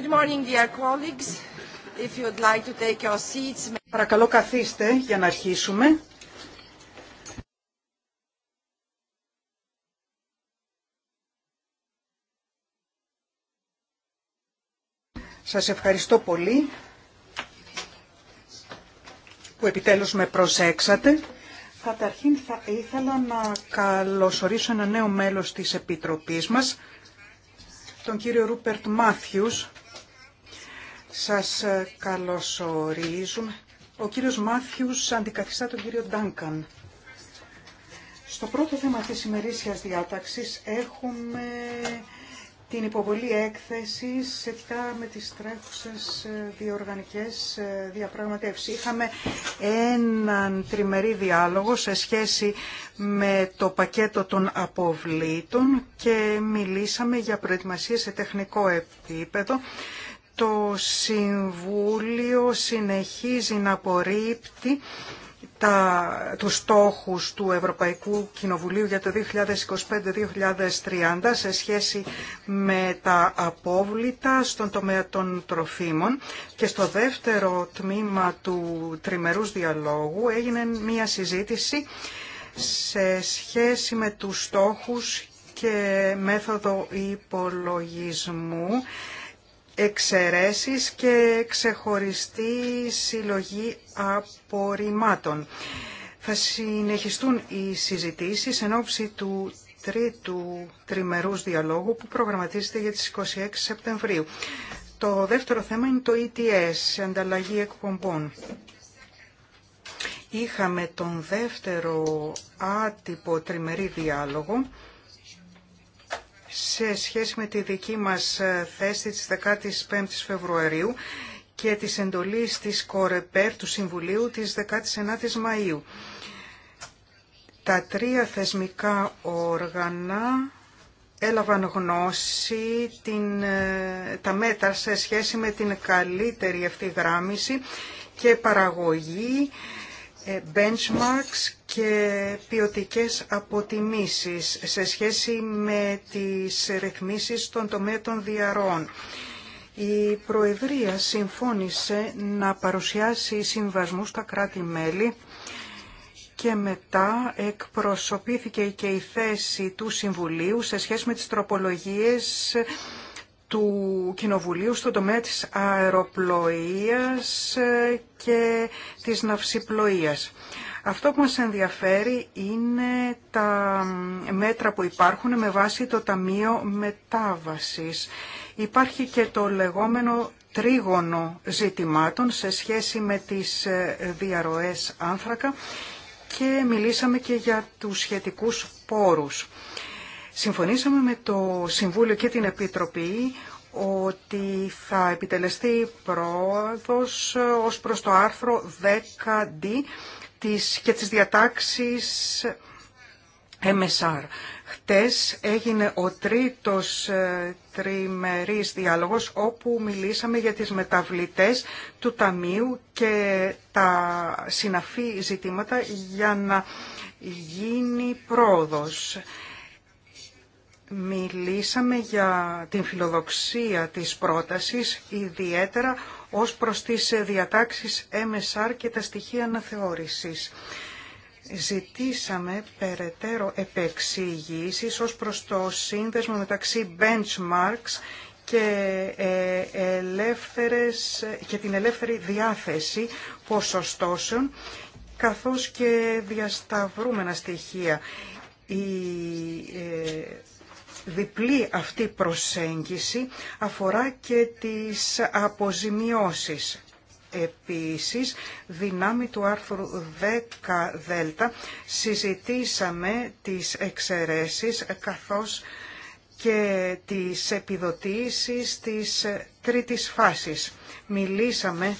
Good morning, dear colleagues. If Παρακαλώ καθίστε για να αρχίσουμε. Σας ευχαριστώ πολύ που επιτέλους με προσέξατε. Καταρχήν θα ήθελα να καλωσορίσω ένα νέο μέλος της Επιτροπής μας, τον κύριο Ρούπερτ Μάθιους, σας ε, καλωσορίζουμε. Ο κύριος Μάθιους αντικαθιστά τον κύριο Ντάνκαν. Στο πρώτο θέμα της ημερήσιας διάταξης έχουμε την υποβολή έκθεση σχετικά με τις τρέχουσες ε, διοργανικές ε, διαπραγματεύσεις. Είχαμε έναν τριμερή διάλογο σε σχέση με το πακέτο των αποβλήτων και μιλήσαμε για προετοιμασία σε τεχνικό επίπεδο το Συμβούλιο συνεχίζει να απορρίπτει τα, τους στόχους του Ευρωπαϊκού Κοινοβουλίου για το 2025-2030 σε σχέση με τα απόβλητα στον τομέα των τροφίμων και στο δεύτερο τμήμα του τριμερούς διαλόγου έγινε μία συζήτηση σε σχέση με τους στόχους και μέθοδο υπολογισμού εξαιρέσεις και ξεχωριστή συλλογή απορριμμάτων. Θα συνεχιστούν οι συζητήσεις εν ώψη του τρίτου τριμερούς διαλόγου που προγραμματίζεται για τις 26 Σεπτεμβρίου. Το δεύτερο θέμα είναι το ETS, ανταλλαγή εκπομπών. Είχαμε τον δεύτερο άτυπο τριμερή διάλογο σε σχέση με τη δική μας ε, θέση της 15ης Φεβρουαρίου και της εντολής της ΚΟΡΕΠΕΡ του Συμβουλίου της 19ης Μαΐου. Τα τρία θεσμικά όργανα έλαβαν γνώση την, ε, τα μέτρα σε σχέση με την καλύτερη ευθυγράμμιση και παραγωγή ε, benchmarks και ποιοτικές αποτιμήσεις σε σχέση με τις ρυθμίσεις των τομέα των διαρών. Η Προεδρία συμφώνησε να παρουσιάσει συμβασμού στα κράτη-μέλη και μετά εκπροσωπήθηκε και η θέση του Συμβουλίου σε σχέση με τις τροπολογίες του Κοινοβουλίου στον τομέα της αεροπλοείας ε, και της ναυσιπλοείας. Αυτό που μας ενδιαφέρει είναι τα μέτρα που υπάρχουν με βάση το Ταμείο Μετάβασης. Υπάρχει και το λεγόμενο τρίγωνο ζητημάτων σε σχέση με τις ε, διαρροές άνθρακα και μιλήσαμε και για τους σχετικούς πόρους. Συμφωνήσαμε με το Συμβούλιο και την Επιτροπή ότι θα επιτελεστεί πρόοδος ως προς το άρθρο 10D και τις διατάξεις MSR. Χτες έγινε ο τρίτος ε, τριμερής διάλογος όπου μιλήσαμε για τις μεταβλητές του Ταμείου και τα συναφή ζητήματα για να γίνει πρόοδος. Μιλήσαμε για την φιλοδοξία της πρότασης, ιδιαίτερα ως προς τις διατάξεις MSR και τα στοιχεία αναθεώρησης. Ζητήσαμε περαιτέρω επεξηγήσεις ως προς το σύνδεσμο μεταξύ benchmarks και, ε, ελεύθερες, και την ελεύθερη διάθεση ποσοστώσεων καθώς και διασταυρούμενα στοιχεία. Η ε, διπλή αυτή προσέγγιση αφορά και τις αποζημιώσεις. Επίσης, δυνάμει του άρθρου 10 Δέλτα συζητήσαμε τις εξαιρέσεις καθώς και τις επιδοτήσεις της τρίτης φάσης. Μιλήσαμε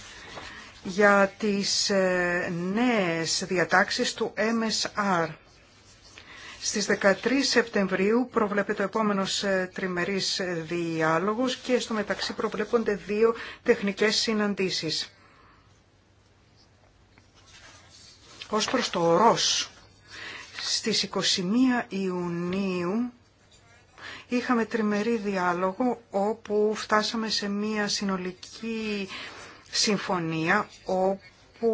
για τις ε, νέες διατάξεις του MSR στις 13 Σεπτεμβρίου προβλέπεται ο επόμενος ε, τριμερής ε, διάλογος και στο μεταξύ προβλέπονται δύο τεχνικές συναντήσεις. Ως προς το ΡΟΣ, στις 21 Ιουνίου είχαμε τριμερή διάλογο όπου φτάσαμε σε μια συνολική συμφωνία όπου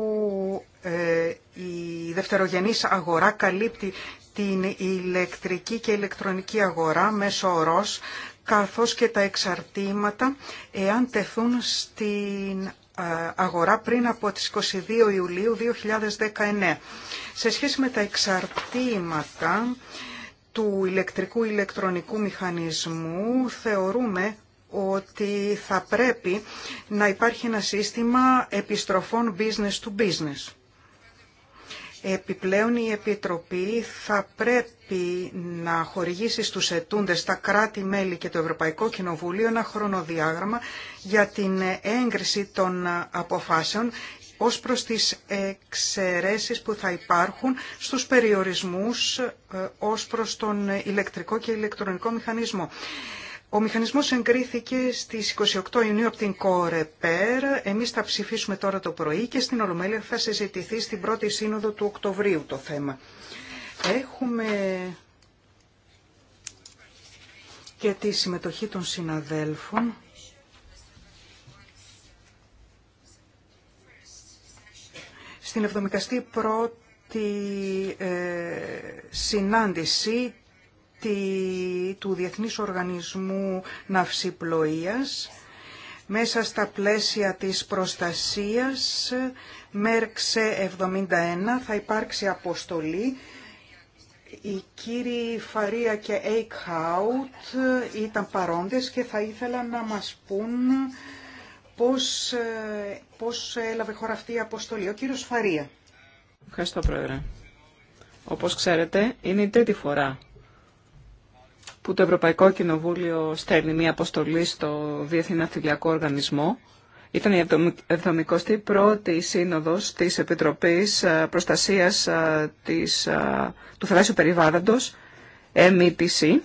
ε, η δευτερογενής αγορά καλύπτει την ηλεκτρική και ηλεκτρονική αγορά μέσω ορός, καθώς και τα εξαρτήματα εάν τεθούν στην ε, αγορά πριν από τις 22 Ιουλίου 2019. Σε σχέση με τα εξαρτήματα του ηλεκτρικού ηλεκτρονικού μηχανισμού θεωρούμε ότι θα πρέπει να υπάρχει ένα σύστημα επιστροφών business to business. Επιπλέον η Επιτροπή θα πρέπει να χορηγήσει στους ετούντες τα κράτη-μέλη και το Ευρωπαϊκό Κοινοβούλιο ένα χρονοδιάγραμμα για την έγκριση των αποφάσεων ως προς τις εξαιρέσεις που θα υπάρχουν στους περιορισμούς ε, ως προς τον ηλεκτρικό και ηλεκτρονικό μηχανισμό. Ο μηχανισμός εγκρίθηκε στις 28 Ιουνίου από την ΚΟΡΕΠΕΡ. Εμείς θα ψηφίσουμε τώρα το πρωί και στην Ολομέλεια θα συζητηθεί στην πρώτη σύνοδο του Οκτωβρίου το θέμα. Έχουμε και τη συμμετοχή των συναδέλφων. Στην 71η ε, συνάντηση του Διεθνής Οργανισμού Ναυσιπλοείας μέσα στα πλαίσια της προστασίας ΜΕΡΞΕ 71 θα υπάρξει αποστολή. η κύριοι Φαρία και Έικχαουτ ήταν παρόντες και θα ήθελα να μας πούν πώς, πώς έλαβε χώρα αυτή η αποστολή. Ο κύριος Φαρία. Ευχαριστώ Πρόεδρε. Όπως ξέρετε είναι η τρίτη φορά που το Ευρωπαϊκό Κοινοβούλιο στέλνει μια αποστολή στο Διεθνή Ναυτιλιακό Οργανισμό. Ήταν η 71η Σύνοδος της Επιτροπής ε, Προστασίας ε, της, ε, του Θαλάσσιου Περιβάλλοντος, MEPC,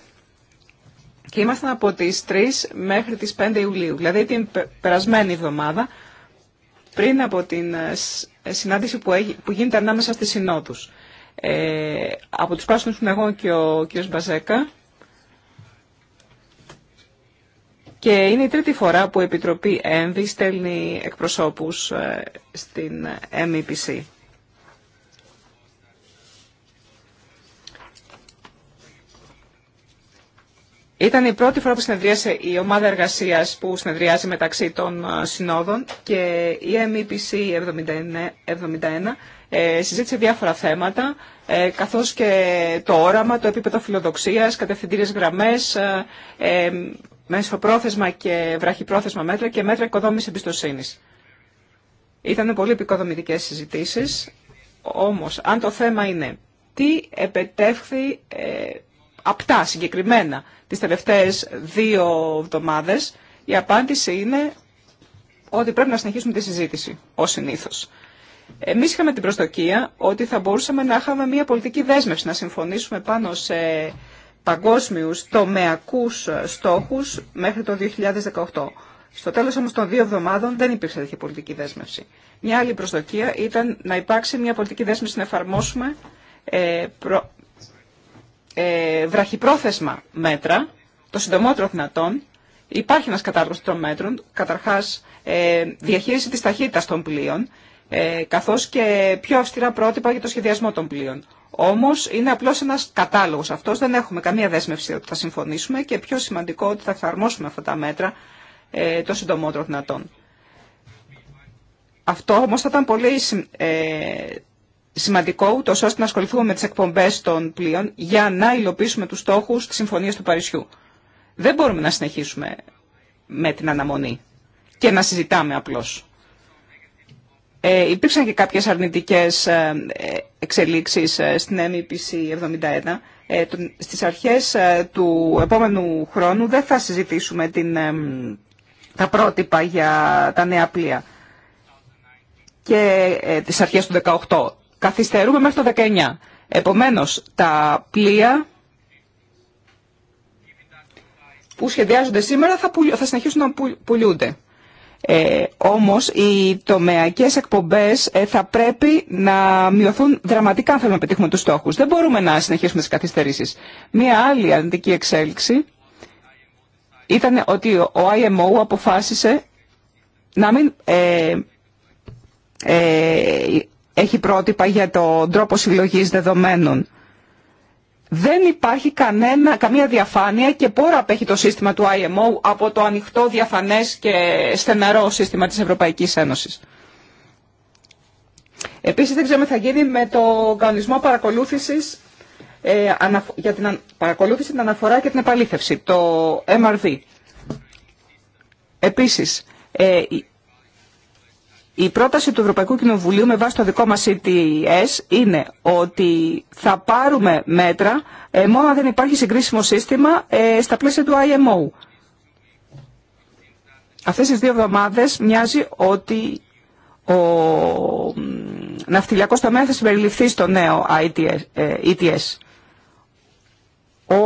και ήμασταν από τις 3 μέχρι τις 5 Ιουλίου, δηλαδή την περασμένη εβδομάδα, πριν από την συνάντηση που, έγι, που γίνεται ανάμεσα στις συνόδους. Ε, από τους πράσινους που εγώ και ο κ. Μπαζέκα, Και είναι η τρίτη φορά που η Επιτροπή ΕΜΒΗ στέλνει εκπροσώπους ε, στην MEPC. Ήταν η πρώτη φορά που συνεδρίασε η ομάδα εργασίας που συνεδριάζει μεταξύ των ε, συνόδων και η MEPC 71 ε, συζήτησε διάφορα θέματα καθώς και το όραμα, το επίπεδο φιλοδοξίας, κατευθυντήριες γραμμές, πρόθεσμα και βραχυπρόθεσμα μέτρα και μέτρα οικοδόμησης εμπιστοσύνη. Ήταν πολύ επικοδομητικέ συζητήσεις, όμως αν το θέμα είναι τι επετεύχθη ε, απτά συγκεκριμένα τις τελευταίες δύο εβδομάδες, η απάντηση είναι ότι πρέπει να συνεχίσουμε τη συζήτηση, ως συνήθω. Εμεί είχαμε την προστοκία ότι θα μπορούσαμε να είχαμε μια πολιτική δέσμευση, να συμφωνήσουμε πάνω σε παγκόσμιους τομεακούς στόχους μέχρι το 2018. Στο τέλος όμως των δύο εβδομάδων δεν υπήρξε τέτοια πολιτική δέσμευση. Μια άλλη προσδοκία ήταν να υπάρξει μια πολιτική δέσμευση να εφαρμόσουμε ε, προ, ε, βραχυπρόθεσμα μέτρα, το συντομότερο δυνατόν. Υπάρχει ένα κατάλογο των μέτρων, καταρχά ε, διαχείριση τη ταχύτητα των πλοίων, ε, καθώ και πιο αυστηρά πρότυπα για το σχεδιασμό των πλοίων. Όμω, είναι απλώς ένας κατάλογος αυτός, δεν έχουμε καμία δέσμευση ότι θα συμφωνήσουμε και πιο σημαντικό ότι θα εφαρμόσουμε αυτά τα μέτρα ε, το συντομότερο δυνατόν. Αυτό όμως θα ήταν πολύ ε, σημαντικό, ούτω ώστε να ασχοληθούμε με τι εκπομπές των πλοίων για να υλοποιήσουμε τους στόχους της Συμφωνίας του Παρισιού. Δεν μπορούμε να συνεχίσουμε με την αναμονή και να συζητάμε απλώς. Ε, υπήρξαν και κάποιες αρνητικές ε, εξελίξεις ε, στην MEPC 71. Ε, στις αρχές του επόμενου χρόνου δεν θα συζητήσουμε την, τα πρότυπα για τα νέα πλοία και ε, τις αρχές του 18. Καθυστερούμε μέχρι το 19. Επομένως, τα πλοία που σχεδιάζονται σήμερα θα, θα συνεχίσουν να πουλούνται. Ε, όμως οι τομεακές εκπομπές ε, θα πρέπει να μειωθούν δραματικά αν θέλουμε να πετύχουμε τους στόχους. Δεν μπορούμε να συνεχίσουμε τις καθυστερήσεις. Μία άλλη αρνητική εξέλιξη ήταν ότι ο IMO αποφάσισε να μην ε, ε, έχει πρότυπα για τον τρόπο συλλογής δεδομένων δεν υπάρχει κανένα, καμία διαφάνεια και πόρα απέχει το σύστημα του IMO από το ανοιχτό, διαφανές και στεναρό σύστημα της Ευρωπαϊκής Ένωσης. Επίσης δεν ξέρουμε θα γίνει με το κανονισμό παρακολούθησης ε, για την παρακολούθηση, την αναφορά και την επαλήθευση, το MRV. Επίσης, ε, η πρόταση του Ευρωπαϊκού Κοινοβουλίου με βάση το δικό μας CTS είναι ότι θα πάρουμε μέτρα ε, μόνο αν δεν υπάρχει συγκρίσιμο σύστημα ε, στα πλαίσια του IMO. Αυτές τις δύο εβδομάδες μοιάζει ότι ο ναυτιλιακός τομέα θα συμπεριληφθεί στο νέο ETS. Ε, e ο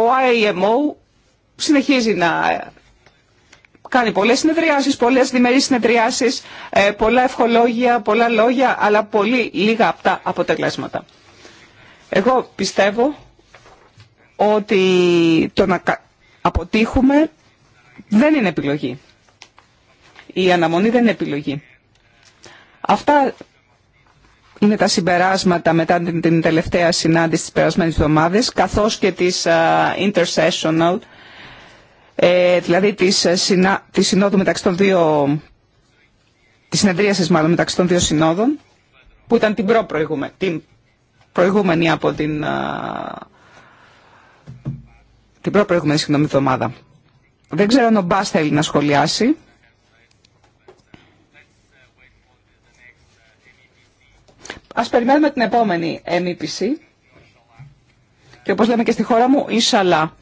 IMO συνεχίζει να κάνει πολλές συνεδριάσεις, πολλές διμερείς συνεδριάσεις, ε, πολλά ευχολόγια, πολλά λόγια, αλλά πολύ λίγα από τα αποτελέσματα. Εγώ πιστεύω ότι το να αποτύχουμε δεν είναι επιλογή. Η αναμονή δεν είναι επιλογή. Αυτά είναι τα συμπεράσματα μετά την τελευταία συνάντηση της περασμένης εβδομάδας, καθώς και της ε, Intersessional, ε, δηλαδή της, ε, συνα, της μεταξύ των δύο, της συνεδρίασης μάλλον μεταξύ των δύο συνόδων, που ήταν την, προ την προηγούμενη από την, ε, την προ προηγούμενη συγγνώμη εβδομάδα. Δεν ξέρω αν ο Μπάς θέλει να σχολιάσει. Ας περιμένουμε την επόμενη MEPC και όπως λέμε και στη χώρα μου, Ινσαλά.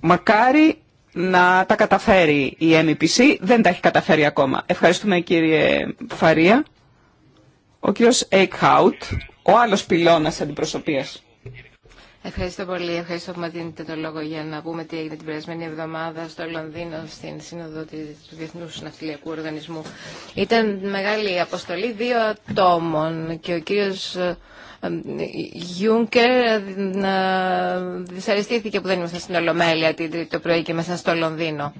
Μακάρι να τα καταφέρει η MEPC, δεν τα έχει καταφέρει ακόμα. Ευχαριστούμε κύριε Φαρία. Ο κύριος Έικχαουτ, ο άλλος πυλώνας αντιπροσωπείας. Ευχαριστώ πολύ. Ευχαριστώ που με δίνετε το λόγο για να πούμε τι έγινε την περασμένη εβδομάδα στο Λονδίνο στην Σύνοδο του Διεθνού Ναυτιλιακού Οργανισμού. Ήταν μεγάλη αποστολή δύο ατόμων και ο κύριος Γιούνκερ ε, δυσαρεστήθηκε που δεν ήμασταν στην Ολομέλεια την τρίτη το πρωί και μέσα στο Λονδίνο.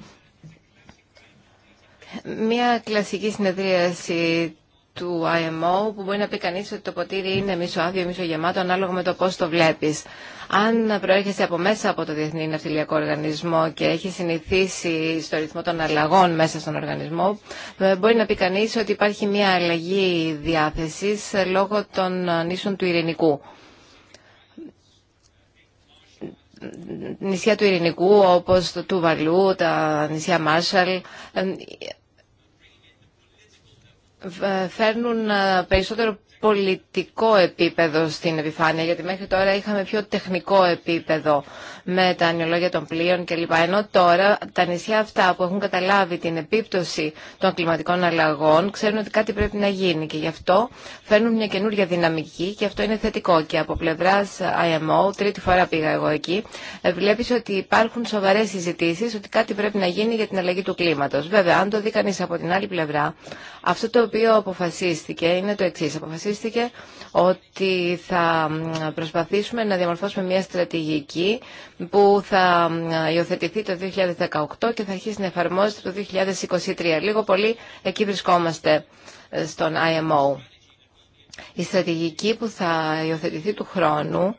Μια κλασική συνεδρίαση του IMO που μπορεί να πει κανείς ότι το ποτήρι είναι μισοάδιο, μισογεμάτο ανάλογα με το πώ το βλέπεις. Αν προέρχεσαι από μέσα από το Διεθνή Ναυτιλιακό Οργανισμό και έχει συνηθίσει στο ρυθμό των αλλαγών μέσα στον οργανισμό, ε, μπορεί να πει κανείς ότι υπάρχει μια αλλαγή διάθεση ε, λόγω των ε, νήσων του Ειρηνικού. Νησιά του Ειρηνικού όπως το Τουβαλού, τα νησιά Μάρσαλ, ε, φέρνουν ε, περισσότερο πολιτικό επίπεδο στην επιφάνεια, γιατί μέχρι τώρα είχαμε πιο τεχνικό επίπεδο με τα νεολόγια των πλοίων κλπ. Ενώ τώρα τα νησιά αυτά που έχουν καταλάβει την επίπτωση των κλιματικών αλλαγών ξέρουν ότι κάτι πρέπει να γίνει και γι' αυτό φέρνουν μια καινούργια δυναμική και αυτό είναι θετικό. Και από πλευρά IMO, τρίτη φορά πήγα εγώ εκεί, ε, βλέπει ότι υπάρχουν σοβαρέ συζητήσει ότι κάτι πρέπει να γίνει για την αλλαγή του κλίματο. Βέβαια, αν το δει κανεί από την άλλη πλευρά, αυτό το οποίο αποφασίστηκε είναι το εξή. Αποφασίστηκε ότι θα προσπαθήσουμε να διαμορφώσουμε μια στρατηγική που θα ε, υιοθετηθεί το 2018 και θα αρχίσει να εφαρμόζεται το 2023. Λίγο πολύ εκεί βρισκόμαστε ε, στον IMO. Η στρατηγική που θα υιοθετηθεί του χρόνου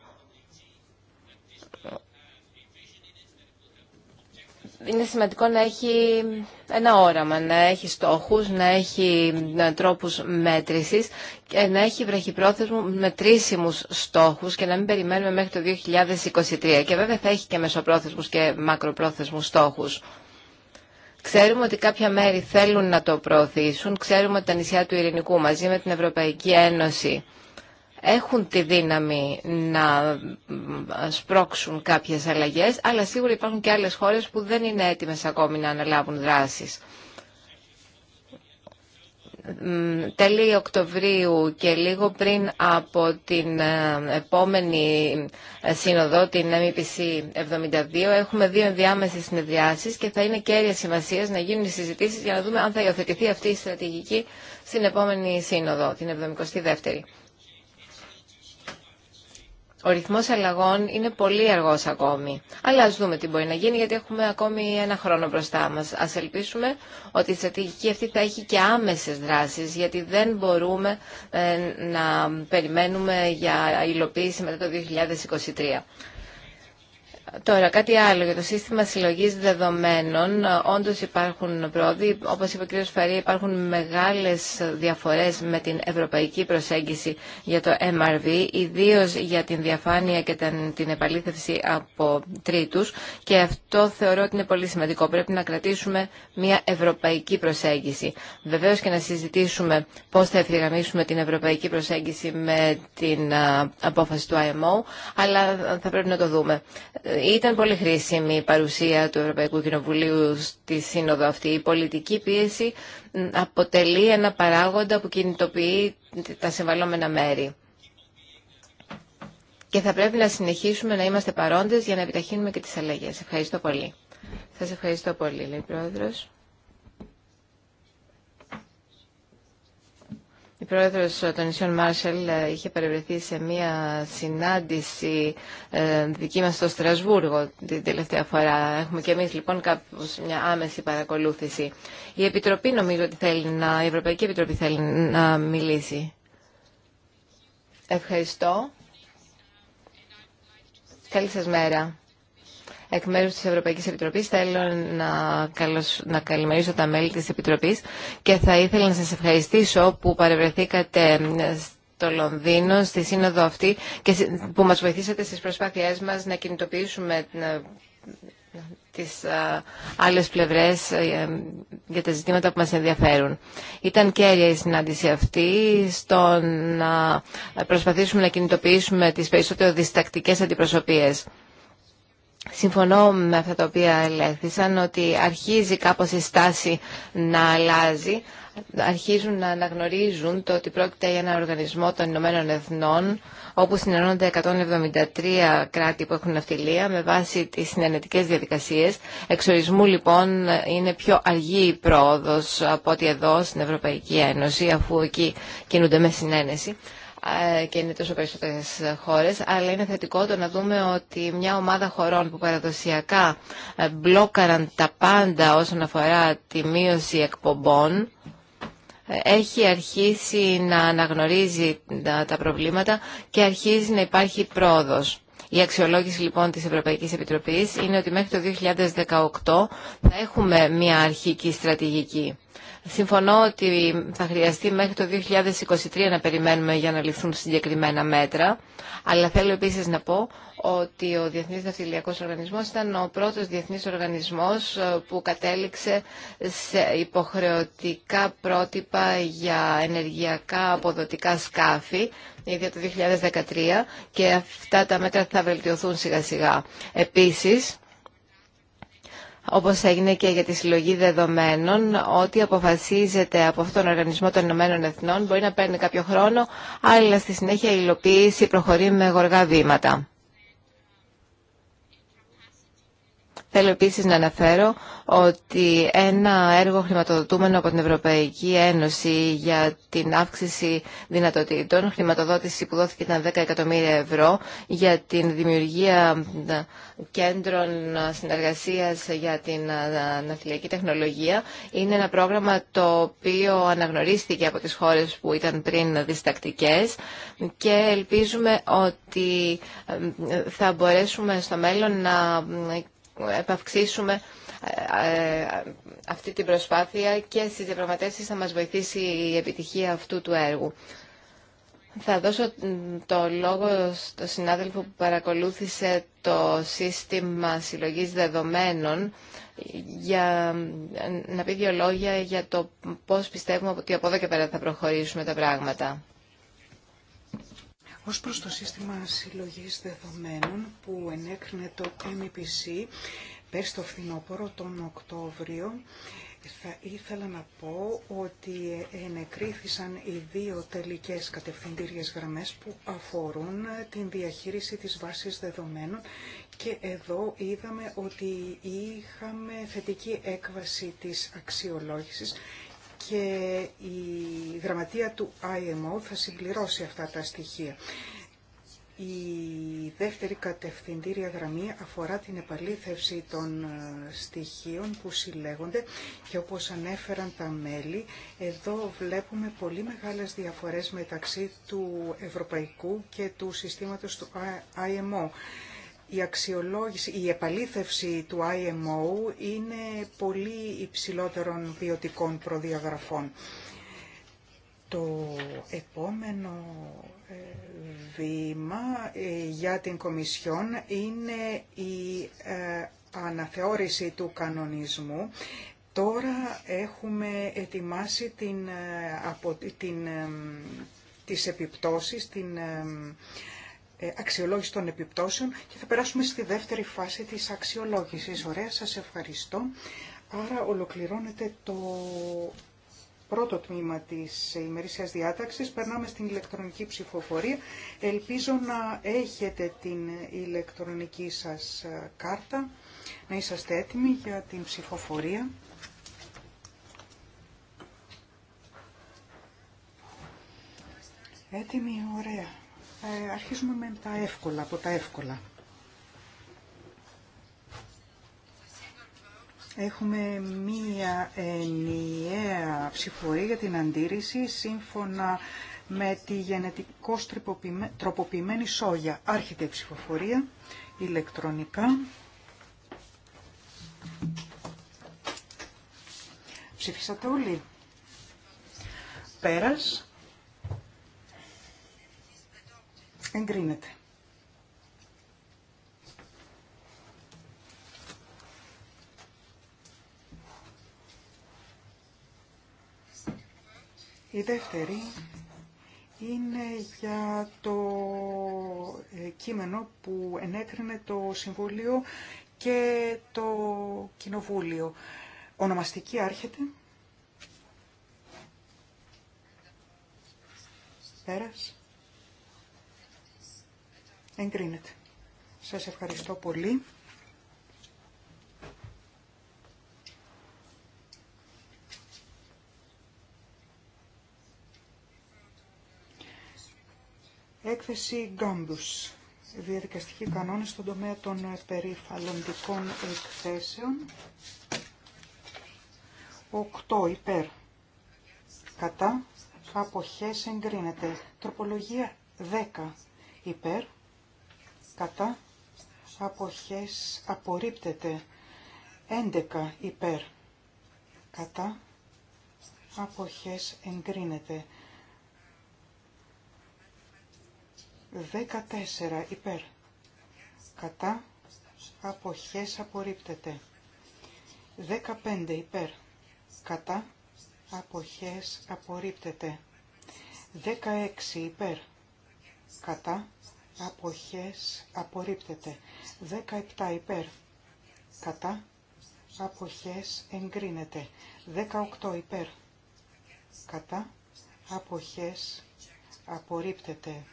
είναι σημαντικό να έχει ένα όραμα, να έχει στόχους, να έχει ε, τρόπους μέτρησης και να έχει βραχυπρόθεσμου μετρήσιμους στόχους και να μην περιμένουμε μέχρι το 2023. Και βέβαια θα έχει και μεσοπρόθεσμους και μακροπρόθεσμους στόχους. Ξέρουμε ότι κάποια μέρη θέλουν να το προωθήσουν, ξέρουμε ότι τα νησιά του Ειρηνικού μαζί με την Ευρωπαϊκή Ένωση έχουν τη δύναμη να σπρώξουν κάποιες αλλαγές, αλλά σίγουρα υπάρχουν και άλλες χώρες που δεν είναι έτοιμες ακόμη να αναλάβουν δράσεις. Τέλη Οκτωβρίου και λίγο πριν από την ε, επόμενη ε, σύνοδο, την MEPC 72, έχουμε δύο ενδιάμεσες συνεδριάσεις και θα είναι κέρια σημασία να γίνουν οι συζητήσεις για να δούμε αν θα υιοθετηθεί αυτή η στρατηγική στην επόμενη σύνοδο, την 72η. Ο ρυθμός αλλαγών είναι πολύ αργός ακόμη. Αλλά ας δούμε τι μπορεί να γίνει γιατί έχουμε ακόμη ένα χρόνο μπροστά μας. Ας ελπίσουμε ότι η στρατηγική αυτή θα έχει και άμεσες δράσεις γιατί δεν μπορούμε ε, να περιμένουμε για υλοποίηση μετά το 2023. Τώρα, κάτι άλλο για το σύστημα συλλογή δεδομένων. όντω υπάρχουν πρόοδοι. όπω είπε ο κ. Φαρή, υπάρχουν μεγάλε διαφορέ με την ευρωπαϊκή προσέγγιση για το MRV, ιδίω για την διαφάνεια και την επαλήθευση από τρίτου, Και αυτό θεωρώ ότι είναι πολύ σημαντικό. Πρέπει να κρατήσουμε μια ευρωπαϊκή προσέγγιση. Βεβαίω και να συζητήσουμε πώ θα ευθυγραμμίσουμε την ευρωπαϊκή προσέγγιση με την απόφαση του IMO, αλλά θα πρέπει να το δούμε ήταν πολύ χρήσιμη η παρουσία του Ευρωπαϊκού Κοινοβουλίου στη σύνοδο αυτή. Η πολιτική πίεση αποτελεί ένα παράγοντα που κινητοποιεί τα συμβαλόμενα μέρη. Και θα πρέπει να συνεχίσουμε να είμαστε παρόντες για να επιταχύνουμε και τις αλλαγές. Ευχαριστώ πολύ. Σας ευχαριστώ πολύ, λέει Πρόεδρος. πρόεδρος των νησιών Μάρσελ ε, είχε παρευρεθεί σε μία συνάντηση ε, δική μας στο Στρασβούργο την τελευταία φορά. Έχουμε και εμείς λοιπόν κάπως μια άμεση παρακολούθηση. Η Επιτροπή νομίζω ότι θέλει να, η Ευρωπαϊκή Επιτροπή θέλει να μιλήσει. Ευχαριστώ. Καλή σας μέρα. Εκ μέρους της Ευρωπαϊκής Επιτροπής θέλω να, καλώς, καλημερίσω τα μέλη της Επιτροπής και θα ήθελα να σας ευχαριστήσω που παρευρεθήκατε το Λονδίνο, στη σύνοδο αυτή και που μας βοηθήσατε στις προσπάθειές μας να κινητοποιήσουμε τις άλλες πλευρές ε, για τα ζητήματα που μας ενδιαφέρουν. Ήταν κέρια η συνάντηση αυτή στο να προσπαθήσουμε να κινητοποιήσουμε τις περισσότερο διστακτικές αντιπροσωπείες. Συμφωνώ με αυτά τα οποία ελέγχθησαν ότι αρχίζει κάπως η στάση να αλλάζει. Αρχίζουν να αναγνωρίζουν το ότι πρόκειται για ένα οργανισμό των Ηνωμένων Εθνών όπου συνενώνονται 173 κράτη που έχουν ναυτιλία με βάση τις συνενετικές διαδικασίες. Εξορισμού λοιπόν είναι πιο αργή η πρόοδος από ότι εδώ στην Ευρωπαϊκή Ένωση αφού εκεί κινούνται με συνένεση και είναι τόσο περισσότερες χώρες, αλλά είναι θετικό το να δούμε ότι μια ομάδα χωρών που παραδοσιακά ε, μπλόκαραν τα πάντα όσον αφορά τη μείωση εκπομπών, ε, έχει αρχίσει να αναγνωρίζει τα προβλήματα και αρχίζει να υπάρχει πρόοδος. Η αξιολόγηση λοιπόν της Ευρωπαϊκής Επιτροπής είναι ότι μέχρι το 2018 θα έχουμε μια αρχική στρατηγική. Συμφωνώ ότι θα χρειαστεί μέχρι το 2023 να περιμένουμε για να ληφθούν συγκεκριμένα μέτρα, αλλά θέλω επίσης να πω ότι ο Διεθνής Δαυτιλιακός Οργανισμός ήταν ο πρώτος διεθνής οργανισμός ε, που κατέληξε σε υποχρεωτικά πρότυπα για ενεργειακά αποδοτικά σκάφη για το 2013 και αυτά τα μέτρα θα βελτιωθούν σιγά σιγά. Επίσης, όπως έγινε και για τη συλλογή δεδομένων, ό,τι αποφασίζεται από αυτόν τον Οργανισμό των Ηνωμένων Εθνών μπορεί να παίρνει κάποιο χρόνο, αλλά στη συνέχεια η υλοποίηση προχωρεί με γοργά βήματα. Θέλω επίσης να αναφέρω ότι ένα έργο χρηματοδοτούμενο από την Ευρωπαϊκή Ένωση για την αύξηση δυνατοτήτων, χρηματοδότηση που δόθηκε ήταν 10 εκατομμύρια ευρώ για την δημιουργία κέντρων συνεργασίας για την ναυτιλιακή τεχνολογία, είναι ένα πρόγραμμα το οποίο αναγνωρίστηκε από τις χώρες που ήταν πριν διστακτικές και ελπίζουμε ότι ε, θα μπορέσουμε στο μέλλον να επαυξήσουμε ε, ε, αυτή την προσπάθεια και στις διαπραγματεύσεις θα μας βοηθήσει η επιτυχία αυτού του έργου. Θα δώσω το λόγο στο συνάδελφο που παρακολούθησε το σύστημα συλλογής δεδομένων για ε, να πει δύο λόγια για το πώς πιστεύουμε ότι από εδώ και πέρα θα προχωρήσουμε τα πράγματα. Ως προς το σύστημα συλλογής δεδομένων που ενέκρινε το MPC πέρσι το φθινόπωρο τον Οκτώβριο, θα ήθελα να πω ότι ενεκρίθησαν οι δύο τελικές κατευθυντήριες γραμμές που αφορούν την διαχείριση της βάσης δεδομένων και εδώ είδαμε ότι είχαμε θετική έκβαση της αξιολόγησης και η γραμματεία του IMO θα συμπληρώσει αυτά τα στοιχεία. Η δεύτερη κατευθυντήρια γραμμή αφορά την επαλήθευση των ε, στοιχείων που συλλέγονται και όπως ανέφεραν τα μέλη, εδώ βλέπουμε πολύ μεγάλες διαφορές μεταξύ του ευρωπαϊκού και του συστήματος του IMO η αξιολόγηση, η επαλήθευση του IMO είναι πολύ υψηλότερων ποιοτικών προδιαγραφών. Το επόμενο ε, βήμα ε, για την Κομισιόν είναι η ε, αναθεώρηση του κανονισμού. Τώρα έχουμε ετοιμάσει την, από, την, τις επιπτώσεις, την ε, αξιολόγηση των επιπτώσεων και θα περάσουμε στη δεύτερη φάση της αξιολόγησης. Ωραία, σας ευχαριστώ. Άρα ολοκληρώνεται το πρώτο τμήμα της ημερήσιας διάταξης. Περνάμε στην ηλεκτρονική ψηφοφορία. Ελπίζω να έχετε την ηλεκτρονική σας ε, κάρτα, να είσαστε έτοιμοι για την ψηφοφορία. Έτοιμοι, ωραία. Ε, αρχίζουμε με τα εύκολα, από τα εύκολα. Έχουμε μία ενιαία ψηφοφορία για την αντίρρηση σύμφωνα με τη γενετικό τροποποιημένη σόγια. Άρχεται η ψηφοφορία ηλεκτρονικά. Ψηφίσατε όλοι. Πέρας. Εγκρίνεται. Η δεύτερη είναι για το ε, κείμενο που ενέκρινε το Συμβούλιο και το Κοινοβούλιο. Ονομαστική άρχεται. Πέρας εγκρίνεται. Σας ευχαριστώ πολύ. Έκθεση Γκάμπους. Διαδικαστική κανόνες στον τομέα των περιφαλλοντικών εκθέσεων. 8 υπέρ. Κατά. Αποχές εγκρίνεται. Τροπολογία 10 υπέρ κατά αποχές απορρίπτεται 11 υπέρ κατά αποχές εγκρίνεται 14 υπέρ κατά αποχές απορρίπτεται 15 υπέρ κατά αποχές απορρίπτεται 16 υπέρ κατά αποχές απορρίπτεται. 17 υπέρ κατά αποχές εγκρίνεται. 18 υπέρ κατά αποχές απορρίπτεται.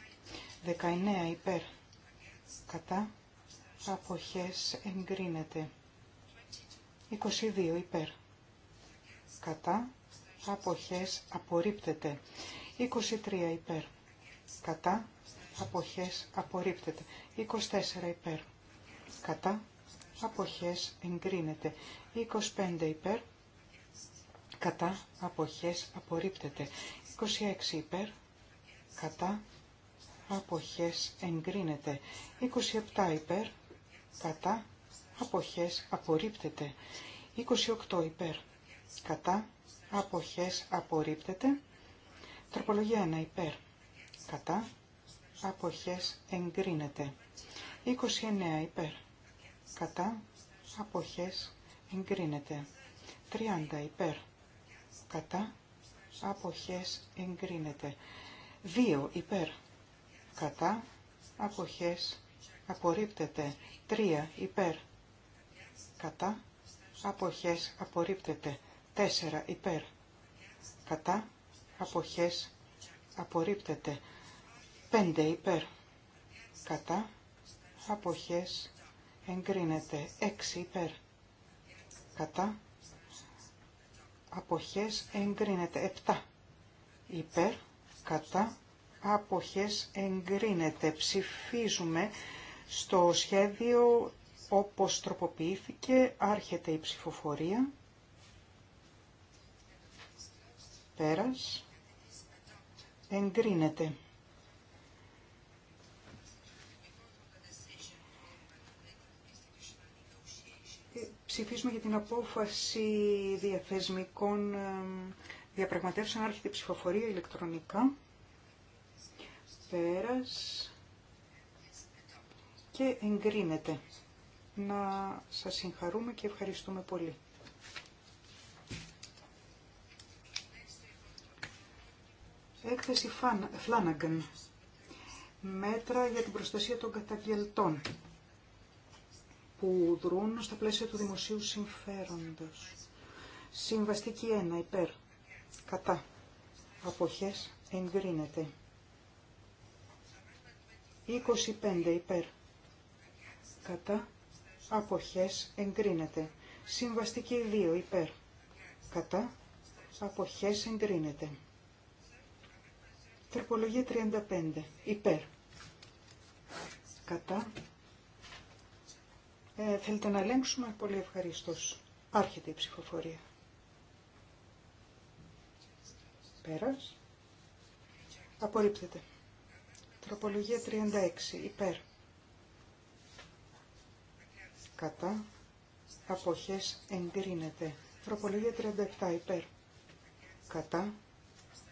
19 υπέρ κατά αποχές εγκρίνεται. 22 υπέρ κατά αποχές απορρίπτεται. 23 υπέρ κατά αποχές απορρίπτεται. 24 υπέρ. Κατά αποχές εγκρίνεται. 25 υπέρ. Κατά αποχές απορρίπτεται. 26 υπέρ. Κατά αποχές εγκρίνεται. 27 υπέρ. Κατά αποχές απορρίπτεται. 28 υπέρ. Κατά αποχές απορρίπτεται. Τροπολογία 1 υπέρ. Κατά αποχές εγκρίνεται. 29 υπέρ κατά αποχές εγκρίνεται. 30 υπέρ κατά αποχές εγκρίνεται. 2 υπέρ κατά αποχές απορρίπτεται. 3 υπέρ κατά αποχές απορρίπτεται. 4 υπέρ κατά αποχές απορρίπτεται. 5 υπέρ κατά αποχές εγκρίνεται 6 υπέρ κατά αποχές εγκρίνεται 7 υπέρ κατά αποχές εγκρίνεται ψηφίζουμε στο σχέδιο όπως τροποποιήθηκε άρχεται η ψηφοφορία πέρας εγκρίνεται ψηφίσουμε για την απόφαση διαθεσμικών διαπραγματεύσεων. Άρχεται η ψηφοφορία ηλεκτρονικά. Πέρας. Και εγκρίνεται. Να σας συγχαρούμε και ευχαριστούμε πολύ. Έκθεση Φλάναγκεν. Μέτρα για την προστασία των καταγγελτών που δρούν στα του δημοσίου συμφέροντος. Συμβαστική 1. Υπέρ. Κατά. Αποχές. Εγκρίνεται. 25. Υπέρ. Κατά. Αποχές. Εγκρίνεται. Συμβαστική 2. Υπέρ. Κατά. Αποχές. Εγκρίνεται. Τροπολογία 35. Υπέρ. Κατά. Ε, θέλετε να ελέγξουμε, πολύ ευχαρίστως. Άρχεται η ψηφοφορία. Πέρας. Απορρίπτεται. Τροπολογία 36. Υπέρ. Κατά. Αποχές εγκρίνεται. Τροπολογία 37. Υπέρ. Κατά.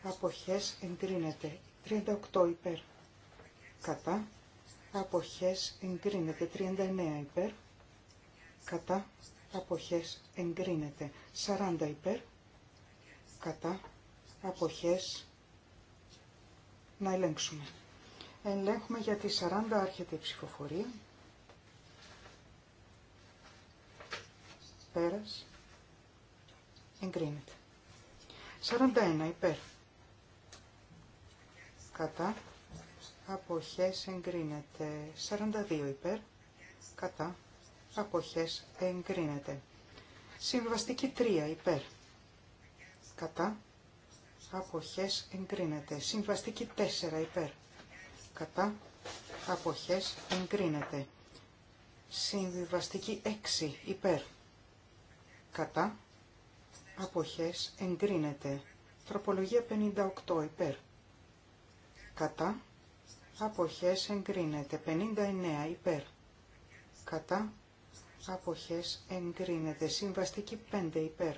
Αποχές εγκρίνεται. 38. Υπέρ. Κατά. Αποχές εγκρίνεται. 39. Υπέρ κατά αποχές εγκρίνεται. 40 υπέρ κατά αποχές να ελέγξουμε. Ελέγχουμε γιατί 40 άρχεται η ψηφοφορία. Πέρας. Εγκρίνεται. 41 υπέρ. Κατά. Αποχές εγκρίνεται. 42 υπέρ. Κατά αποχές εγκρίνεται. Συμβαστική 3 υπέρ. Κατά αποχές εγκρίνεται. Συμβαστική 4 υπέρ. Κατά αποχές εγκρίνεται. Συμβιβαστική 6 υπέρ. Κατά αποχές εγκρίνεται. Τροπολογία 58 υπέρ. Κατά αποχές εγκρίνεται. 59 υπέρ. Κατά αποχές εγκρίνεται. Συμβαστική 5 υπέρ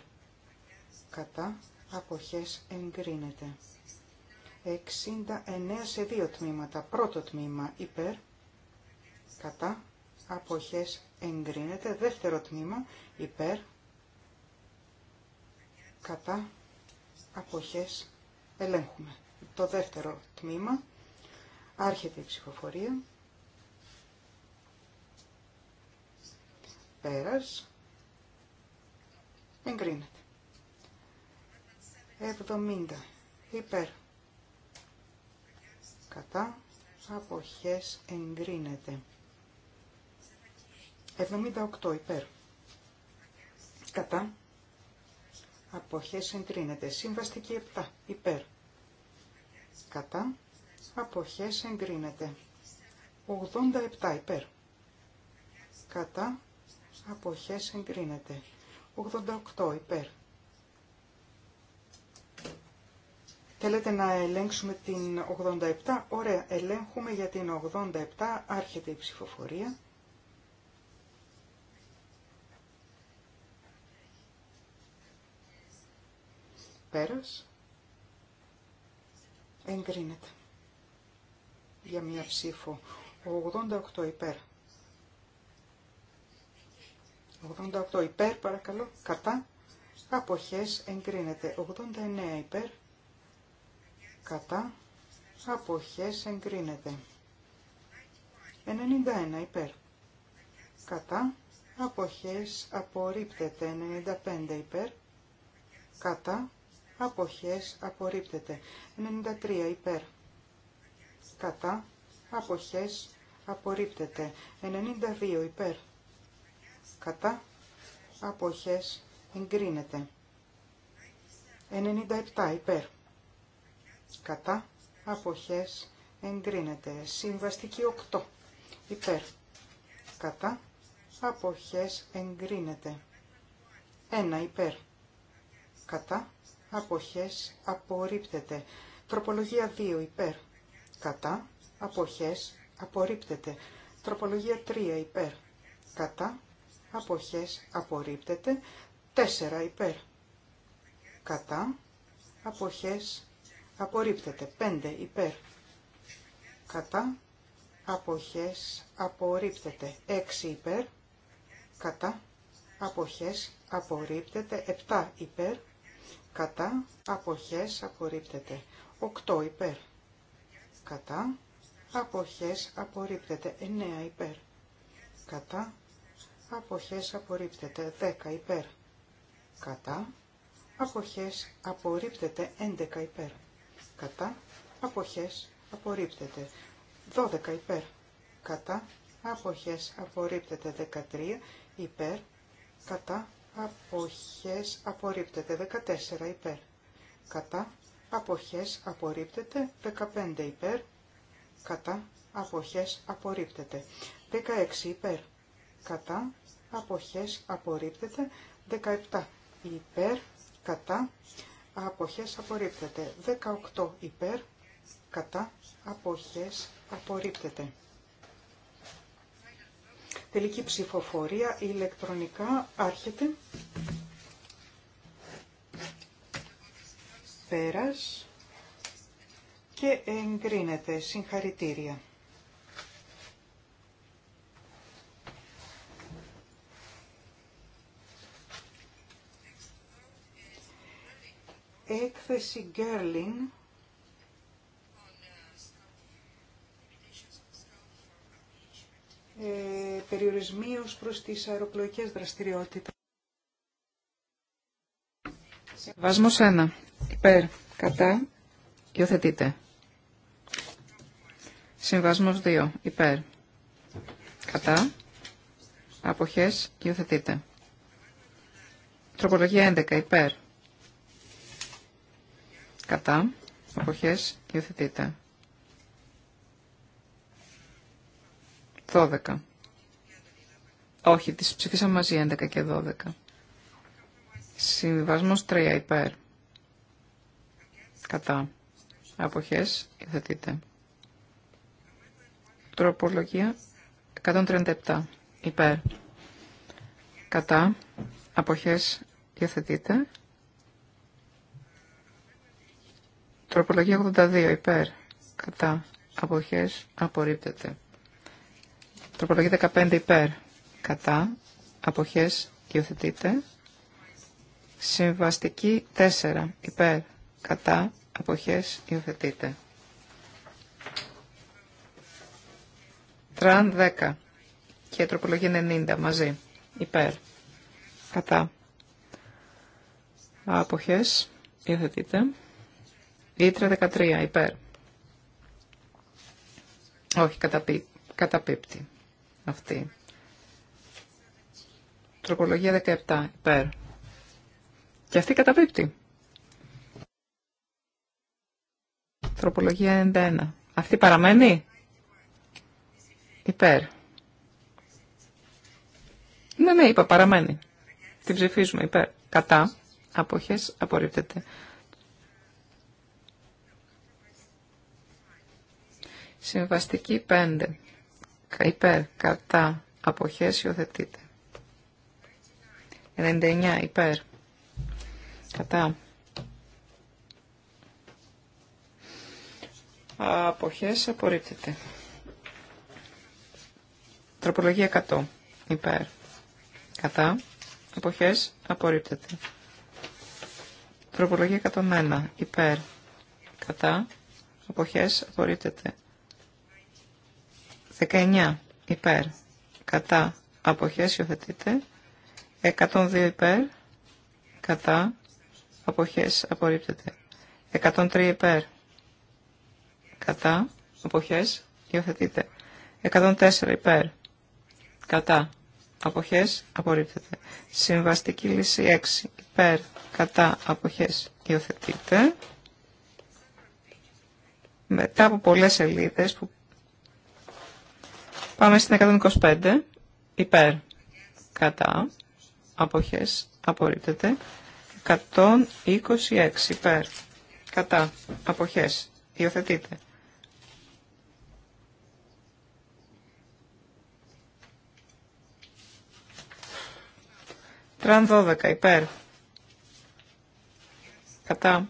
κατά αποχές εγκρίνεται. 69 σε δύο τμήματα. Πρώτο τμήμα υπέρ κατά αποχές εγκρίνεται. Δεύτερο τμήμα υπέρ κατά αποχές ελέγχουμε. Το δεύτερο τμήμα άρχεται η ψηφοφορία. πέρας εγκρίνεται. 70 υπέρ κατά αποχές εγκρίνεται. 78 υπέρ κατά αποχές εγκρίνεται. Συμβαστική 7 υπέρ κατά αποχές εγκρίνεται. 87 υπέρ κατά αποχές εγκρίνεται. 88 υπέρ. Θέλετε να ελέγξουμε την 87. Ωραία, ελέγχουμε για την 87. Άρχεται η ψηφοφορία. Πέρας. Εγκρίνεται. Για μία ψήφο. 88 υπέρ. 88 υπέρ, παρακαλώ, κατά, αποχές εγκρίνεται. 89 υπέρ, κατά, αποχές εγκρίνεται. 91 υπέρ, κατά, αποχές απορρίπτεται. 95 υπέρ, κατά, αποχές απορρίπτεται. 93 υπέρ, κατά, αποχές απορρίπτεται. 92 υπέρ, κατά αποχές εγκρίνεται. 97 υπέρ κατά αποχές εγκρίνεται. Συμβαστική 8 υπέρ κατά αποχές εγκρίνεται. 1 υπέρ κατά αποχές απορρίπτεται. Τροπολογία 2 υπέρ κατά αποχές απορρίπτεται. Τροπολογία 3 υπέρ κατά αποχές απορρίπτεται. 4 υπέρ κατά αποχές απορρίπτεται. 5 υπέρ κατά αποχές απορρίπτεται. 6 υπέρ κατά αποχές απορρίπτεται. 7 υπέρ κατά αποχές απορρίπτεται. 8 υπέρ κατά αποχές απορρίπτεται. 9 υπέρ κατά αποχές απορρίπτεται 10 υπέρ. Κατά, αποχές απορρίπτεται 11 υπέρ. Κατά, αποχές απορρίπτεται 12 υπέρ. Κατά, αποχές απορρίπτεται 13 υπέρ. Κατά, αποχές απορρίπτεται 14 υπέρ. Κατά, αποχές απορρίπτεται 15 υπέρ. Κατά, αποχές απορρίπτεται 16 υπέρ. Κατά, αποχές απορρίπτεται. 17 υπέρ, κατά, αποχές απορρίπτεται. 18 υπέρ, κατά, αποχές απορρίπτεται. Τελική ψηφοφορία ηλεκτρονικά άρχεται. Πέρας και εγκρίνεται. Συγχαρητήρια. έκθεση Γκέρλιν ε, περιορισμοί προς τις αεροπλοϊκές δραστηριότητες. Βάσμος 1. Υπέρ. Κατά. Υιοθετείτε. Συμβάσμος 2. Υπέρ. Κατά. Αποχές. Υιοθετείτε. Τροπολογία 11. Υπέρ. Κατά. Αποχές. Υιοθετείτε. 12. Όχι, τις ψηφίσαμε μαζί 11 και 12. Συμβιβασμός 3 υπέρ. Κατά. Αποχές. Υιοθετείτε. Τροπολογία 137 υπέρ. Κατά. Αποχές. Υιοθετείτε. Τροπολογία 82 υπέρ. Κατά. Αποχές απορρίπτεται. Τροπολογία 15 υπέρ. Κατά. Αποχές υιοθετείται. Συμβαστική 4 υπέρ. Κατά. Αποχές υιοθετείται. Τραν 10 και τροπολογία 90 μαζί. Υπέρ. Κατά. Αποχές. Υιοθετείται. Ήτρε 13 υπέρ. Όχι, καταπί... καταπίπτει αυτή. Τροπολογία 17 υπέρ. Και αυτή καταπίπτει. Τροπολογία 91. Αυτή παραμένει. Υπέρ. Ναι, ναι, είπα, παραμένει. Την ψηφίζουμε υπέρ. Κατά. Αποχές απορρίπτεται. Συμβαστική 5. Υπέρ, κατά, αποχές, υιοθετείτε. 99. Υπέρ. Κατά. Αποχές απορρίπτεται. Τροπολογία 100. Υπέρ. Κατά. Αποχές απορρίπτεται. Τροπολογία 101. Υπέρ. Κατά. Αποχές απορρίπτεται. 19 υπέρ κατά αποχές υιοθετείται. 102 υπέρ κατά αποχές απορρίπτεται. 103 υπέρ κατά αποχές υιοθετείται. 104 υπέρ κατά αποχές απορρίπτεται. Συμβαστική λύση 6 υπέρ κατά αποχές υιοθετείται. Μετά από πολλές σελίδες που Πάμε στην 125. Υπέρ. Κατά. Αποχές. Απορρίπτεται. 126. Υπέρ. Κατά. Αποχές. Τραν 12. Υπέρ. Κατά.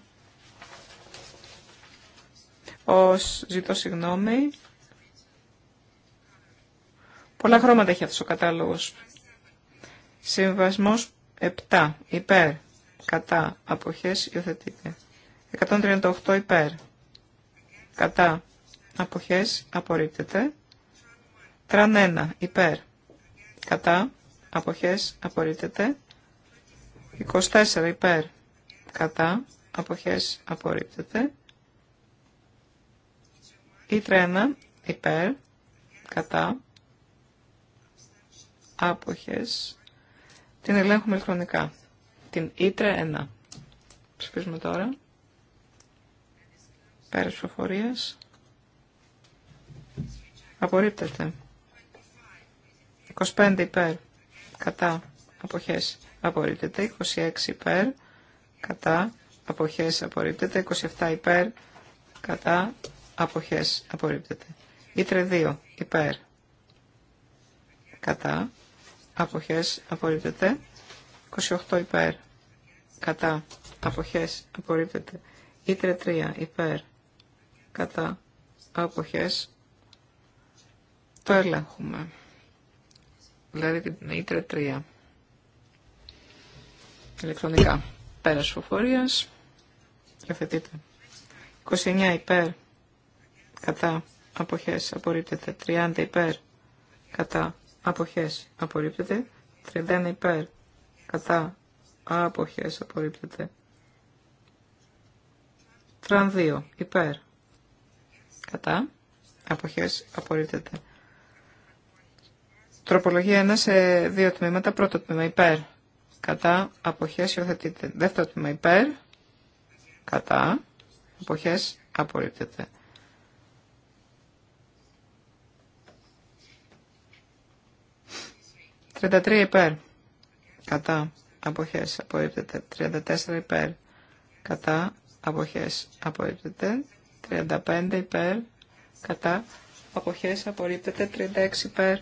Ως ζητώ συγγνώμη. Πολλά χρώματα έχει αυτός ο κατάλογος. Συμβασμός 7 υπέρ κατά αποχές υιοθετείται. 138 υπέρ κατά αποχές απορρίπτεται. Τραν υπέρ κατά αποχές απορρίπτεται. 24 υπέρ κατά αποχές απορρίπτεται. η 1 υπέρ κατά άποχες την ελέγχουμε χρονικά. Την ίτρε 1. Ψηφίζουμε τώρα. Πέρας προφορίας. Απορρίπτεται. 25 υπέρ. Κατά. Αποχές. Απορρίπτεται. 26 υπέρ. Κατά. Αποχές. Απορρίπτεται. 27 υπέρ. Κατά. Αποχές. Απορρίπτεται. Ίτρε 2. Υπέρ. Κατά αποχές απορρίπτεται. 28 υπέρ κατά αποχές απορρίπτεται. Ήτρε 3 υπέρ κατά αποχές το ελέγχουμε. Δηλαδή την Ήτρε 3. Ηλεκτρονικά. Πέρας φοφορίας. Υιοθετείτε. 29 υπέρ κατά αποχές απορρίπτεται. 30 υπέρ κατά αποχές απορρίπτεται. 31 υπέρ κατά αποχές απορρίπτεται. Τραν 2 υπέρ κατά αποχές απορρίπτεται. Τροπολογία ένα σε δύο τμήματα. Πρώτο τμήμα υπέρ κατά αποχές υιοθετείται. Δεύτερο τμήμα υπέρ κατά αποχές απορρίπτεται. 33 υπέρ. Κατά. Αποχές. Απορρίπτεται. 34 υπέρ. Κατά. Αποχές. Απορρίπτεται. 35 υπέρ. Κατά. Αποχές. Απορρίπτεται. 36 υπέρ.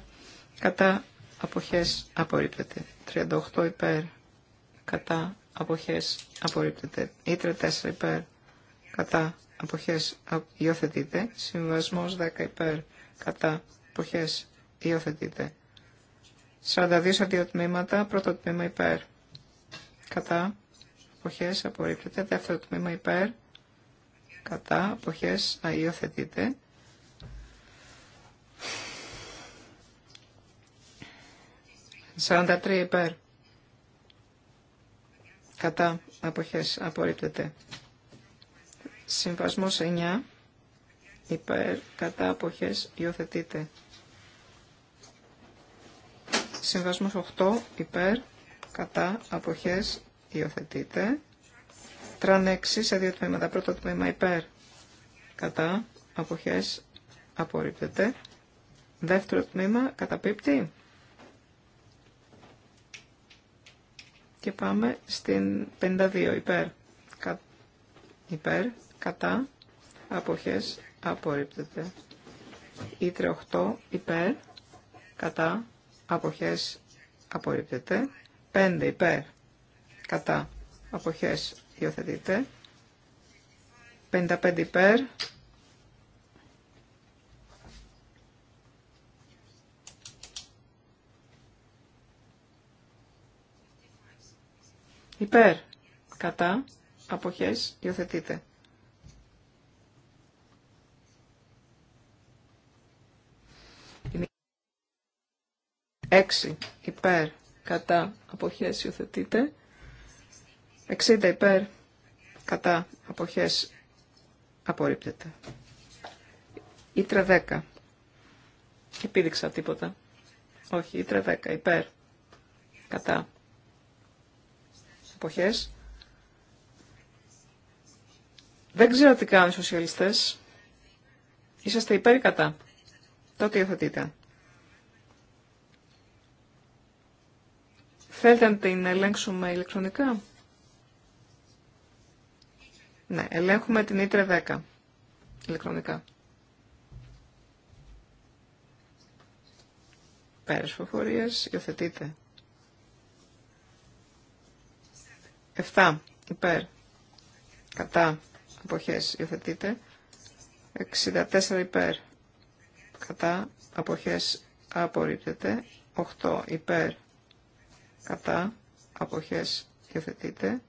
Κατά. Αποχές. Απορρίπτεται. 38 υπέρ. Κατά. Αποχές. Απορρίπτεται. Ήτρε 4 υπέρ. Κατά. Αποχές. Υιοθετείται. Συμβασμός 10 υπέρ. Κατά. Αποχές. Υιοθετείται. 42 σε δύο τμήματα. Πρώτο τμήμα υπέρ. Κατά. Αποχές απορρίπτεται. Δεύτερο τμήμα υπέρ. Κατά. Αποχές αϊοθετείται. Σαράντα υπέρ. Κατά. Αποχές απορρίπτεται. Συμβασμός 9. Υπέρ. Κατά. Αποχές υιοθετείται. Συμβασμός 8 υπέρ κατά αποχές υιοθετείται. Τραν 6 σε δύο τμήματα. Πρώτο τμήμα υπέρ κατά αποχές απορρίπτεται. Δεύτερο τμήμα καταπίπτει. Και πάμε στην 52 υπέρ. Κα, υπέρ κατά αποχές απορρίπτεται. Ήτρε 8 υπέρ κατά αποχές απορρίπτεται. 5 υπέρ κατά αποχές υιοθετείται. 55 υπέρ Υπέρ, κατά, αποχές, υιοθετείται. 6 υπέρ κατά αποχές υιοθετείται. 60 υπέρ κατά αποχές απορρίπτεται. Ήτρε 10. Επίδειξα τίποτα. Όχι, ήτρε 10 υπέρ κατά αποχές. Δεν ξέρω τι κάνουν οι σοσιαλιστές. Είσαστε υπέρ ή κατά. Τότε υιοθετείτε. Θέλετε να την ελέγξουμε ηλεκτρονικά. Ναι, ελέγχουμε την ΙΤΡΕ 10 ηλεκτρονικά. Πέρας φοφορίας, υιοθετείτε. 7. Υπέρ. Κατά. Αποχές. Υιοθετείτε. 64 υπέρ. Κατά. Αποχές. Απορρίπτεται. 8. Υπέρ κατά αποχές υιοθετείται.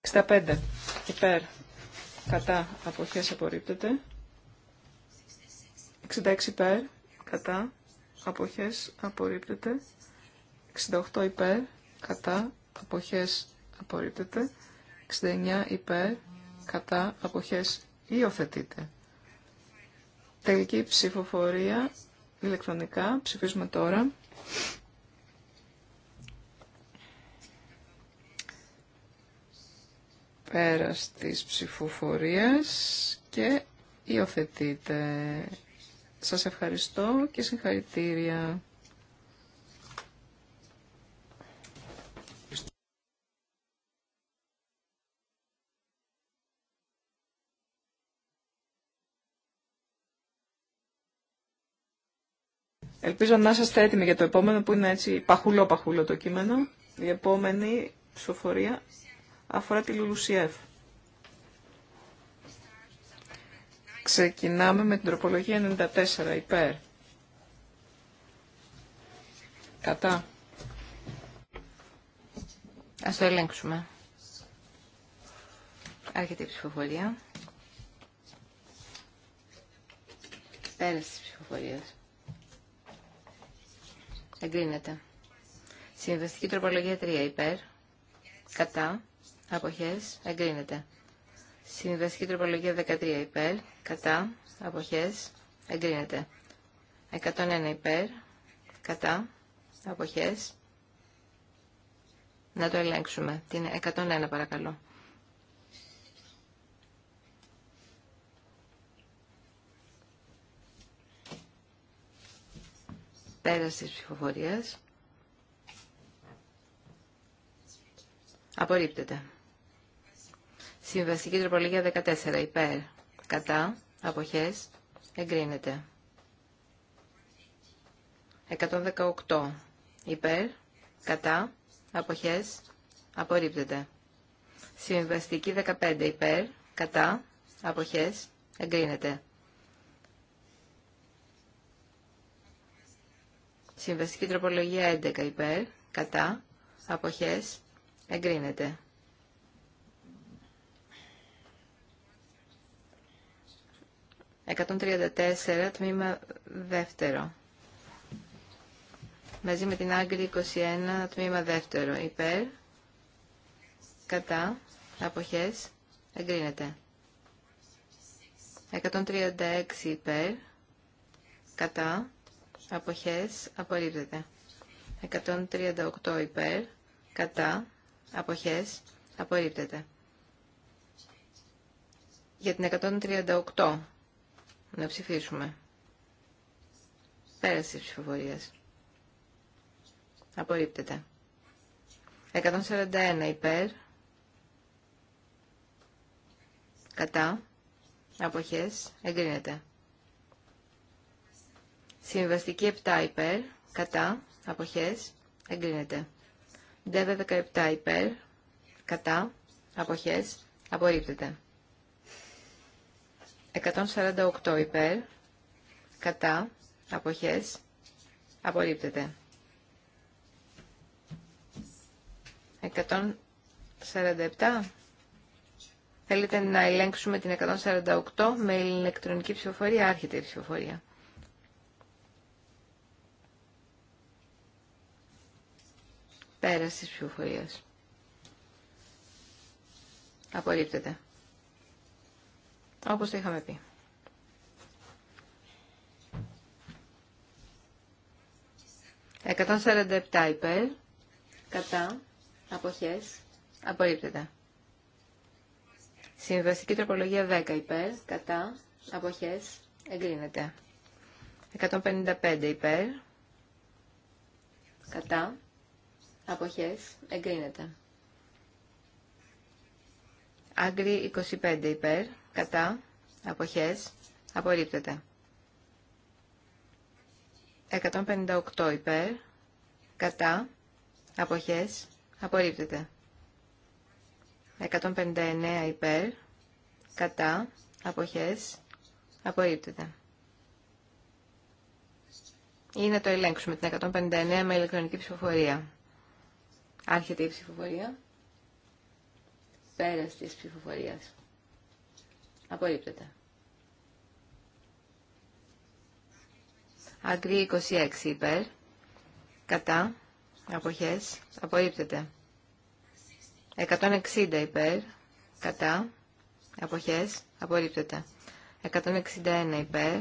Στα πέντε. υπέρ κατά αποχές απορρίπτεται. 66 υπέρ κατά αποχές απορρίπτεται. 68 υπέρ κατά αποχές απορρίπτεται. 69 υπέρ, κατά, αποχές, υιοθετείται. Τελική ψηφοφορία ηλεκτρονικά. Ψηφίζουμε τώρα. Πέρας της ψηφοφορίας και υιοθετείτε. Σας ευχαριστώ και συγχαρητήρια. Ελπίζω να είστε έτοιμοι για το επόμενο που είναι έτσι παχουλό-παχουλό το κείμενο. Η επόμενη ψηφοφορία αφορά τη Λουλουσιεύ. Ξεκινάμε με την τροπολογία 94 υπέρ. Κατά. Ας το ελέγξουμε. Άρχεται η ψηφοφορία. Πέρασε της ψηφοφορίας. Εγκρίνεται. Συμβαστική τροπολογία 3 υπέρ. Κατά. Αποχές. Εγκρίνεται. Συμβαστική τροπολογία 13 υπέρ. Κατά. Αποχές. Εγκρίνεται. 101 υπέρ. Κατά. Αποχές. Να το ελέγξουμε. Την 101 παρακαλώ. Πέρας της ψηφοφορίας. Απορρίπτεται. Συμβαστική τροπολογία 14. Υπέρ. Κατά. Αποχές. Εγκρίνεται. 118. Υπέρ. Κατά. Αποχές. Απορρίπτεται. Συμβαστική 15. Υπέρ. Κατά. Αποχές. Εγκρίνεται. Συμβαστική τροπολογία 11 υπέρ, κατά, αποχές, εγκρίνεται. 134 τμήμα δεύτερο. Μαζί με την Άγκρη 21 τμήμα δεύτερο. Υπέρ, κατά, αποχές, εγκρίνεται. 136 υπέρ, κατά, αποχές απορρίπτεται. 138 υπέρ, κατά, αποχές απορρίπτεται. Για την 138 να ψηφίσουμε. Πέραση ψηφοφορία. Απορρίπτεται. 141 υπέρ, κατά, αποχές, εγκρίνεται. Συμβαστική 7 υπέρ, κατά, αποχές, εγκρίνεται. ΔΕΒΕ 17 υπέρ, κατά, αποχές, απορρίπτεται. 148 υπέρ, κατά, αποχές, απορρίπτεται. 147. Θέλετε να ελέγξουμε την 148 με ηλεκτρονική ψηφοφορία, άρχεται η ψηφοφορία. Πέρας της ψηφοφορίας. Απορρίπτεται. Όπως το είχαμε πει. 147 υπέρ. Κατά. Αποχές. Απολύπτεται. Συμβαστική τροπολογία 10 υπέρ. Κατά. Αποχές. Εγκρίνεται. 155 υπέρ. Κατά αποχές εγκρίνεται. Άγκρι 25 υπέρ, κατά, αποχές, απορρίπτεται. 158 υπέρ, κατά, αποχές, απορρίπτεται. 159 υπέρ, κατά, αποχές, απορρίπτεται. Ή να το ελέγξουμε την 159 με ηλεκτρονική ψηφοφορία. Άρχεται η ψηφοφορία. Πέρας της ψηφοφορία. Απορρίπτεται. Αγκρί 26 υπέρ. Κατά. Αποχές. Απορρίπτεται. 160 υπέρ. Κατά. Αποχές. Απορρίπτεται. 161 υπέρ.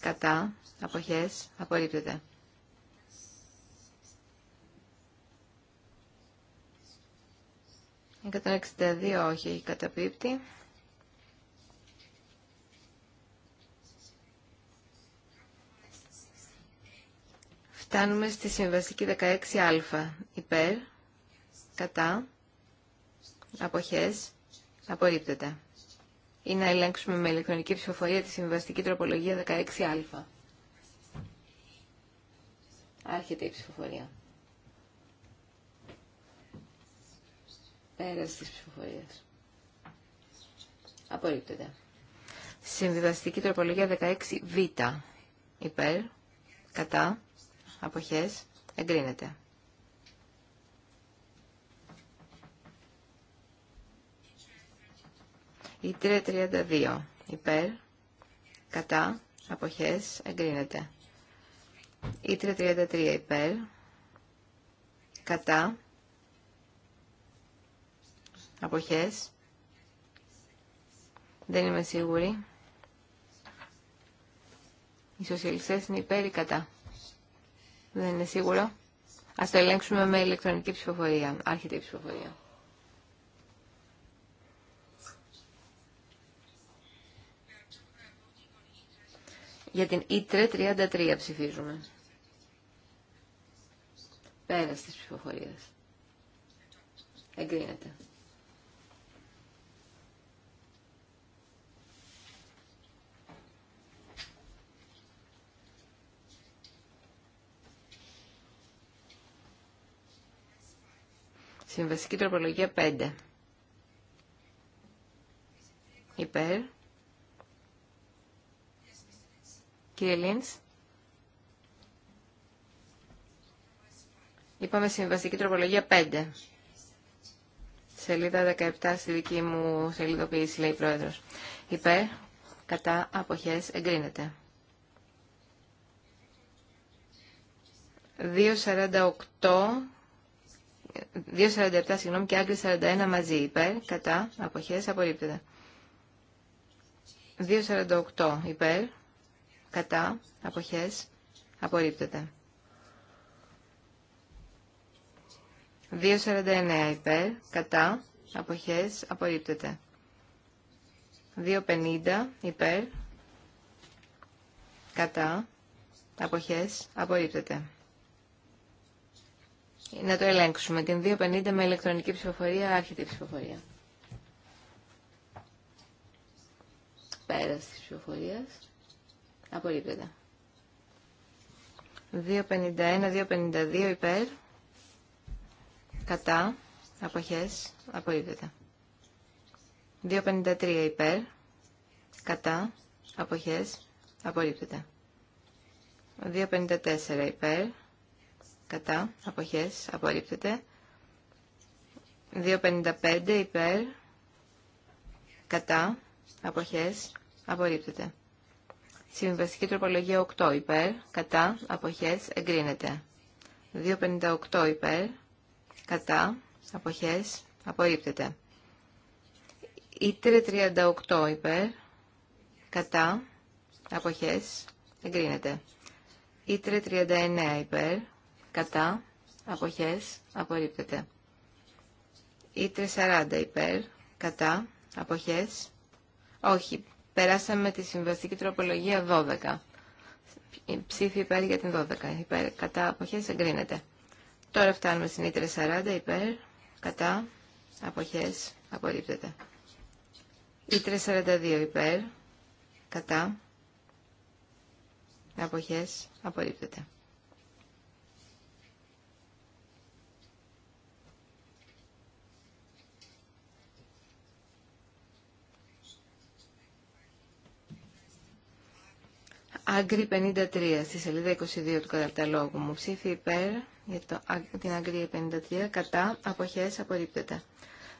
Κατά. Αποχές. Απορρίπτεται. 162 όχι, καταπίπτει. Φτάνουμε στη συμβαστική 16α. Υπέρ, κατά, αποχές, απορρίπτεται. Ή να ελέγξουμε με ηλεκτρονική ψηφοφορία τη συμβαστική τροπολογία 16α. Άρχεται η ψηφοφορία. Πέρας της ψηφοφορίας. Απορρίπτεται. Συμβιβαστική τροπολογία 16β. Υπέρ, κατά, αποχές, εγκρίνεται. Η Ειτρια32. Υπέρ, κατά, αποχές, εγκρίνεται. Η Ειτρια33. Υπέρ, κατά, Αποχές. Δεν είμαι σίγουρη. Οι σοσιαλιστές είναι υπέρ ή κατά. Δεν είναι σίγουρο. Ας το ελέγξουμε με ηλεκτρονική ψηφοφορία. Άρχεται η ψηφοφορία. Για την ΙΤΡΕ 33 ψηφίζουμε. Πέρας της ψηφοφορίας. Εγκρίνεται. Συμβαστική τροπολογία 5. Υπέρ. Κύριε Λίντς. Είπαμε συμβαστική τροπολογία 5. Σελίδα 17 στη δική μου σελίδοποίηση, λέει η Πρόεδρος. Υπέρ, κατά, αποχές, εγκρίνεται. 2.48 2.47 συγγνώμη και Άγκρη 41 μαζί υπέρ, κατά, αποχές, απορρίπτεται. 2.48 υπέρ, κατά, αποχές, απορρίπτεται. 2.49 υπέρ, κατά, αποχές, απορρίπτεται. 2.50 υπέρ, κατά, αποχές, απορρίπτεται. Να το ελέγξουμε. Την 250 με ηλεκτρονική ψηφοφορία, άρχεται η ψηφοφορία. Πέρας της ψηφοφορίας. Απορρίπτεται. 251-252 υπέρ. Κατά. Αποχές. Απορρίπτεται. 253 υπέρ. Κατά. Αποχές. Απορρίπτεται. 254 υπέρ κατά, αποχές, απορρίπτεται. 2.55 υπέρ, κατά, αποχές, απορρίπτεται. Συμβαστική τροπολογία 8 υπέρ, κατά, αποχές, εγκρίνεται. 2.58 υπέρ, κατά, αποχές, απορρίπτεται. Ήτρε 38 υπέρ, κατά, αποχές, εγκρίνεται. Ήτρε 39 υπέρ, κατά, αποχές, απορρίπτεται. Ή 40 υπέρ, κατά, αποχές, όχι, περάσαμε τη συμβαστική τροπολογία 12. Ψήφι υπέρ για την 12, υπέρ, κατά, αποχές, εγκρίνεται. Τώρα φτάνουμε στην Ήτρε 40 υπέρ, κατά, αποχές, απορρίπτεται. Ή 42 υπέρ, κατά, αποχές, απορρίπτεται. Άγκρη 53 στη σελίδα 22 του καταλόγου μου. Ψήφι υπέρ για το, την Άγκρι 53 κατά αποχές απορρίπτεται.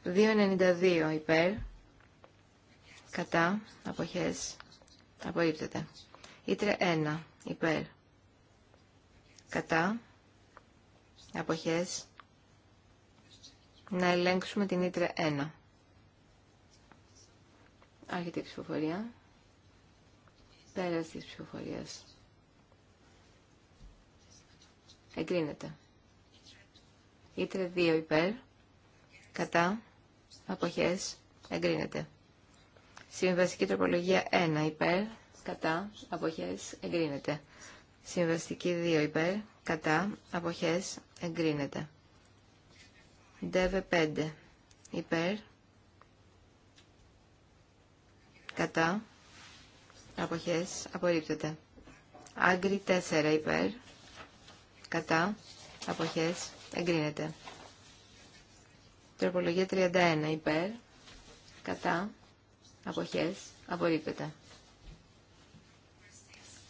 2.92 υπέρ κατά αποχές απορρίπτεται. Ήτρε 1 υπέρ κατά αποχές να ελέγξουμε την Ήτρε 1. Άρχεται η ψηφοφορία ψηφοφορίας. Εγκρίνεται. Ήτρε 2 υπέρ. Κατά. Αποχές. Εγκρίνεται. Συμβαστική τροπολογία 1 υπέρ. Κατά. Αποχές. Εγκρίνεται. Συμβαστική 2 υπέρ. Κατά. Αποχές. Εγκρίνεται. ΔΕΒΕ 5 υπέρ. Κατά. Αποχές. Απορρίπτεται. Άγκρι 4 υπέρ. Κατά. Αποχές. Εγκρίνεται. Τροπολογία 31 υπέρ. Κατά. Αποχές. Απορρίπτεται.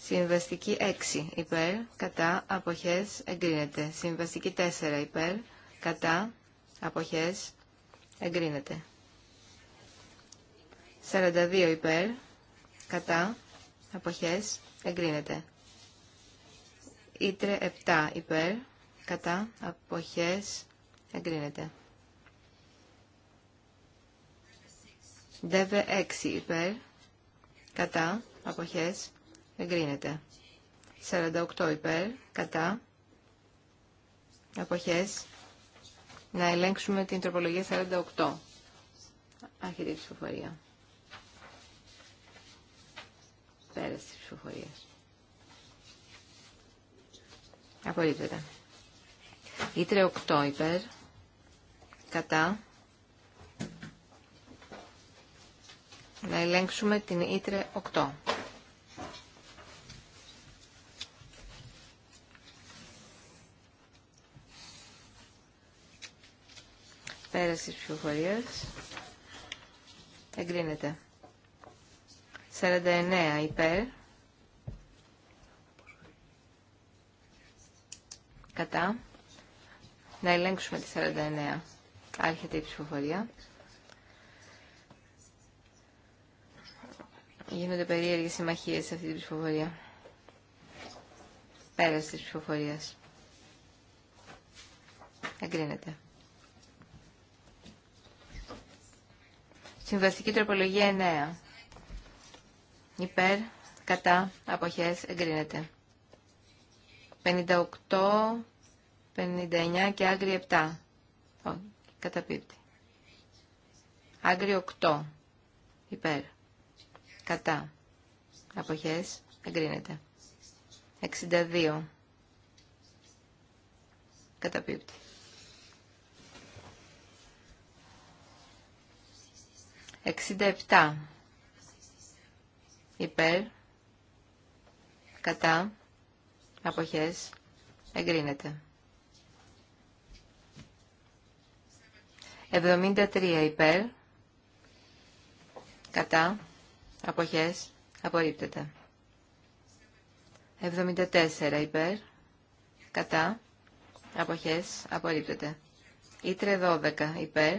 Συμβαστική 6 υπέρ. Κατά. Αποχές. Εγκρίνεται. Συμβαστική 4 υπέρ. Κατά. Αποχές. Εγκρίνεται. 42 υπέρ κατά, αποχές, εγκρίνεται. Ήτρε 7 υπέρ, κατά, αποχές, εγκρίνεται. Δεβε 6 υπέρ, κατά, αποχές, εγκρίνεται. 48 υπέρ, κατά, αποχές, να ελέγξουμε την τροπολογία 48. Άρχεται ψηφοφορία. Πέραση της ψηφοφορίας. Απορρίπτεται. Ήτρε 8 υπέρ. Κατά. Να ελέγξουμε την Ήτρε 8. Πέραση της ψηφοφορίας. Εγκρίνεται. 49 υπέρ. Κατά. Να ελέγξουμε τη 49. Άρχεται η ψηφοφορία. Γίνονται περίεργες συμμαχίες σε αυτή τη ψηφοφορία. Πέρας της ψηφοφορίας. Εγκρίνεται. Συμβαστική τροπολογία 9 υπέρ, κατά, αποχές, εγκρίνεται. 58, 59 και άγρι 7. Όχι, καταπίπτει. Άγρι 8, υπέρ, κατά, αποχές, εγκρίνεται. 62, καταπίπτει. 67 υπέρ, κατά, αποχές, εγκρίνεται. 73 υπέρ, κατά, αποχές, απορρίπτεται. 74 υπέρ, κατά, αποχές, απορρίπτεται. Ήτρε 12 υπέρ,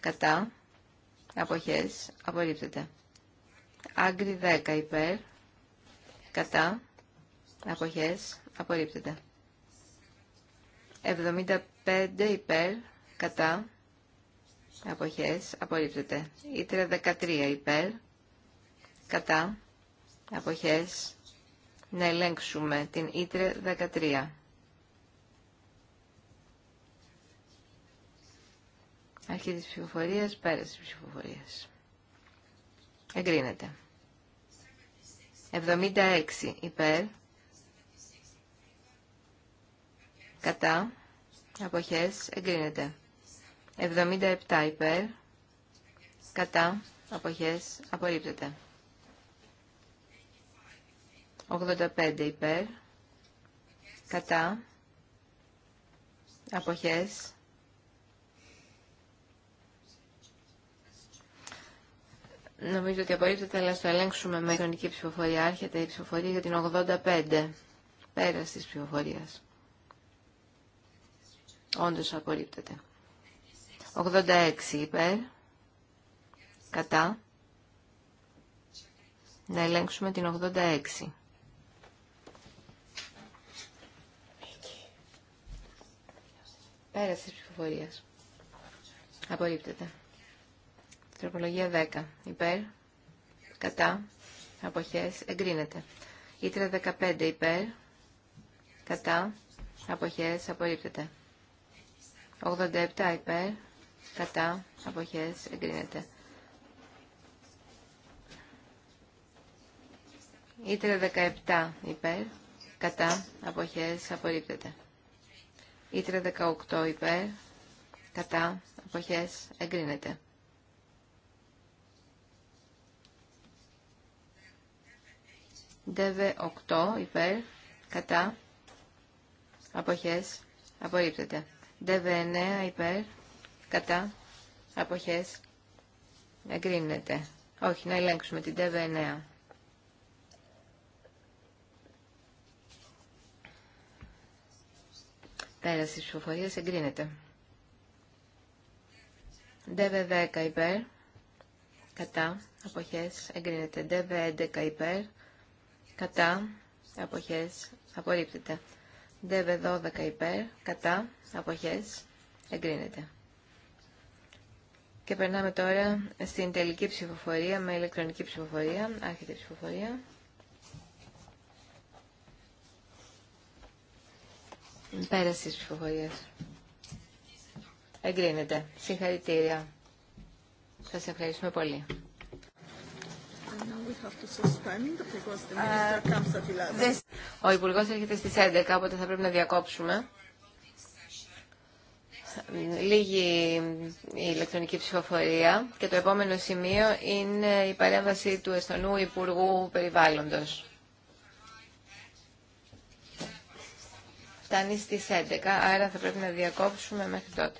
κατά, αποχές, απορρίπτεται. Άγκρι 10 υπέρ. Κατά. Αποχές. Απορρίπτεται. 75 υπέρ. Κατά. Αποχές. Απορρίπτεται. Ήτρε 13 υπέρ. Κατά. Αποχές. Να ελέγξουμε την Ήτρε 13. Αρχή της ψηφοφορίας, πέραση της ψηφοφορίας. Εγκρίνεται. 76 υπέρ, κατά, αποχές, εγκρίνεται. 77 υπέρ, κατά, αποχές, απορρίπτεται. 85 υπέρ, κατά, αποχές, Νομίζω ότι απορρίπτεται, αλλά στο ελέγξουμε με ηλεκτρονική ψηφοφορία. Άρχεται η ψηφοφορία για την 85. Πέρα τη ψηφοφορία. Όντω απορρίπτεται. 86 υπέρ. Κατά. Να ελέγξουμε την 86. Πέρα τη ψηφοφορία. Απορρίπτεται. Τροπολογία 10. Υπέρ. Κατά. Αποχές. Εγκρίνεται. Ήτρα 15. Υπέρ. Κατά. Αποχές. Απορρίπτεται. 87. Υπέρ. Κατά. Αποχές. Εγκρίνεται. Ήτρα 17. Υπέρ. Κατά. Αποχές. Απορρίπτεται. Ήτρα 18. Υπέρ. Κατά. Αποχές. Εγκρίνεται. δβ 8 υπέρ, κατά, αποχές, απορρίπτεται. δβ 9 υπέρ, κατά, αποχές, εγκρίνεται. Όχι, να ελέγξουμε την δβ 9. Πέραση της ψηφοφορίας εγκρίνεται. εγκρίνεται. 10 υπέρ, κατά, αποχές, εγκρίνεται. εγκρίνεται. 11 υπέρ, κατά, αποχές, απορρίπτεται. ΔΕΒΕ 12 υπέρ, κατά, αποχές, εγκρίνεται. Και περνάμε τώρα στην τελική ψηφοφορία με ηλεκτρονική ψηφοφορία, άρχεται ψηφοφορία. Πέραση της ψηφοφορία. Εγκρίνεται. Συγχαρητήρια. Σας ευχαριστούμε πολύ. Ε, Ο Υπουργό έρχεται στι 11, οπότε θα πρέπει να διακόψουμε. Λίγη η ηλεκτρονική ψηφοφορία και το επόμενο σημείο είναι η παρέμβαση του Εστονού Υπουργού Περιβάλλοντος. Φτάνει στις 11, άρα θα πρέπει να διακόψουμε μέχρι τότε.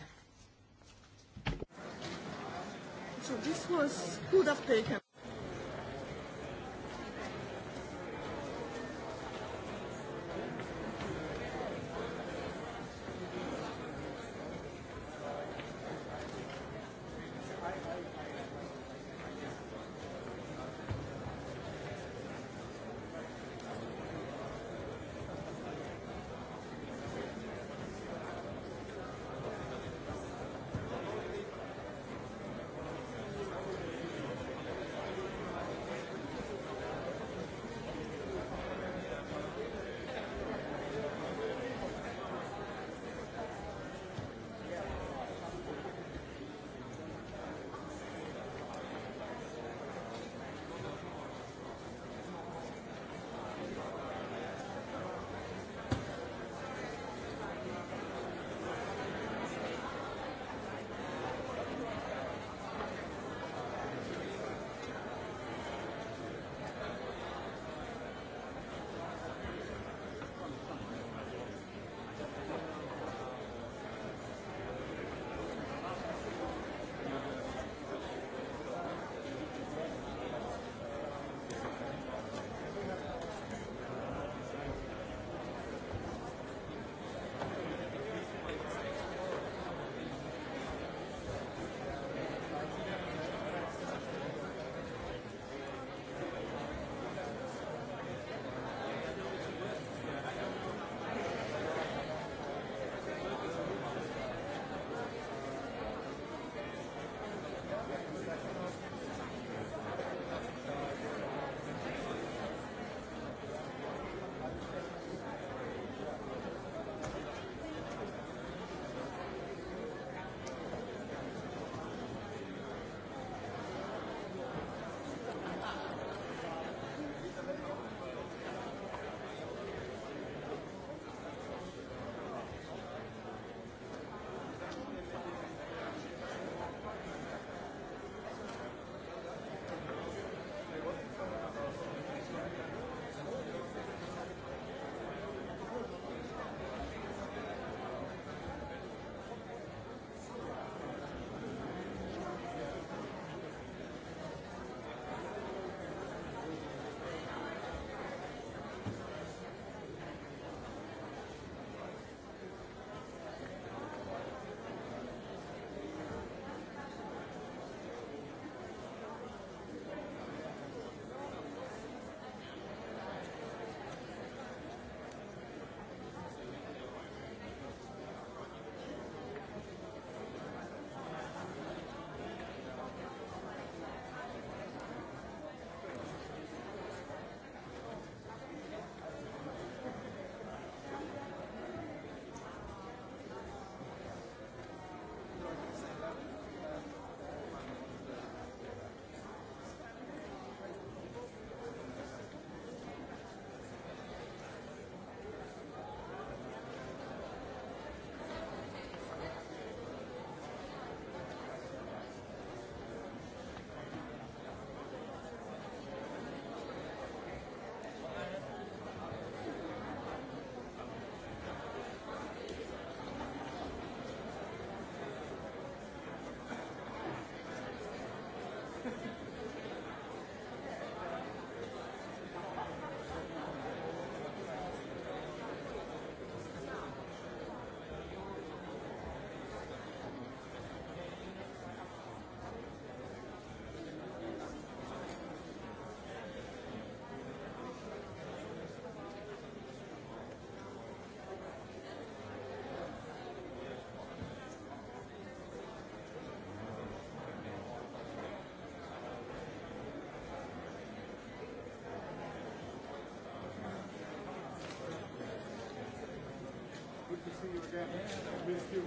see you I Miss you.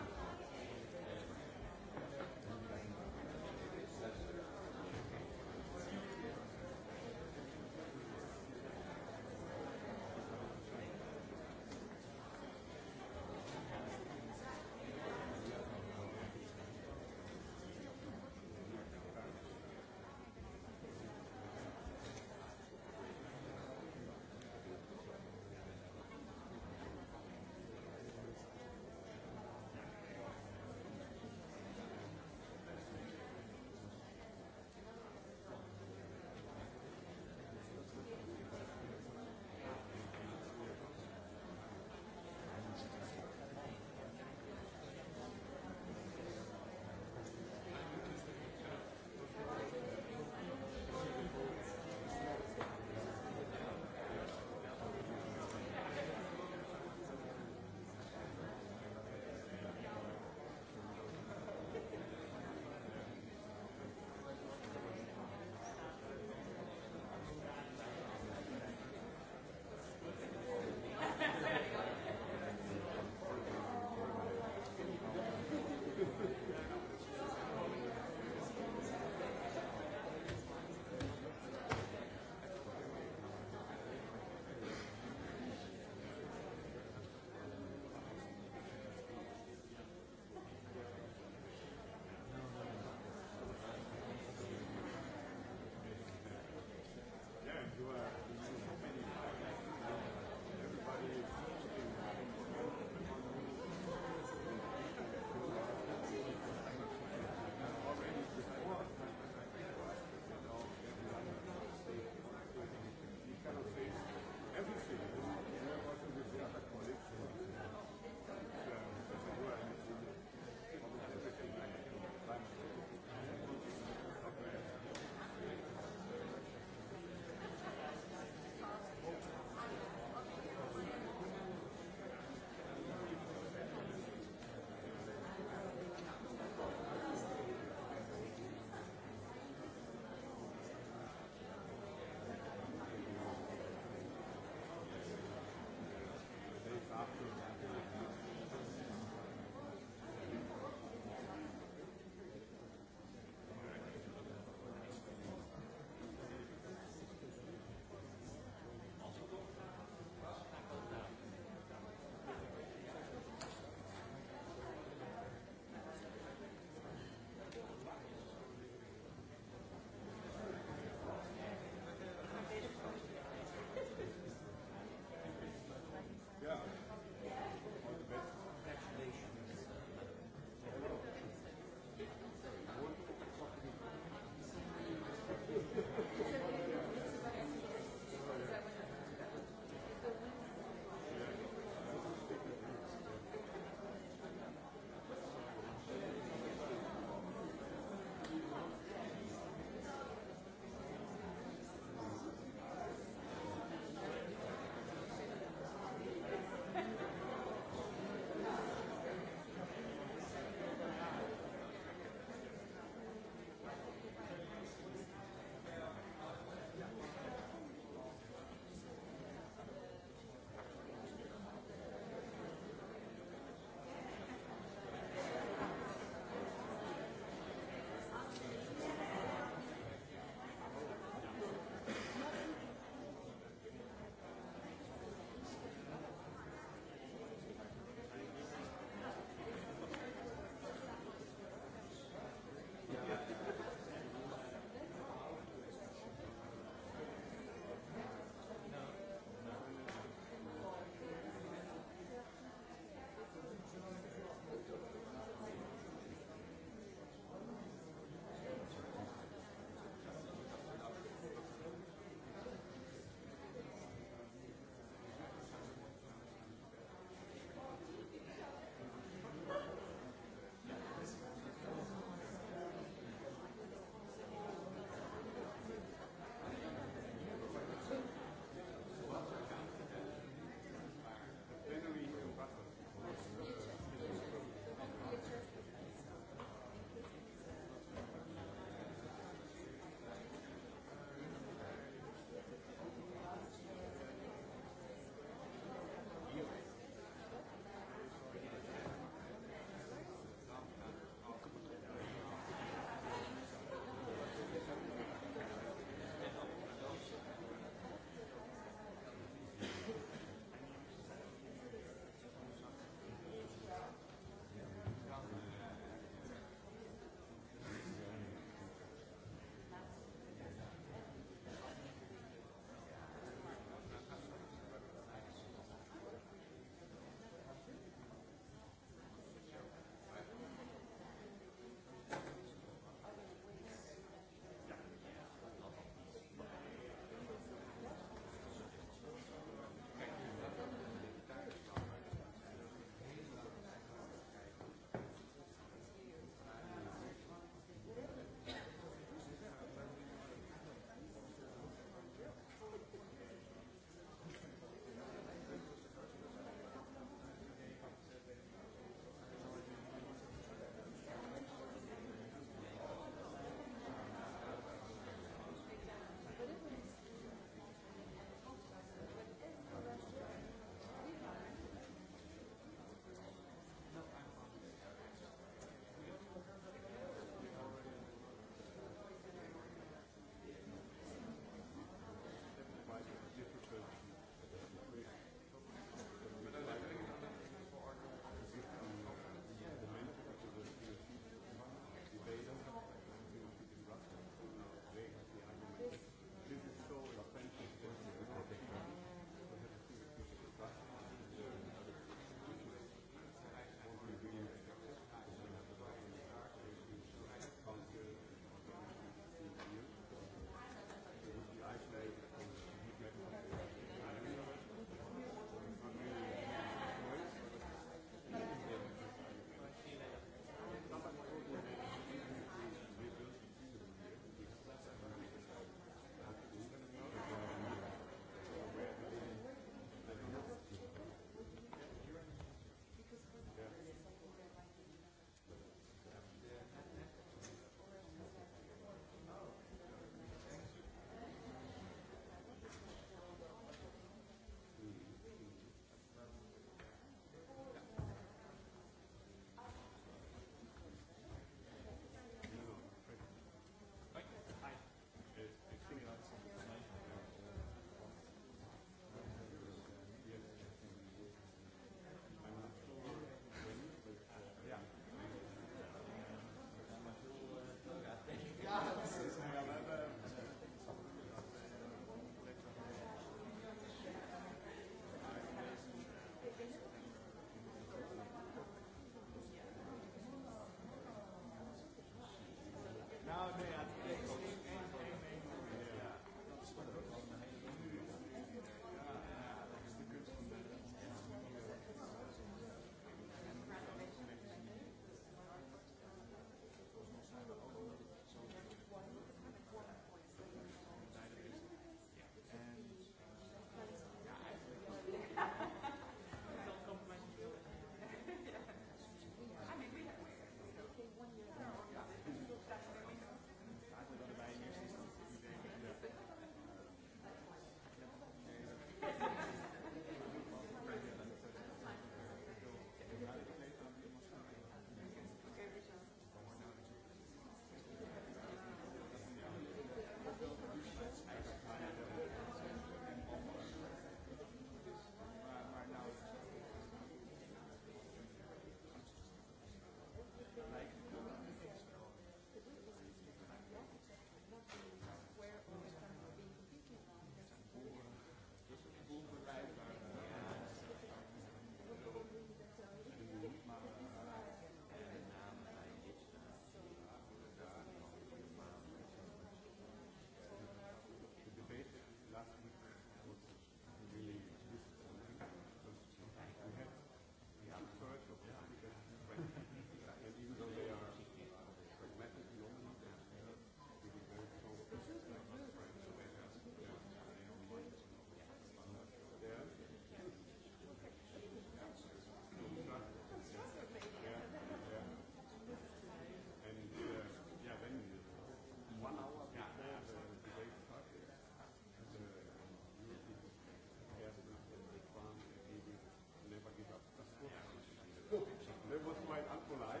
κολλάει.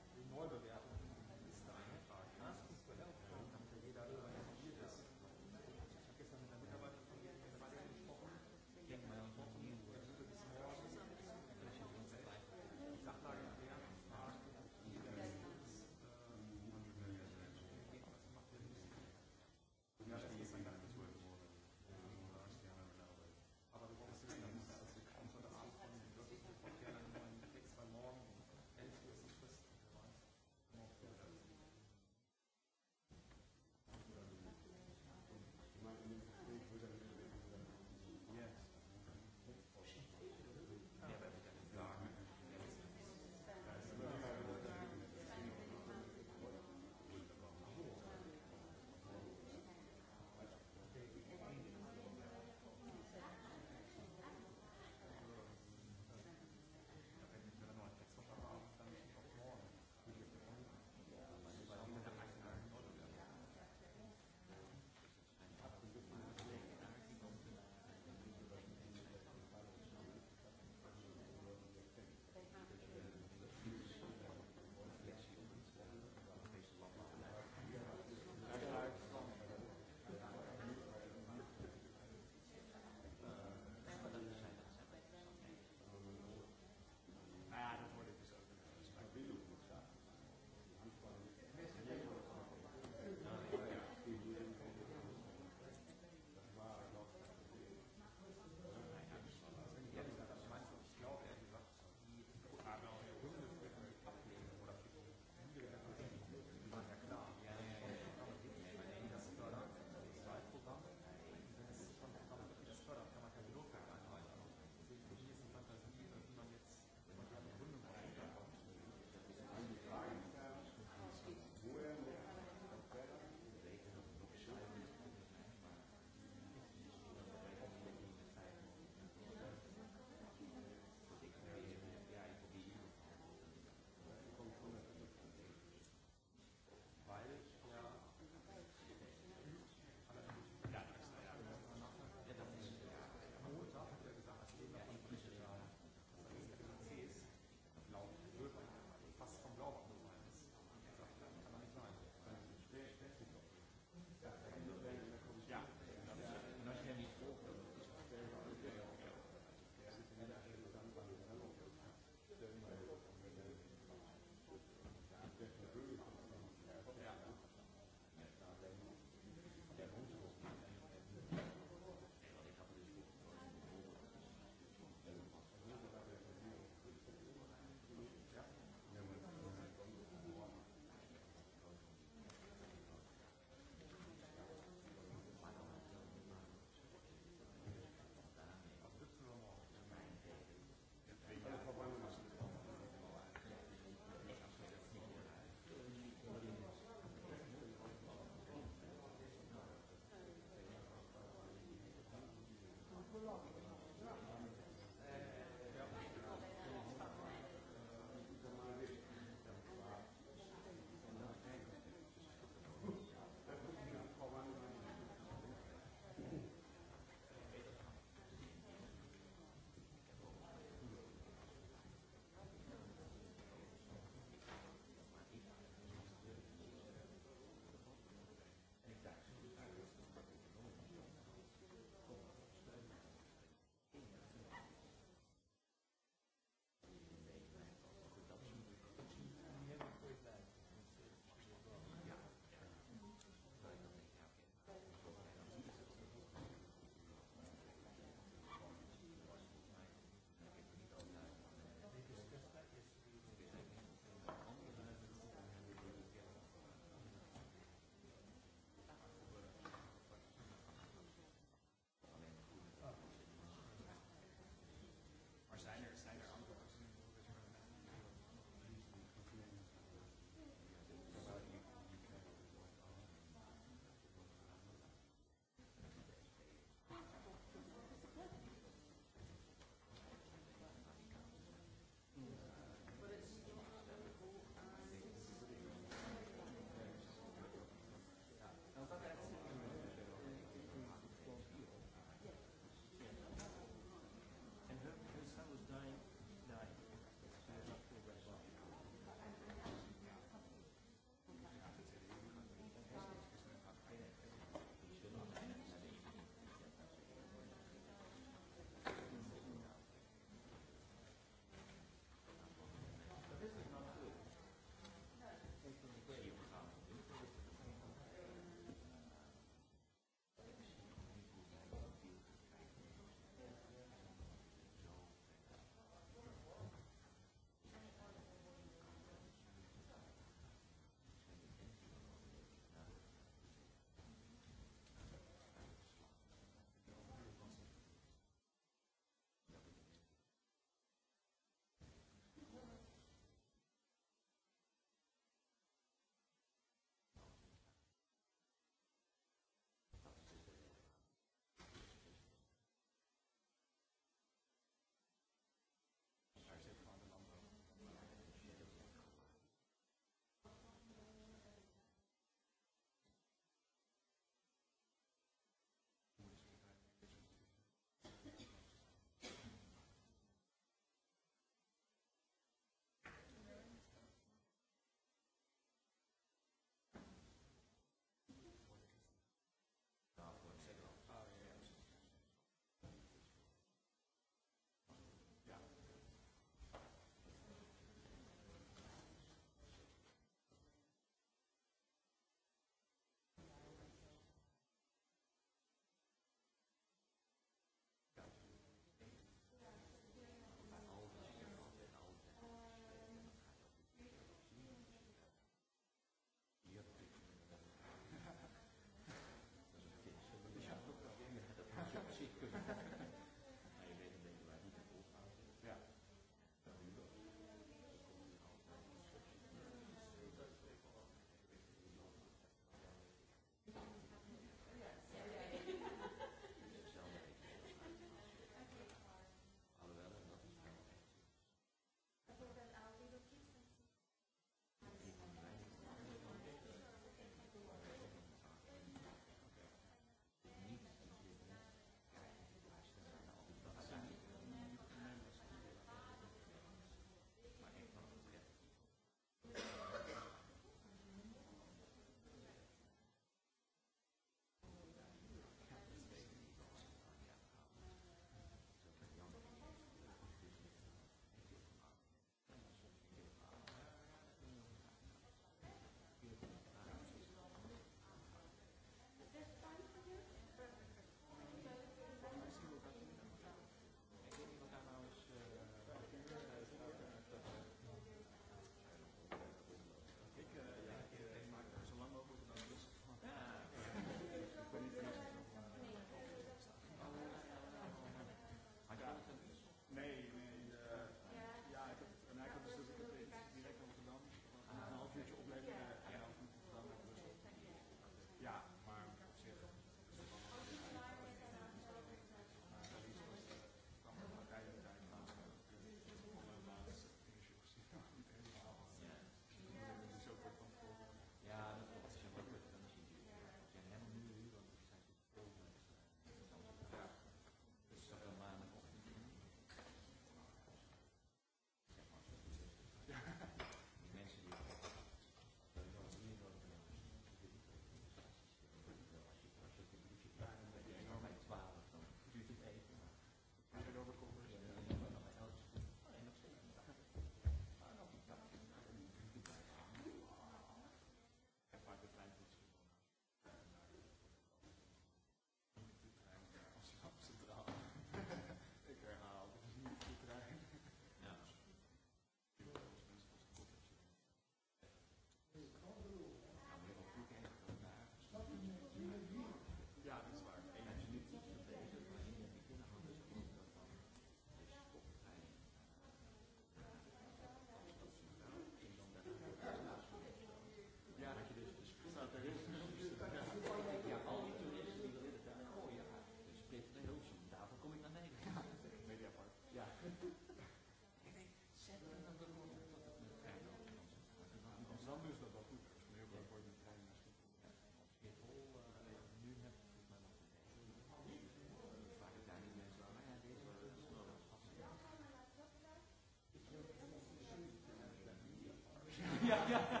Υπότιτλοι AUTHORWAVE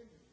continue.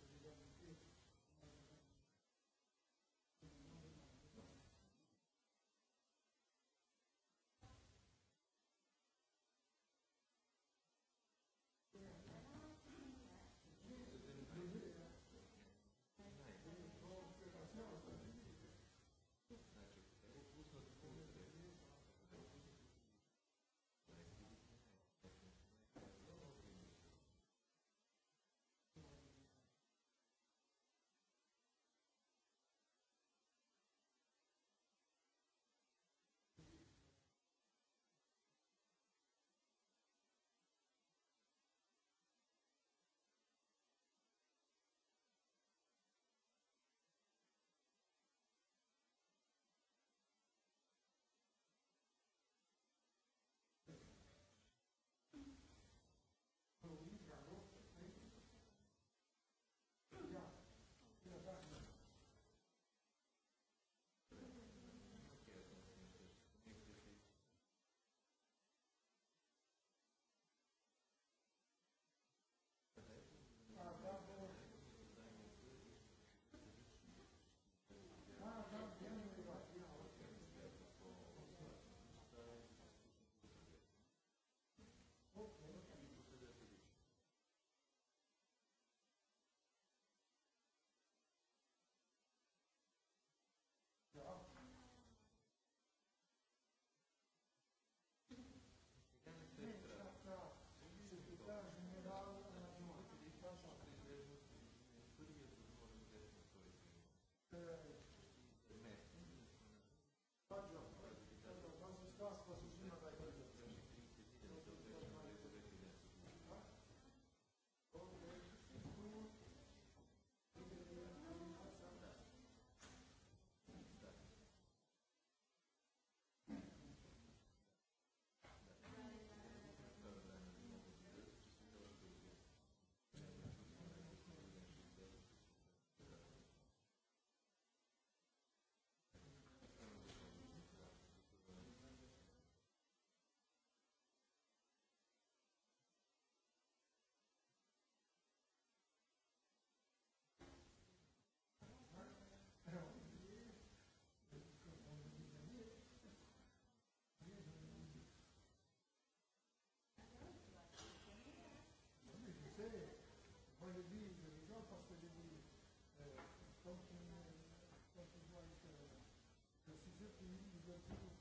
Thank you.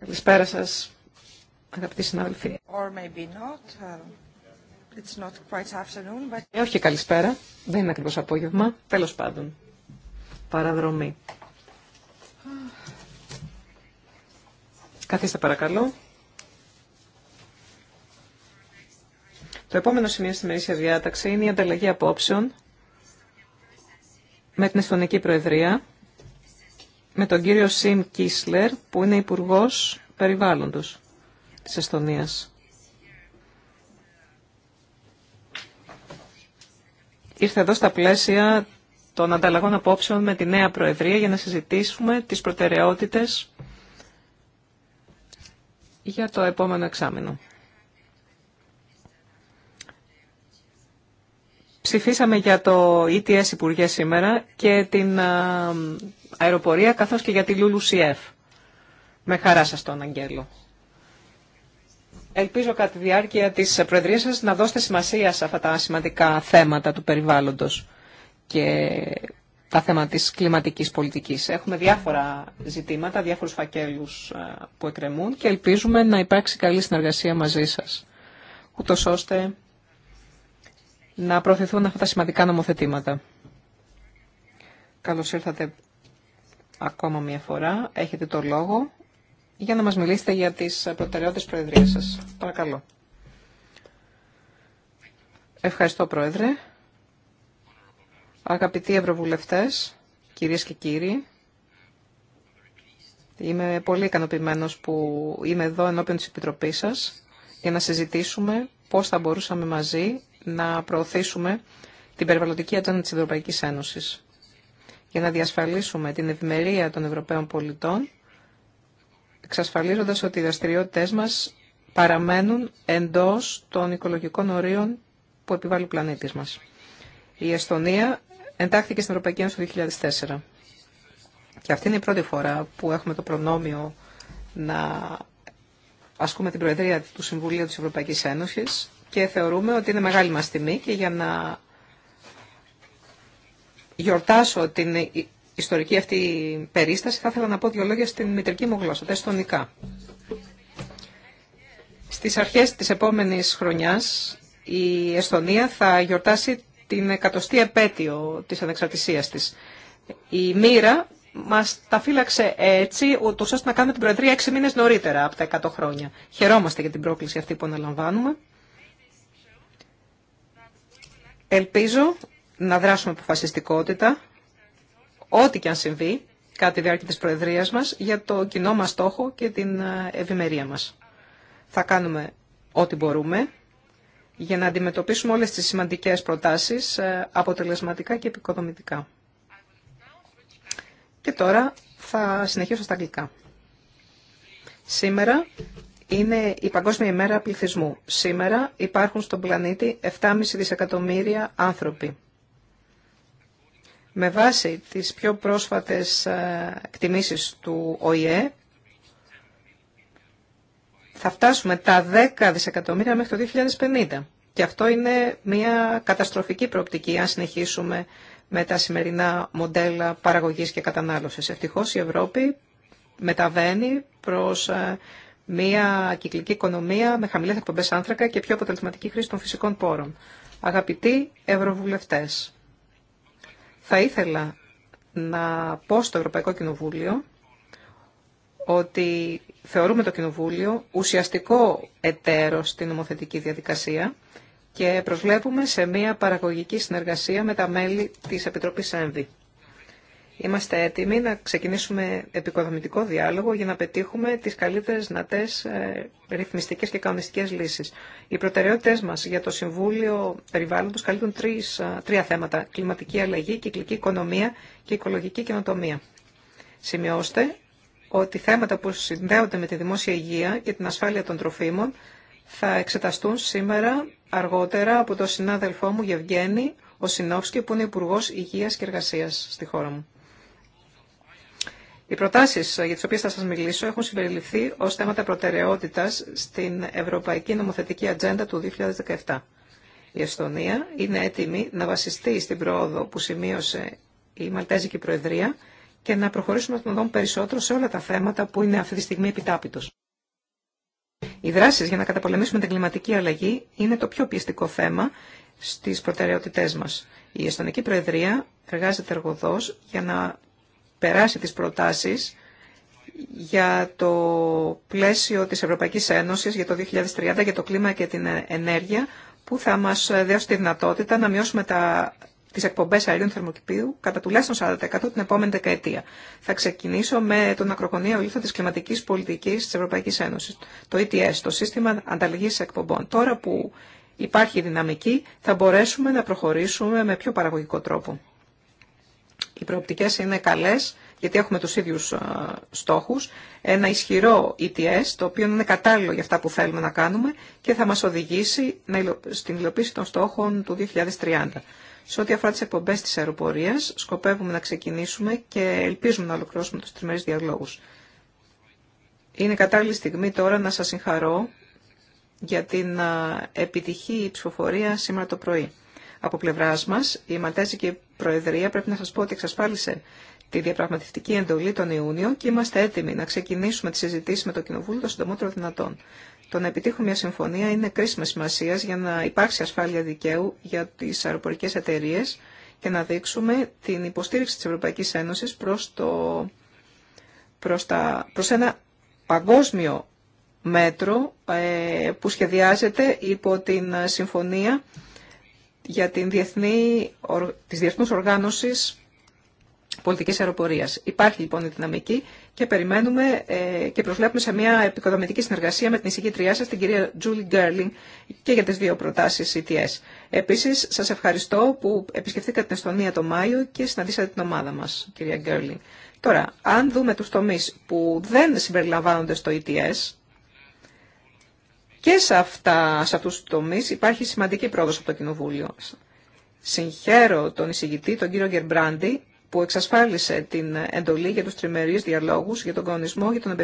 Καλησπέρα σα. αγαπητοί συνάδελφοι. Or uh, ε, όχι καλησπέρα, δεν είναι ακριβώ απόγευμα, Τέλο πάντων. Παραδρομή. Καθίστε παρακαλώ. Το επόμενο σημείο στη μερίσια διάταξη είναι η ανταλλαγή απόψεων με την Εστονική Προεδρία με τον κύριο Σιμ Κίσλερ, που είναι Υπουργό Περιβάλλοντος της Εστονίας. Ήρθε εδώ στα πλαίσια των ανταλλαγών απόψεων με τη νέα Προεδρία για να συζητήσουμε τις προτεραιότητες για το επόμενο εξάμεινο. Ψηφίσαμε για το ETS Υπουργέ σήμερα και την αεροπορία καθώς και για τη Λούλου CF. Με χαρά σας τον Αγγέλο. Ελπίζω κατά τη διάρκεια της Προεδρίας σας να δώσετε σημασία σε αυτά τα σημαντικά θέματα του περιβάλλοντος και τα θέματα της κλιματικής πολιτικής. Έχουμε διάφορα ζητήματα, διάφορους φακέλους που εκκρεμούν και ελπίζουμε να υπάρξει καλή συνεργασία μαζί σας, ούτως ώστε να προωθηθούν αυτά τα σημαντικά νομοθετήματα. Καλώς ήρθατε ακόμα μια φορά. Έχετε το λόγο για να μας μιλήσετε για τις προτεραιότητες προεδρίας σας. Παρακαλώ. Ευχαριστώ, Πρόεδρε. Αγαπητοί Ευρωβουλευτές, κυρίες και κύριοι, είμαι πολύ ικανοποιημένο που είμαι εδώ ενώπιον της Επιτροπής σας για να συζητήσουμε πώς θα μπορούσαμε μαζί να προωθήσουμε την περιβαλλοντική ατζέντα της Ευρωπαϊκής Ένωσης για να διασφαλίσουμε την ευημερία των Ευρωπαίων πολιτών, εξασφαλίζοντας ότι οι δραστηριότητε μας παραμένουν εντός των οικολογικών ορίων που επιβάλλει ο πλανήτης μας. Η Εστονία εντάχθηκε στην Ευρωπαϊκή Ένωση το 2004. Και αυτή είναι η πρώτη φορά που έχουμε το προνόμιο να ασκούμε την Προεδρία του Συμβουλίου της Ευρωπαϊκής Ένωσης και θεωρούμε ότι είναι μεγάλη μας τιμή και για να γιορτάσω την ιστορική αυτή περίσταση θα ήθελα να πω δύο λόγια στην μητρική μου γλώσσα, τα εστονικά. Στις αρχές της επόμενης χρονιάς η Εστονία θα γιορτάσει την εκατοστή επέτειο της ανεξαρτησίας της. Η μοίρα μας τα φύλαξε έτσι, ούτως ώστε να κάνουμε την Προεδρία έξι μήνες νωρίτερα από τα 100 χρόνια. Χαιρόμαστε για την πρόκληση αυτή που αναλαμβάνουμε. Ελπίζω να δράσουμε αποφασιστικότητα, ό,τι και αν συμβεί, κατά τη διάρκεια της Προεδρίας μας, για το κοινό μας στόχο και την ε, ευημερία μας. Θα κάνουμε ό,τι μπορούμε για να αντιμετωπίσουμε όλες τις σημαντικές προτάσεις ε, αποτελεσματικά και επικοδομητικά. Και τώρα θα συνεχίσω στα αγγλικά. Σήμερα είναι η Παγκόσμια ημέρα πληθυσμού. Σήμερα υπάρχουν στον πλανήτη 7,5 δισεκατομμύρια άνθρωποι. Με βάση τις πιο πρόσφατες ε, εκτιμήσεις του ΟΗΕ, θα φτάσουμε τα 10 δισεκατομμύρια μέχρι το 2050. Και αυτό είναι μια καταστροφική προοπτική, αν συνεχίσουμε με τα σημερινά μοντέλα παραγωγής και κατανάλωσης. Ευτυχώς η Ευρώπη μεταβαίνει προς ε, μια κυκλική οικονομία με χαμηλές εκπομπές άνθρακα και πιο αποτελεσματική χρήση των φυσικών πόρων. Αγαπητοί Ευρωβουλευτές, θα ήθελα να πω στο Ευρωπαϊκό Κοινοβούλιο ότι θεωρούμε το Κοινοβούλιο ουσιαστικό εταίρο στην νομοθετική διαδικασία και προσβλέπουμε σε μια παραγωγική συνεργασία με τα μέλη της Επιτροπής ΕΜΒΗ. Είμαστε έτοιμοι να ξεκινήσουμε επικοδομητικό διάλογο για να πετύχουμε τις καλύτερες δυνατές ε, ρυθμιστικές και κανονιστικέ λύσει. Οι προτεραιότητε μα για το Συμβούλιο περιβάλλοντο καλύπτουν ε, τρία θέματα. Κλιματική αλλαγή, κυκλική οικονομία και οικολογική καινοτομία. Σημειώστε ότι θέματα που συνδέονται με τη δημόσια υγεία και την ασφάλεια των τροφίμων θα εξεταστούν σήμερα αργότερα από τον συνάδελφό μου Γευγένη Οσινόφσκι που είναι Υπουργό Υγεία και Εργασία στη χώρα μου. Οι προτάσεις ε, για τις οποίες θα σας μιλήσω έχουν συμπεριληφθεί ως θέματα προτεραιότητας στην Ευρωπαϊκή Νομοθετική Ατζέντα του 2017. Η Εστονία είναι έτοιμη να βασιστεί στην πρόοδο που σημείωσε η Μαλτέζικη Προεδρία και να προχωρήσουμε τον δόν περισσότερο σε όλα τα θέματα που είναι αυτή τη στιγμή επιτάπητος. Οι δράσεις για να καταπολεμήσουμε την κλιματική αλλαγή είναι το πιο πιεστικό θέμα στις προτεραιότητές μας. Η Εστονική Προεδρία εργάζεται εργοδός για να περάσει τις προτάσεις για το πλαίσιο της Ευρωπαϊκής Ένωσης για το 2030 για το κλίμα και την ενέργεια που θα μας δώσει τη δυνατότητα να μειώσουμε τα, τις εκπομπές αερίων θερμοκηπίου κατά τουλάχιστον 40% την επόμενη δεκαετία. Θα ξεκινήσω με τον ακροκονία ολίθο της κλιματικής πολιτικής της Ευρωπαϊκής Ένωσης, το ETS, το Σύστημα Ανταλλαγής Εκπομπών. Τώρα που υπάρχει δυναμική θα μπορέσουμε να προχωρήσουμε με πιο παραγωγικό τρόπο οι προοπτικές είναι καλές, γιατί έχουμε τους ίδιους ε, στόχους, ένα ισχυρό ETS, το οποίο είναι κατάλληλο για αυτά που θέλουμε να κάνουμε και θα μας οδηγήσει στην υλοποίηση των στόχων του 2030. Σε ό,τι αφορά τις εκπομπές της αεροπορίας, σκοπεύουμε να ξεκινήσουμε και ελπίζουμε να ολοκληρώσουμε τους τριμερείς διαλόγους. Είναι κατάλληλη στιγμή τώρα να σας συγχαρώ για την ε, επιτυχή ψηφοφορία σήμερα το πρωί. Από πλευρά μα, η Μαλτέζικη Προεδρία πρέπει να σα πω ότι εξασφάλισε τη διαπραγματευτική εντολή τον Ιούνιο και είμαστε έτοιμοι να ξεκινήσουμε τι συζητήσει με το Κοινοβούλιο το συντομότερο δυνατόν. Το να επιτύχουμε μια συμφωνία είναι κρίσιμη σημασία για να υπάρξει ασφάλεια δικαίου για τι αεροπορικέ εταιρείε και να δείξουμε την υποστήριξη τη Ευρωπαϊκή Ένωση προς, το, προς, τα, προς ένα παγκόσμιο μέτρο ε, που σχεδιάζεται υπό την συμφωνία για την διεθνή, της Διεθνούς Οργάνωσης Πολιτικής Αεροπορίας. Υπάρχει λοιπόν η δυναμική και περιμένουμε ε, και προσβλέπουμε σε μια επικοδομητική συνεργασία με την εισηγήτριά σας, την κυρία Τζούλι Γκέρλινγκ, και για τις δύο προτάσεις ETS. Επίσης, σας ευχαριστώ που επισκεφθήκατε την Εστονία το Μάιο και συναντήσατε την ομάδα μας, κυρία Γκέρλινγκ. Τώρα, αν δούμε τους τομείς που δεν συμπεριλαμβάνονται στο ETS, και σε, αυτά, σε αυτούς τους τομείς υπάρχει σημαντική πρόοδος από το Κοινοβούλιο. Συγχαίρω τον εισηγητή, τον κύριο Γερμπράντη, που εξασφάλισε την εντολή για τους τριμερείς διαλόγους, για τον κανονισμό, για τον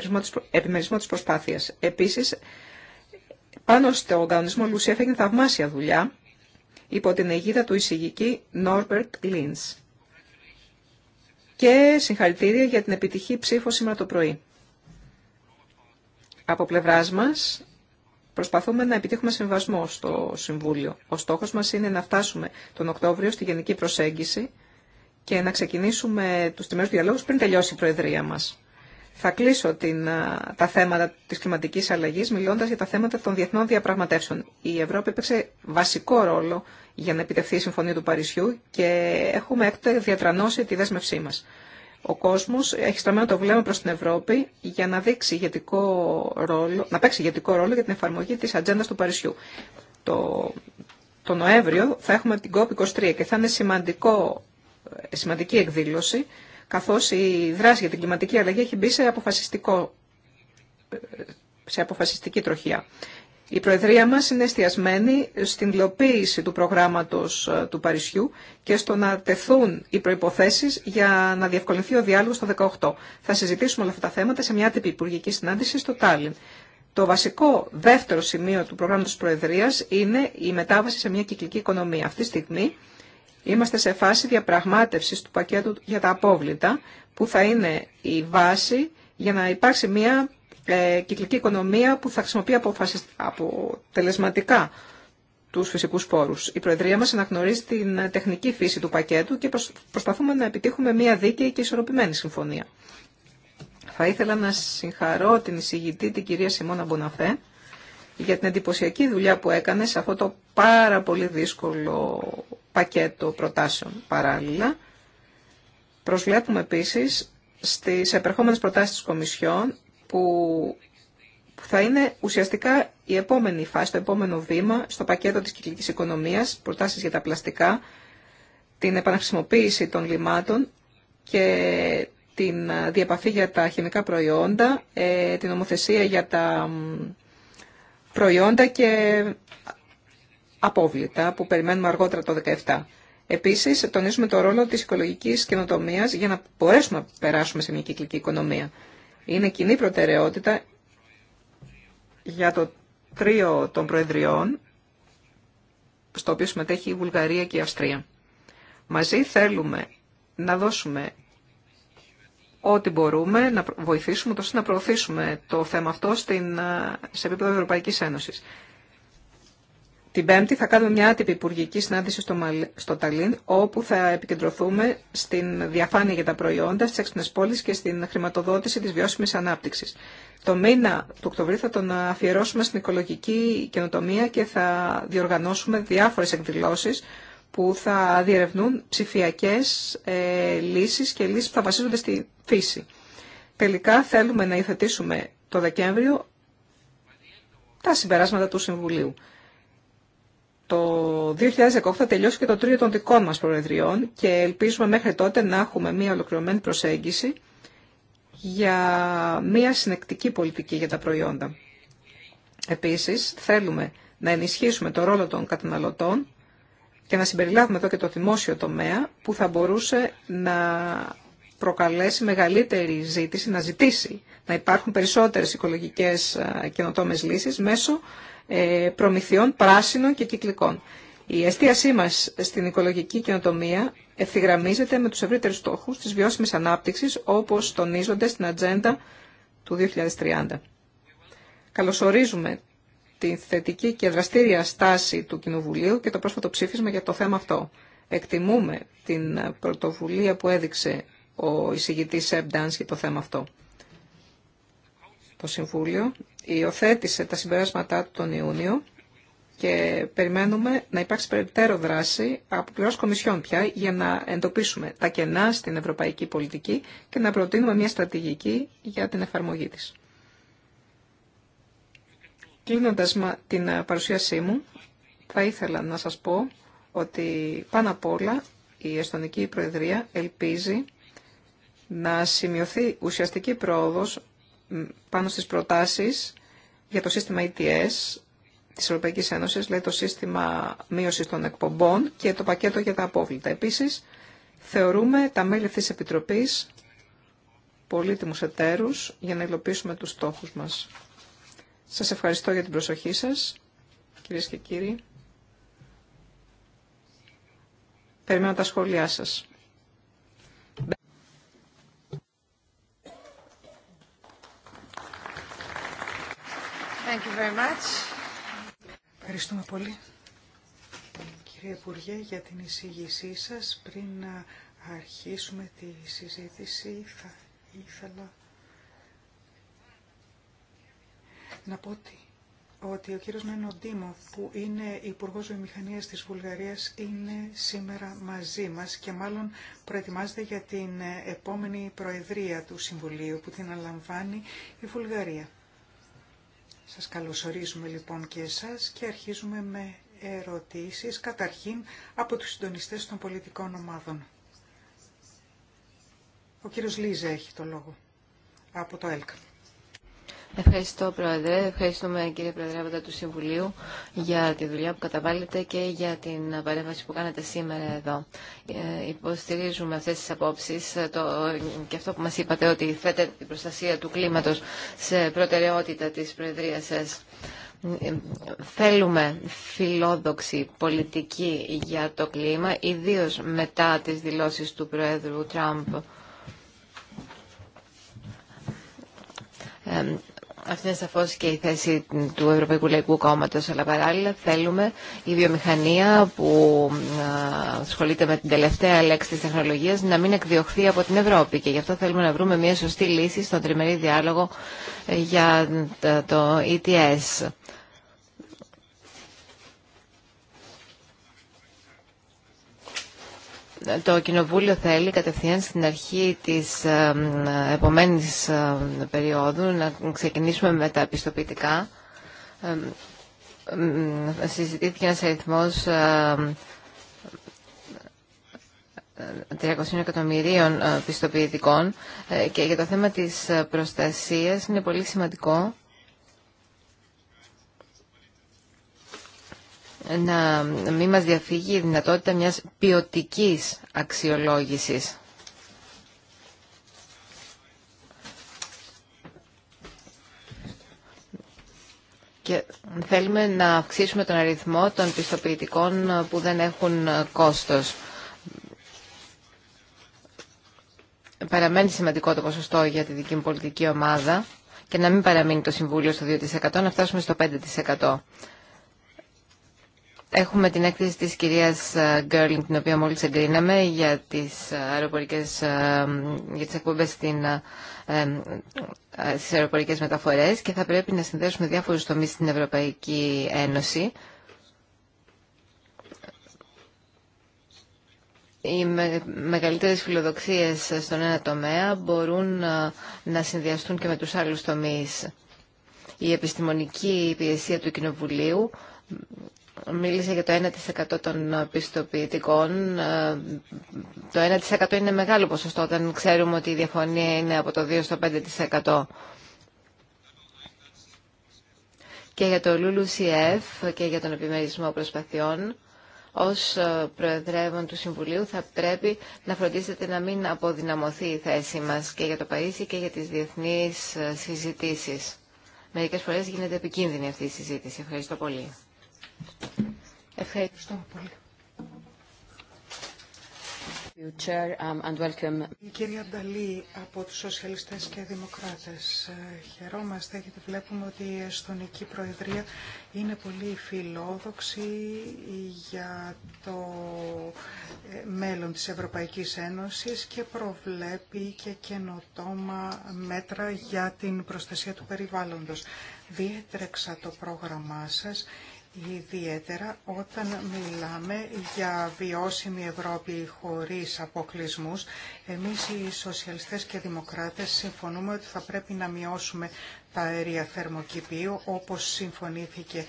επιμερισμό της προσπάθειας. Επίσης, πάνω στο κανονισμό Λουσία έγινε θαυμάσια δουλειά υπό την αιγίδα του εισηγητή Νόρμπερτ Λίνς. Και συγχαρητήρια για την επιτυχή ψήφο σήμερα το πρωί. Από πλευράς μας, Προσπαθούμε να επιτύχουμε συμβασμό στο Συμβούλιο. Ο στόχος μας είναι να φτάσουμε τον Οκτώβριο στη γενική προσέγγιση και να ξεκινήσουμε τους του διαλόγους πριν τελειώσει η Προεδρία μας. Θα κλείσω την, τα θέματα της κλιματικής αλλαγής μιλώντας για τα θέματα των διεθνών διαπραγματεύσεων. Η Ευρώπη έπαιξε βασικό ρόλο για να επιτευχθεί η Συμφωνία του Παρισιού και έχουμε έκτοτε διατρανώσει τη δέσμευσή μας ο κόσμος έχει στραμμένο το βλέμμα προς την Ευρώπη για να, δείξει ηγετικό ρόλο, να παίξει ηγετικό ρόλο για την εφαρμογή της ατζέντα του Παρισιού. Το, το Νοέμβριο θα έχουμε την COP23 και θα είναι σημαντικό, σημαντική εκδήλωση καθώς η δράση για την κλιματική αλλαγή έχει μπει σε, αποφασιστικό, σε αποφασιστική τροχιά. Η Προεδρία μας είναι εστιασμένη στην υλοποίηση του προγράμματος ε, του Παρισιού και στο να τεθούν οι προϋποθέσεις για να διευκολυνθεί ο διάλογος το 18. Θα συζητήσουμε όλα αυτά τα θέματα σε μια τύπη υπουργική συνάντηση στο Τάλιν. Το βασικό δεύτερο σημείο του προγράμματος της Προεδρίας είναι η μετάβαση σε μια κυκλική οικονομία. Αυτή τη στιγμή είμαστε σε φάση διαπραγμάτευσης του πακέτου για τα απόβλητα που θα είναι η βάση για να υπάρξει μια ε, κυκλική οικονομία που θα χρησιμοποιεί αποτελεσματικά τους φυσικούς πόρους. Η Προεδρία μας αναγνωρίζει την τεχνική φύση του πακέτου και προσπαθούμε να επιτύχουμε μια δίκαιη και ισορροπημένη συμφωνία. Θα ήθελα να συγχαρώ την εισηγητή, την κυρία Σιμώνα Μποναφέ, για την εντυπωσιακή δουλειά που έκανε σε αυτό το πάρα πολύ δύσκολο πακέτο προτάσεων παράλληλα. Προσβλέπουμε επίσης στις επερχόμενες προτάσεις της Κομισιόν που θα είναι ουσιαστικά η επόμενη φάση, το επόμενο βήμα στο πακέτο της κυκλικής οικονομίας, προτάσεις για τα πλαστικά, την επαναχρησιμοποίηση των λιμάτων και την διαπαφή για τα χημικά προϊόντα, ε, την ομοθεσία για τα προϊόντα και απόβλητα που περιμένουμε αργότερα το 2017. Επίσης, τονίζουμε το ρόλο της οικολογικής καινοτομίας για να μπορέσουμε να περάσουμε σε μια κυκλική οικονομία. Είναι κοινή προτεραιότητα για το τρίο των Προεδριών, στο οποίο συμμετέχει η Βουλγαρία και η Αυστρία. Μαζί θέλουμε να δώσουμε ό,τι μπορούμε, να βοηθήσουμε, τόσο να προωθήσουμε το θέμα αυτό στην, ε, σε επίπεδο Ευρωπαϊκής Ένωσης. Την Πέμπτη θα κάνουμε μια άτυπη υπουργική συνάντηση στο, στο Ταλίν, όπου θα επικεντρωθούμε στην διαφάνεια για τα προϊόντα, στι έξυπνε πόλει και στην χρηματοδότηση τη βιώσιμη ανάπτυξη. Το μήνα του Οκτωβρίου θα τον αφιερώσουμε στην οικολογική καινοτομία και θα διοργανώσουμε διάφορε εκδηλώσει που θα διερευνούν ψηφιακέ ε, λύσει και λύσει που θα βασίζονται στη φύση. Τελικά θέλουμε να υιοθετήσουμε το Δεκέμβριο τα συμπεράσματα του Συμβουλίου το 2018 τελειώσει και το τρίο των δικών μας προεδριών και ελπίζουμε μέχρι τότε να έχουμε μία ολοκληρωμένη προσέγγιση για μία συνεκτική πολιτική για τα προϊόντα. Επίσης, θέλουμε να ενισχύσουμε το ρόλο των καταναλωτών και να συμπεριλάβουμε εδώ και το δημόσιο τομέα που θα μπορούσε να προκαλέσει μεγαλύτερη ζήτηση, να ζητήσει να υπάρχουν περισσότερες οικολογικές ε, καινοτόμες λύσεις μέσω ε, προμηθειών πράσινων και κυκλικών. Η εστίασή μας στην οικολογική καινοτομία ευθυγραμμίζεται με τους ευρύτερους στόχους της βιώσιμης ανάπτυξης όπως τονίζονται στην ατζέντα του 2030. Καλωσορίζουμε τη θετική και δραστήρια στάση του Κοινοβουλίου και το πρόσφατο ψήφισμα για το θέμα αυτό. Εκτιμούμε την πρωτοβουλία που έδειξε ο εισηγητής Σεμπ για το θέμα αυτό. Το Συμβούλιο υιοθέτησε τα συμπεράσματά του τον Ιούνιο και περιμένουμε να υπάρξει περαιτέρω δράση από πλευρά Κομισιόν πια για να εντοπίσουμε τα κενά στην ευρωπαϊκή πολιτική και να προτείνουμε μια στρατηγική για την εφαρμογή της. Κλείνοντας την ε, παρουσίασή μου, θα ήθελα να σας πω ότι πάνω απ' όλα η Εστονική Προεδρία ελπίζει να σημειωθεί ουσιαστική πρόοδος πάνω στις προτάσεις για το σύστημα ETS της Ευρωπαϊκής Ένωσης, λέει το σύστημα μείωσης των εκπομπών και το πακέτο για τα απόβλητα. Επίσης, θεωρούμε τα μέλη αυτής της Επιτροπής πολύτιμους εταίρους για να υλοποιήσουμε τους στόχους μας. Σας ευχαριστώ για την προσοχή σας, κυρίες και κύριοι. Περιμένω τα σχόλιά σας. Thank Ευχαριστούμε πολύ, κύριε Υπουργέ, για την εισήγησή σας. Πριν να αρχίσουμε τη συζήτηση, θα ήθελα να πω ότι ότι ο κύριος Νένο που είναι Υπουργός Βιομηχανίας της Βουλγαρίας, είναι σήμερα μαζί μας και μάλλον προετοιμάζεται για την επόμενη Προεδρία του Συμβουλίου που την αναλαμβάνει η Βουλγαρία. Σας καλωσορίζουμε λοιπόν και εσάς και αρχίζουμε με ερωτήσεις, καταρχήν από τους συντονιστές των πολιτικών ομάδων. Ο κύριος Λίζα έχει το λόγο από το ΕΛΚΑ. Ευχαριστώ, Πρόεδρε. Ευχαριστούμε, κύριε Προεδρεύοντα του Συμβουλίου, για τη δουλειά που καταβάλλετε και για την παρέμβαση που κάνετε σήμερα εδώ. Ε, υποστηρίζουμε αυτέ τι απόψεις ε, και αυτό που μας είπατε, ότι θέτε την προστασία του κλίματος σε προτεραιότητα της προεδρία σα. Ε, θέλουμε φιλόδοξη πολιτική για το κλίμα, ιδίως μετά τις δηλώσεις του Προέδρου Τραμπ. Αυτή είναι σαφώ και η θέση του Ευρωπαϊκού Λαϊκού Κόμματο, αλλά παράλληλα θέλουμε η βιομηχανία που ασχολείται με την τελευταία λέξη τη τεχνολογία να μην εκδιωχθεί από την Ευρώπη. Και γι' αυτό θέλουμε να βρούμε μια σωστή λύση στον τριμερή διάλογο ε, για το ETS. το Κοινοβούλιο θέλει κατευθείαν στην αρχή της επομένης περίοδου να ξεκινήσουμε με τα πιστοποιητικά. Συζητήθηκε ένας αριθμός 300 εκατομμυρίων ε, πιστοποιητικών ε, και για το θέμα της ε, προστασίας είναι πολύ σημαντικό να μην μας διαφύγει η δυνατότητα μιας ποιοτική αξιολόγησης. Και θέλουμε να αυξήσουμε τον αριθμό των πιστοποιητικών που δεν έχουν κόστος. Παραμένει σημαντικό το ποσοστό για τη δική μου πολιτική ομάδα και να μην παραμείνει το Συμβούλιο στο 2% να φτάσουμε στο 5%. Έχουμε την έκθεση της κυρίας ε, Γκέρλινγκ, την οποία μόλις εγκρίναμε, για τις ε, αεροπορικές, ε, για τις εκπομπές στις αεροπορικές μεταφορές και θα πρέπει να συνδέσουμε διάφορους τομείς στην Ευρωπαϊκή Ένωση. Οι μεγαλύτερες φιλοδοξίες στον ένα τομέα μπορούν να συνδυαστούν και με τους άλλους τομείς. Η επιστημονική υπηρεσία του Κοινοβουλίου Μίλησε για το 1% των πιστοποιητικών. Ε, το 1% είναι μεγάλο ποσοστό όταν ξέρουμε ότι η διαφωνία είναι από το 2% στο 5%. Και για το LULUCF και για τον επιμερισμό προσπαθειών, ως ε, Προεδρεύων του Συμβουλίου θα πρέπει να φροντίσετε να μην αποδυναμωθεί η θέση μας και για το Παρίσι και για τις διεθνείς ε, συζητήσεις. Μερικές φορές γίνεται επικίνδυνη αυτή η συζήτηση. Ευχαριστώ πολύ. Ευχαριστώ πολύ. Um, η κυρία Νταλή από τους Σοσιαλιστές και Δημοκράτες. Ε, χαιρόμαστε γιατί βλέπουμε ότι η Εστονική Προεδρία είναι πολύ φιλόδοξη για το ε, μέλλον της Ευρωπαϊκής Ένωσης και προβλέπει και καινοτόμα μέτρα για την προστασία του περιβάλλοντος. Διέτρεξα το πρόγραμμά σας Ιδιαίτερα όταν μιλάμε για βιώσιμη Ευρώπη χωρίς αποκλεισμούς, εμείς οι σοσιαλιστές και δημοκράτες συμφωνούμε ότι θα πρέπει να μειώσουμε τα αέρια θερμοκηπίου όπως συμφωνήθηκε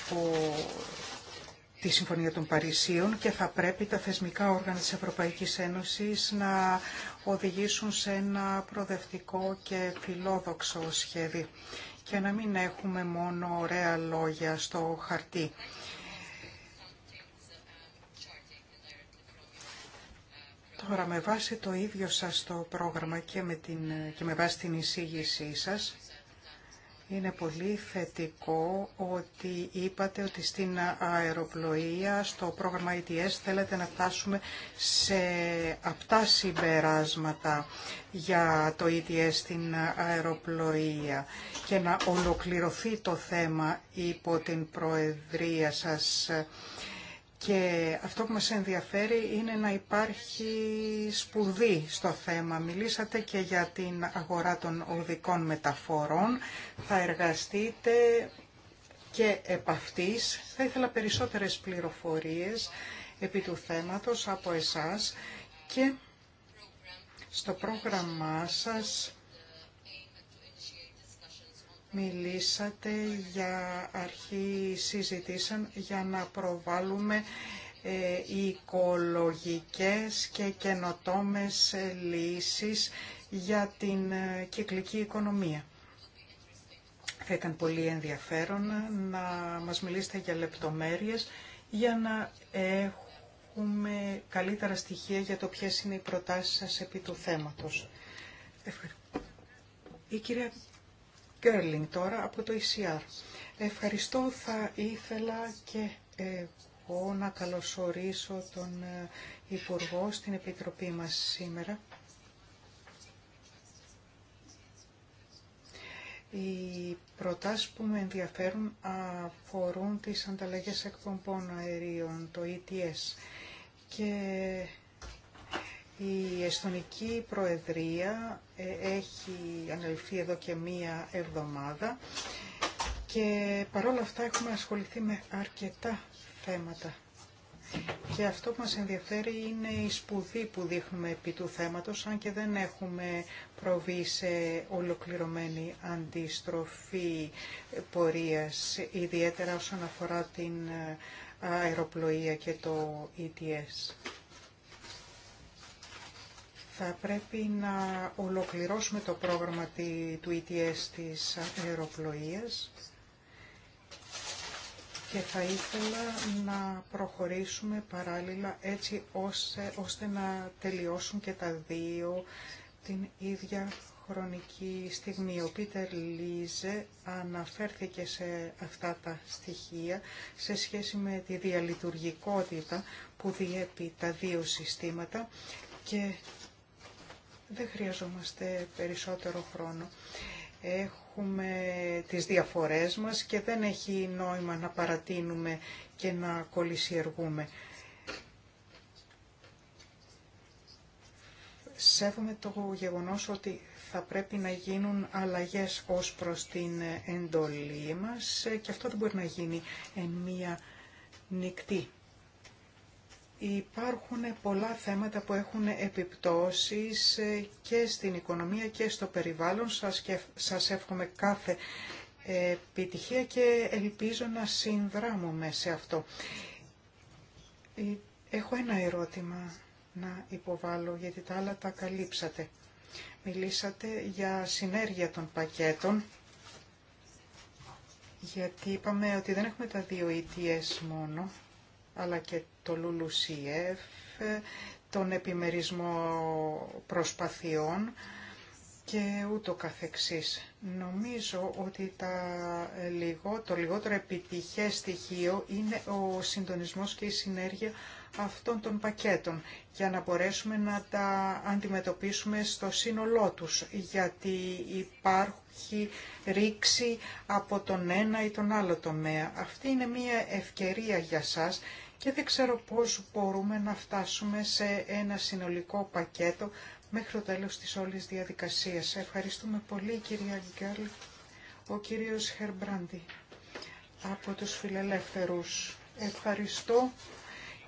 από τη Συμφωνία των Παρισίων και θα πρέπει τα θεσμικά όργανα της Ευρωπαϊκής Ένωσης να οδηγήσουν σε ένα προοδευτικό και φιλόδοξο σχέδιο και να μην έχουμε μόνο ωραία λόγια στο χαρτί. Τώρα με βάση το ίδιο σας το πρόγραμμα και με, την, και βάση την εισήγησή σας είναι πολύ θετικό ότι είπατε ότι στην αεροπλοεία, στο πρόγραμμα ETS, θέλετε να φτάσουμε σε αυτά συμπεράσματα για το ETS στην αεροπλοεία και να ολοκληρωθεί το θέμα υπό την Προεδρία σας. Και αυτό που μας ενδιαφέρει είναι να υπάρχει σπουδή στο θέμα. Μιλήσατε και για την αγορά των οδικών μεταφορών. Θα εργαστείτε και επ' αυτής. Θα ήθελα περισσότερες πληροφορίες επί του θέματος από εσάς και στο πρόγραμμά σας Μιλήσατε για αρχή συζητήσαν για να προβάλλουμε ε, οικολογικές και καινοτόμες ε, λύσεις για την ε, κυκλική οικονομία. Θα ήταν πολύ ενδιαφέρον να μας μιλήσετε για λεπτομέρειες για να έχουμε καλύτερα στοιχεία για το ποιες είναι οι προτάσεις σας επί του θέματος. Ευχαριστώ. Η κυρία τώρα από το ECR. Ευχαριστώ, θα ήθελα και εγώ να καλωσορίσω τον ε, Υπουργό στην Επιτροπή μας σήμερα. Οι προτάσεις που με ενδιαφέρουν αφορούν τις ανταλλαγές εκπομπών αερίων, το ETS. Και η Εστονική Προεδρία ε, έχει αναλυφθεί εδώ και μία εβδομάδα και παρόλα αυτά έχουμε ασχοληθεί με αρκετά θέματα. Και αυτό που μας ενδιαφέρει είναι η σπουδή που δείχνουμε επί του θέματος, αν και δεν έχουμε προβεί σε ολοκληρωμένη αντιστροφή πορείας, ιδιαίτερα όσον αφορά την ε, αεροπλοεία και το ETS θα πρέπει να ολοκληρώσουμε το πρόγραμμα του ETS της αεροπλοείας και θα ήθελα να προχωρήσουμε παράλληλα έτσι ώστε, να τελειώσουν και τα δύο την ίδια χρονική στιγμή. Ο Πίτερ Λίζε αναφέρθηκε σε αυτά τα στοιχεία σε σχέση με τη διαλειτουργικότητα που διέπει τα δύο συστήματα και δεν χρειαζόμαστε περισσότερο χρόνο. Έχουμε τις διαφορές μας και δεν έχει νόημα να παρατείνουμε και να κολλησιεργούμε. Σέβομαι το γεγονός ότι θα πρέπει να γίνουν αλλαγές ως προς την εντολή μας και αυτό δεν μπορεί να γίνει εν μία νυχτή. Υπάρχουν πολλά θέματα που έχουν επιπτώσεις ε, και στην οικονομία και στο περιβάλλον. Σας, και, σας εύχομαι κάθε ε, επιτυχία και ελπίζω να συνδράμουμε σε αυτό. Ε, έχω ένα ερώτημα να υποβάλω, γιατί τα άλλα τα καλύψατε. Μιλήσατε για συνέργεια των πακέτων, γιατί είπαμε ότι δεν έχουμε τα δύο ETS μόνο, αλλά και το Λουλουσιεφ, τον επιμερισμό προσπαθειών και ούτω καθεξής. Νομίζω ότι τα λιγό, το λιγότερο επιτυχές στοιχείο είναι ο συντονισμός και η συνέργεια αυτών των πακέτων για να μπορέσουμε να τα αντιμετωπίσουμε στο σύνολό τους γιατί υπάρχει ρήξη από τον ένα ή τον άλλο τομέα. Αυτή είναι μια ευκαιρία για σας και δεν ξέρω πώς μπορούμε να φτάσουμε σε ένα συνολικό πακέτο μέχρι το τέλος της όλης διαδικασίας. Ευχαριστούμε πολύ κυρία Γκέρλ, ο κύριος Χερμπράντι από τους φιλελεύθερους. Ευχαριστώ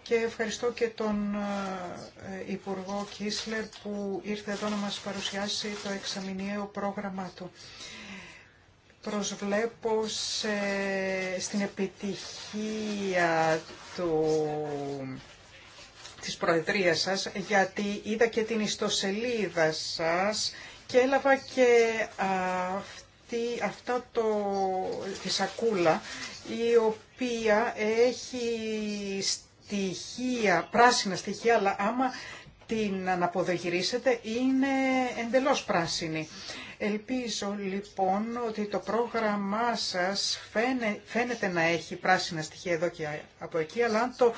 και ευχαριστώ και τον ε, Υπουργό Κίσλερ που ήρθε εδώ να μας παρουσιάσει το εξαμηνιαίο πρόγραμμά του. Προσβλέπω στην επιτυχία του, της Προεδρίας σας, γιατί είδα και την ιστοσελίδα σας και έλαβα και αυτή, αυτά το, τη σακούλα, η οποία έχει στοιχεία, πράσινα στοιχεία, αλλά άμα την αναποδογυρίσετε είναι εντελώς πράσινη. Ελπίζω λοιπόν ότι το πρόγραμμά σας φαίνε, φαίνεται να έχει πράσινα στοιχεία εδώ και από εκεί, αλλά αν το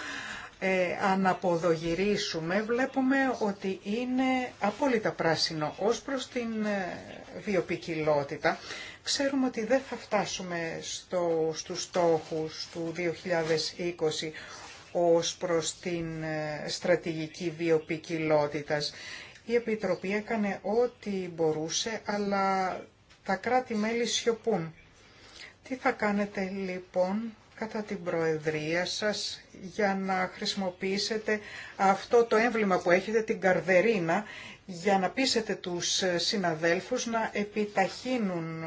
ε, αναποδογυρίσουμε βλέπουμε ότι είναι απόλυτα πράσινο ως προς την ε, βιοπικιλότητα. Ξέρουμε ότι δεν θα φτάσουμε στο, στους στόχους του 2020 ως προς την ε, στρατηγική βιοπικιλότητας η Επιτροπή έκανε ό,τι μπορούσε, αλλά τα κράτη-μέλη σιωπούν. Τι θα κάνετε λοιπόν κατά την Προεδρία σας για να χρησιμοποιήσετε αυτό το έμβλημα που έχετε, την καρδερίνα, για να πείσετε τους συναδέλφους να επιταχύνουν ε,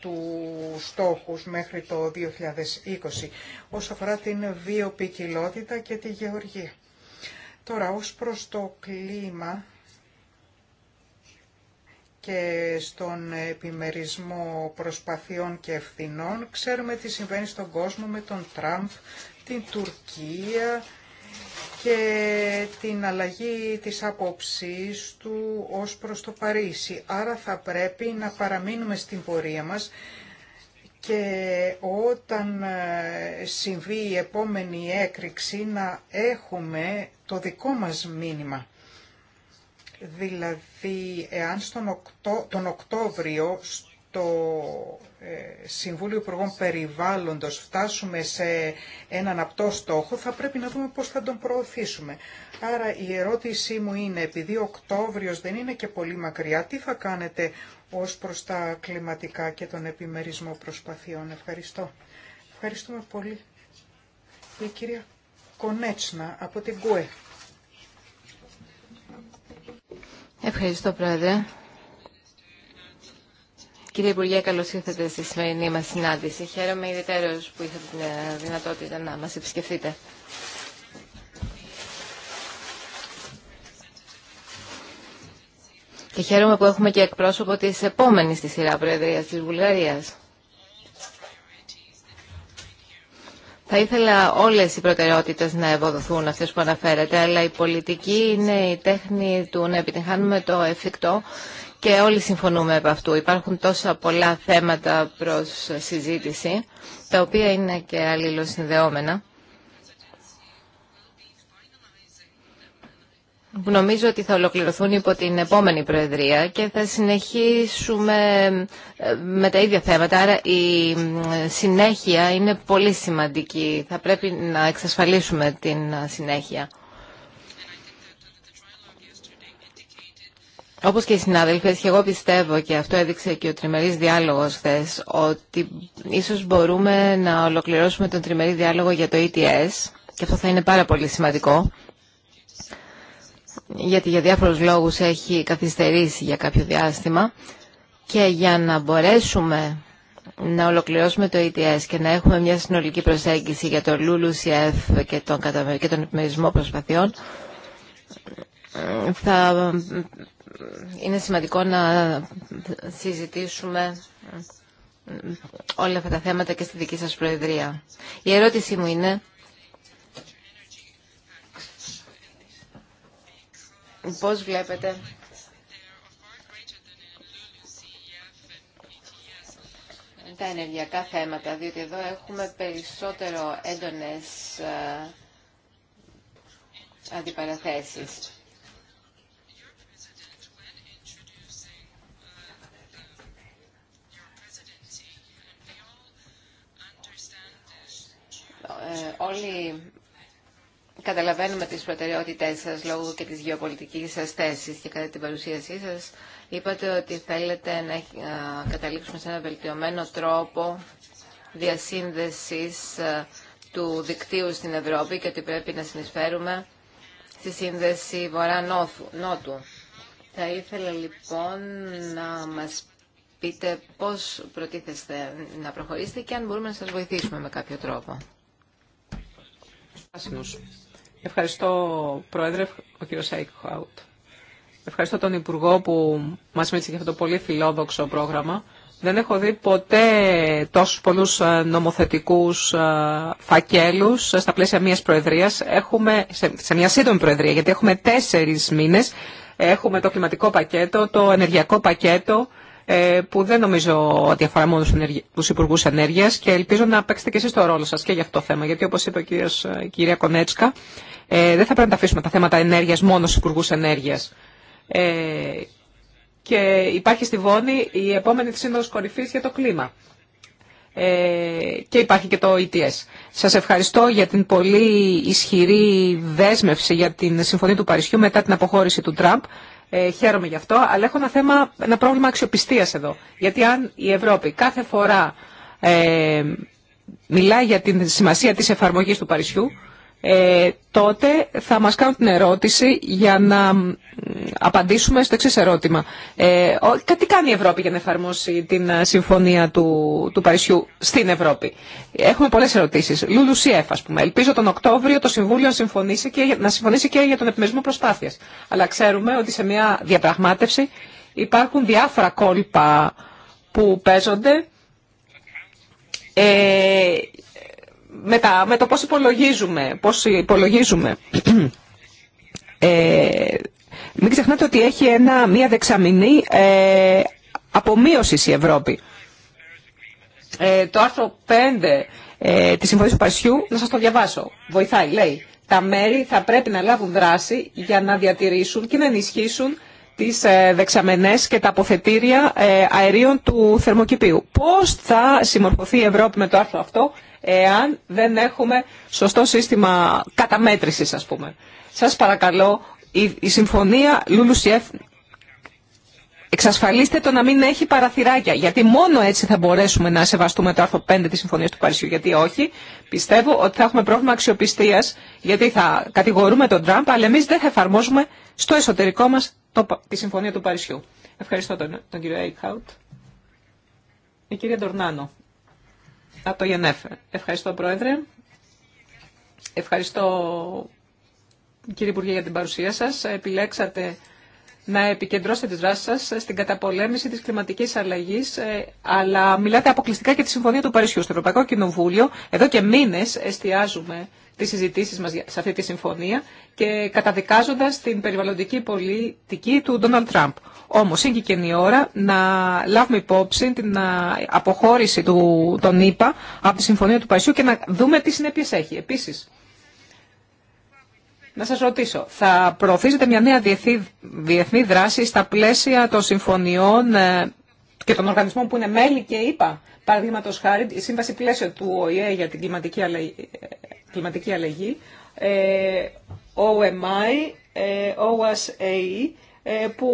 του στόχους μέχρι το 2020 όσον αφορά την βιοπικιλότητα και τη γεωργία. Τώρα, ως προς το κλίμα, και στον επιμερισμό προσπαθειών και ευθυνών. Ξέρουμε τι συμβαίνει στον κόσμο με τον Τραμπ, την Τουρκία και την αλλαγή της άποψής του ως προς το Παρίσι. Άρα θα πρέπει να παραμείνουμε στην πορεία μας και όταν ε, συμβεί η επόμενη έκρηξη να έχουμε το δικό μας μήνυμα. Δηλαδή, εάν στον οκτώ, τον Οκτώβριο στο ε, Συμβούλιο Υπουργών Περιβάλλοντος φτάσουμε σε έναν απτό στόχο, θα πρέπει να δούμε πώς θα τον προωθήσουμε. Άρα η ερώτησή μου είναι, επειδή Οκτώβριος δεν είναι και πολύ μακριά, τι θα κάνετε ως προς τα κλιματικά και τον επιμερισμό προσπαθειών. Ευχαριστώ. Ευχαριστούμε πολύ. Η κυρία Κονέτσνα από την ΚΟΕ. Ευχαριστώ, Πρόεδρε. Κύριε Υπουργέ, καλώ ήρθατε στη σημερινή μα συνάντηση. Χαίρομαι ιδιαίτερω που είχατε την ε, δυνατότητα να μα επισκεφτείτε. Και χαίρομαι που έχουμε και εκπρόσωπο τη επόμενη στη σειρά Προεδρία τη Βουλγαρία. Θα ήθελα όλες οι προτεραιότητες να ευοδοθούν αυτές που αναφέρετε, αλλά η πολιτική είναι η τέχνη του να επιτυγχάνουμε το εφικτό και όλοι συμφωνούμε από αυτού. Υπάρχουν τόσα πολλά θέματα προς συζήτηση, τα οποία είναι και αλληλοσυνδεόμενα. που νομίζω ότι θα ολοκληρωθούν υπό την επόμενη Προεδρία και θα συνεχίσουμε ε, με τα ίδια θέματα. Άρα η ε, συνέχεια είναι πολύ σημαντική. Θα πρέπει να εξασφαλίσουμε την ε, συνέχεια. Όπως και οι συνάδελφες, και εγώ πιστεύω και αυτό έδειξε και ο τριμερής διάλογος χθε, ότι ίσως μπορούμε να ολοκληρώσουμε τον τριμερή διάλογο για το ETS και αυτό θα είναι πάρα πολύ σημαντικό γιατί για διάφορους λόγους έχει καθυστερήσει για κάποιο διάστημα και για να μπορέσουμε να ολοκληρώσουμε το ETS και να έχουμε μια συνολική προσέγγιση για το LULUCF και τον, και τον επιμερισμό προσπαθειών θα είναι σημαντικό να συζητήσουμε όλα αυτά τα θέματα και στη δική σας Προεδρία. Η ερώτησή μου είναι Πώς βλέπετε τα ενεργειακά θέματα, διότι εδώ έχουμε περισσότερο έντονες ε, αντιπαραθέσεις. Ε, όλοι Καταλαβαίνουμε τις προτεραιότητές σας λόγω και της γεωπολιτικής σας θέσης και κατά την παρουσίασή σας είπατε ότι θέλετε να ε, καταλήξουμε σε ένα βελτιωμένο τρόπο διασύνδεσης ε, του δικτύου στην Ευρώπη και ότι πρέπει να συνεισφέρουμε στη σύνδεση βορρά-νότου. Θα ήθελα λοιπόν να μας πείτε πώς προτίθεστε να προχωρήσετε και αν μπορούμε να σας βοηθήσουμε με κάποιο τρόπο. Ευχαριστώ, Πρόεδρε, ο κ. Σάικχαουτ. Ευχαριστώ τον Υπουργό που μα μίλησε για αυτό το πολύ φιλόδοξο πρόγραμμα. Δεν έχω δει ποτέ τόσους πολλούς ε, νομοθετικούς ε, φακέλους ε, στα πλαίσια μιας προεδρίας. Έχουμε, σε μια σύντομη προεδρία, γιατί έχουμε τέσσερις μήνες. Έχουμε το κλιματικό πακέτο, το ενεργειακό πακέτο, που δεν νομίζω ότι αφορά μόνο τους Υπουργούς Ενέργειας και ελπίζω να παίξετε και εσείς το ρόλο σας και για αυτό το θέμα, γιατί όπως είπε ο κυρία Κονέτσκα, ε, δεν θα πρέπει να τα αφήσουμε τα θέματα ενέργειας μόνο στους υπουργούς ενέργειας. Ε, και υπάρχει στη Βόνη η επόμενη σύνοδος κορυφής για το κλίμα. Ε, και υπάρχει και το ETS. Σας ευχαριστώ για την πολύ ισχυρή δέσμευση για την Συμφωνία του Παρισιού μετά την αποχώρηση του Τραμπ. Ε, χαίρομαι γι' αυτό, αλλά έχω ένα θέμα, ένα πρόβλημα αξιοπιστίας εδώ. Γιατί αν η Ευρώπη κάθε φορά ε, μιλάει για την σημασία της εφαρμογής του Παρισιού, ε, τότε θα μας κάνουν την ερώτηση για να απαντήσουμε στο εξή ερώτημα. Ε, τι κάνει η Ευρώπη για να εφαρμόσει την ε, συμφωνία του, του Παρισιού στην Ευρώπη. Έχουμε πολλές ερωτήσεις. Λούλου Σιέφ, ας πούμε. Ελπίζω τον Οκτώβριο το Συμβούλιο να συμφωνήσει και, να συμφωνήσει και για τον επιμερισμό προσπάθειας. Αλλά ξέρουμε ότι σε μια διαπραγμάτευση υπάρχουν διάφορα κόλπα που παίζονται ε, με, το πώς υπολογίζουμε, πώς υπολογίζουμε. Ε, μην ξεχνάτε ότι έχει ένα, μία δεξαμηνή ε, απομείωση η Ευρώπη. Ε, το άρθρο 5 ε, της Συμφωνίας του Παρισιού, να σας το διαβάσω, βοηθάει, λέει. Τα μέρη θα πρέπει να λάβουν δράση για να διατηρήσουν και να ενισχύσουν τις ε, δεξαμενές και τα αποθετήρια ε, αερίων του θερμοκηπίου. Πώς θα συμμορφωθεί η Ευρώπη με το άρθρο αυτό εάν δεν έχουμε σωστό σύστημα καταμέτρησης ας πούμε. Σας παρακαλώ η συμφωνία Λουλουσιέφ εξασφαλίστε το να μην έχει παραθυράκια. Γιατί μόνο έτσι θα μπορέσουμε να σεβαστούμε το άρθρο 5 της συμφωνίας του Παρισιού. Γιατί όχι, πιστεύω ότι θα έχουμε πρόβλημα αξιοπιστίας γιατί θα κατηγορούμε τον Τραμπ, αλλά εμεί δεν θα εφαρμόζουμε στο εσωτερικό μα το, τη Συμφωνία του Παρισιού. Ευχαριστώ τον, τον κύριο Έικχαουτ. Η κυρία Ντορνάνο από το Ευχαριστώ, Πρόεδρε. Ευχαριστώ, κύριε Υπουργέ, για την παρουσία σας. Επιλέξατε να επικεντρώσετε τις δράσεις σας στην καταπολέμηση της κλιματικής αλλαγής, ε, αλλά μιλάτε αποκλειστικά και τη Συμφωνία του Παρισιού. Στο Ευρωπαϊκό Κοινοβούλιο, εδώ και μήνες εστιάζουμε τις συζητήσεις μας σε αυτή τη συμφωνία και καταδικάζοντας την περιβαλλοντική πολιτική του Ντόναλτ Τραμπ. Όμως είναι και η ώρα να λάβουμε υπόψη την ε, αποχώρηση του, των ΗΠΑ από τη Συμφωνία του Παρισιού και να δούμε τι συνέπειες έχει. Επίσης, να σας ρωτήσω, θα προωθήσετε μια νέα διεθνή δράση στα πλαίσια των συμφωνιών ε, και των οργανισμών που είναι μέλη και είπα, παραδείγματο χάρη, η σύμβαση πλαίσιο του ΟΗΕ για την κλιματική αλλαγή, κλιματική αλλαγή OMI, ε, OSAE, ε, που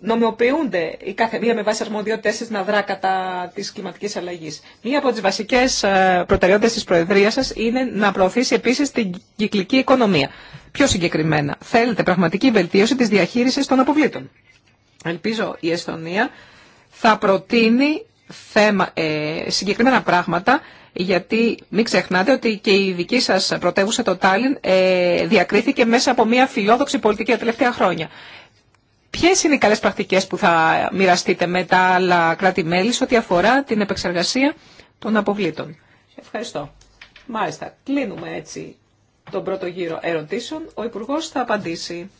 νομιμοποιούνται η κάθε μία με βάση αρμοδιότητες της να δρά κατά της κλιματικής αλλαγής. Μία από τις βασικές ε, προτεραιότητες της Προεδρίας σας είναι να προωθήσει επίσης την κυκλική οικονομία. Πιο συγκεκριμένα, θέλετε πραγματική βελτίωση της διαχείρισης των αποβλήτων. Ελπίζω η Εστονία θα προτείνει θέμα, ε, συγκεκριμένα πράγματα, γιατί μην ξεχνάτε ότι και η δική σας πρωτεύουσα το Τάλιν ε, διακρίθηκε μέσα από μια φιλόδοξη πολιτική τα τελευταία χρόνια. Ποιες είναι οι καλές πρακτικές που θα μοιραστείτε με τα άλλα κράτη-μέλη ό,τι αφορά την επεξεργασία των αποβλήτων. Ευχαριστώ. Μάλιστα, κλείνουμε έτσι τον πρώτο γύρο ερωτήσεων. Ο Υπουργό θα απαντήσει.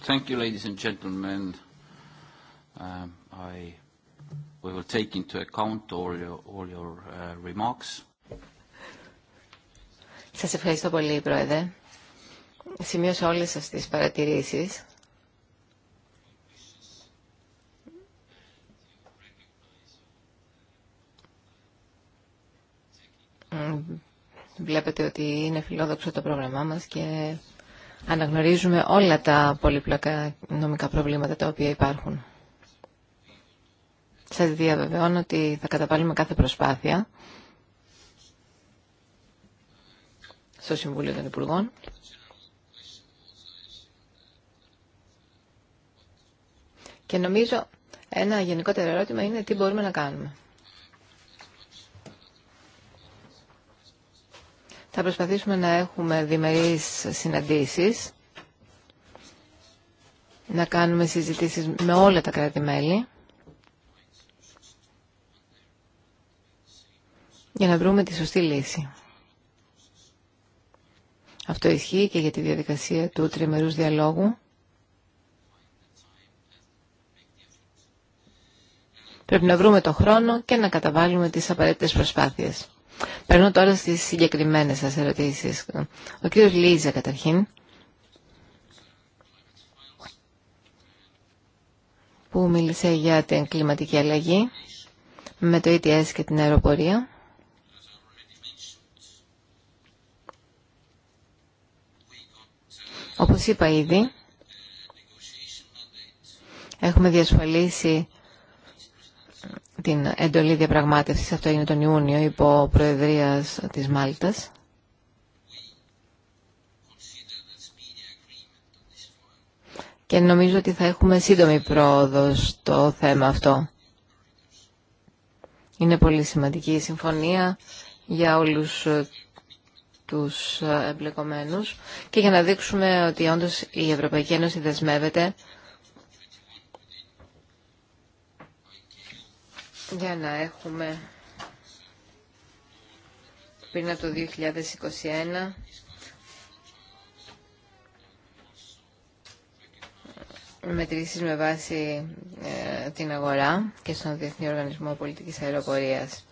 Thank you, ladies and gentlemen. Um, I we will take into account all your, all your uh, remarks. Σας ευχαριστώ πολύ, Πρόεδρε. Σημείωσα όλες σας τις παρατηρήσεις. Βλέπετε ότι είναι φιλόδοξο το πρόγραμμά μας και αναγνωρίζουμε όλα τα πολύπλοκα νομικά προβλήματα τα οποία υπάρχουν. Σας διαβεβαιώνω ότι θα καταβάλουμε κάθε προσπάθεια στο Συμβούλιο των Υπουργών και νομίζω ένα γενικότερο ερώτημα είναι τι μπορούμε να κάνουμε. Θα προσπαθήσουμε να έχουμε διμερείς συναντήσεις, να κάνουμε συζητήσεις με όλα τα κράτη-μέλη, για να βρούμε τη σωστή λύση. Αυτό ισχύει και για τη διαδικασία του τριμερούς διαλόγου. Πρέπει να βρούμε το χρόνο και να καταβάλουμε τις απαραίτητες προσπάθειες. Περνώ τώρα στις συγκεκριμένες σας ερωτήσεις. Ο κύριος Λίζα καταρχήν, που μίλησε για την κλιματική αλλαγή με το ETS και την αεροπορία. Όπως είπα ήδη, έχουμε διασφαλίσει την εντολή διαπραγμάτευσης. Αυτό είναι τον Ιούνιο υπό Προεδρίας της Μάλτας. Και νομίζω ότι θα έχουμε σύντομη πρόοδο στο θέμα αυτό. Είναι πολύ σημαντική η συμφωνία για όλους ε, τους ε, εμπλεκομένους και για να δείξουμε ότι όντως η Ευρωπαϊκή Ένωση δεσμεύεται για να έχουμε πριν από το 2021 μετρήσεις με βάση ε, την αγορά και στον Διεθνή Οργανισμό Πολιτικής Αεροπορίας.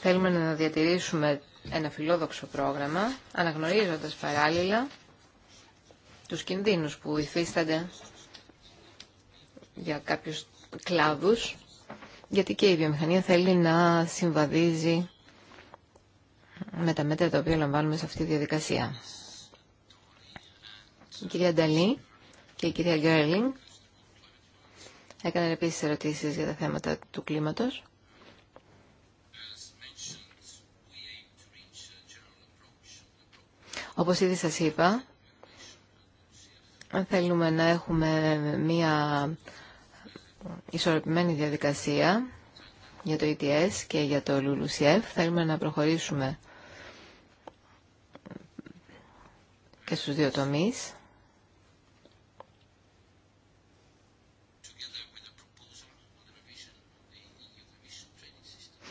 Θέλουμε να διατηρήσουμε ένα φιλόδοξο πρόγραμμα, αναγνωρίζοντας παράλληλα τους κινδύνους που υφίστανται για κάποιους κλάδους, γιατί και η βιομηχανία θέλει να συμβαδίζει με τα μέτρα τα οποία λαμβάνουμε σε αυτή τη διαδικασία. Η κυρία Νταλή και η κυρία Γκέρλινγκ έκαναν επίσης ερωτήσεις για τα θέματα του κλίματος. Όπως ήδη σας είπα, θέλουμε να έχουμε μία ισορροπημένη διαδικασία για το ETS και για το LULUCF. Θέλουμε να προχωρήσουμε και στους δύο τομείς.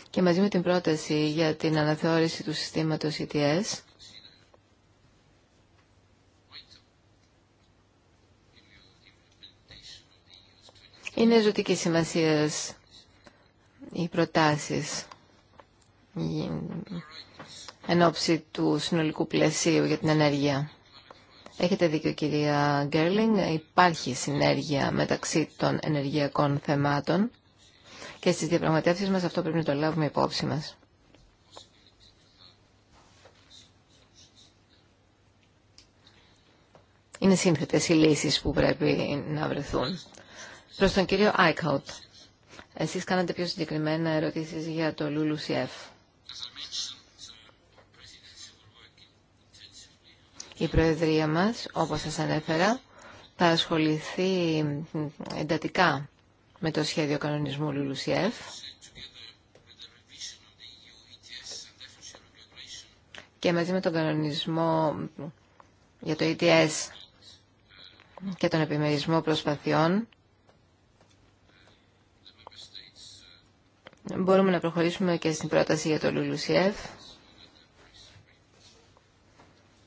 Και μαζί με την πρόταση για την αναθεώρηση του συστήματος ETS, Είναι ζωτική σημασία οι προτάσεις εν ώψη του συνολικού πλαισίου για την ενέργεια. Έχετε δίκιο κυρία Γκέρλινγκ, υπάρχει συνέργεια μεταξύ των ενεργειακών θεμάτων και στις διαπραγματεύσεις μας αυτό πρέπει να το λάβουμε υπόψη μας. Είναι σύνθετες οι λύσεις που πρέπει να βρεθούν. Προς τον κύριο Άικαουτ. Εσείς κάνατε πιο συγκεκριμένα ερωτήσεις για το Λουλουσιεφ. Η Προεδρία μας, όπως σας ανέφερα, θα ασχοληθεί εντατικά με το σχέδιο κανονισμού Λουλουσιεφ και μαζί με τον κανονισμό για το ETS και τον επιμερισμό προσπαθειών Μπορούμε να προχωρήσουμε και στην πρόταση για το Λουλουσιεύ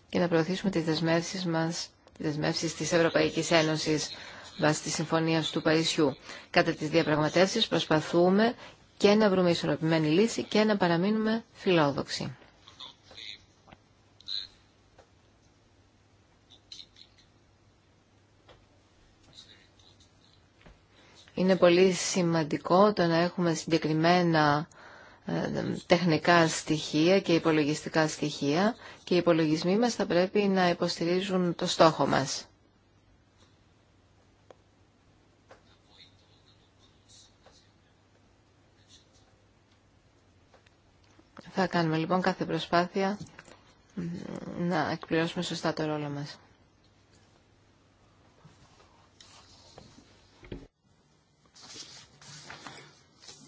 και να προωθήσουμε τις δεσμεύσεις μας, τις δεσμεύσεις της Ευρωπαϊκής Ένωσης βάσει της Συμφωνίας του Παρισιού. Κατά τις διαπραγματεύσεις προσπαθούμε και να βρούμε ισορροπημένη λύση και να παραμείνουμε φιλόδοξοι. Είναι πολύ σημαντικό το να έχουμε συγκεκριμένα ε, τεχνικά στοιχεία και υπολογιστικά στοιχεία και οι υπολογισμοί μας θα πρέπει να υποστηρίζουν το στόχο μας. Θα κάνουμε λοιπόν κάθε προσπάθεια να εκπληρώσουμε σωστά το ρόλο μας.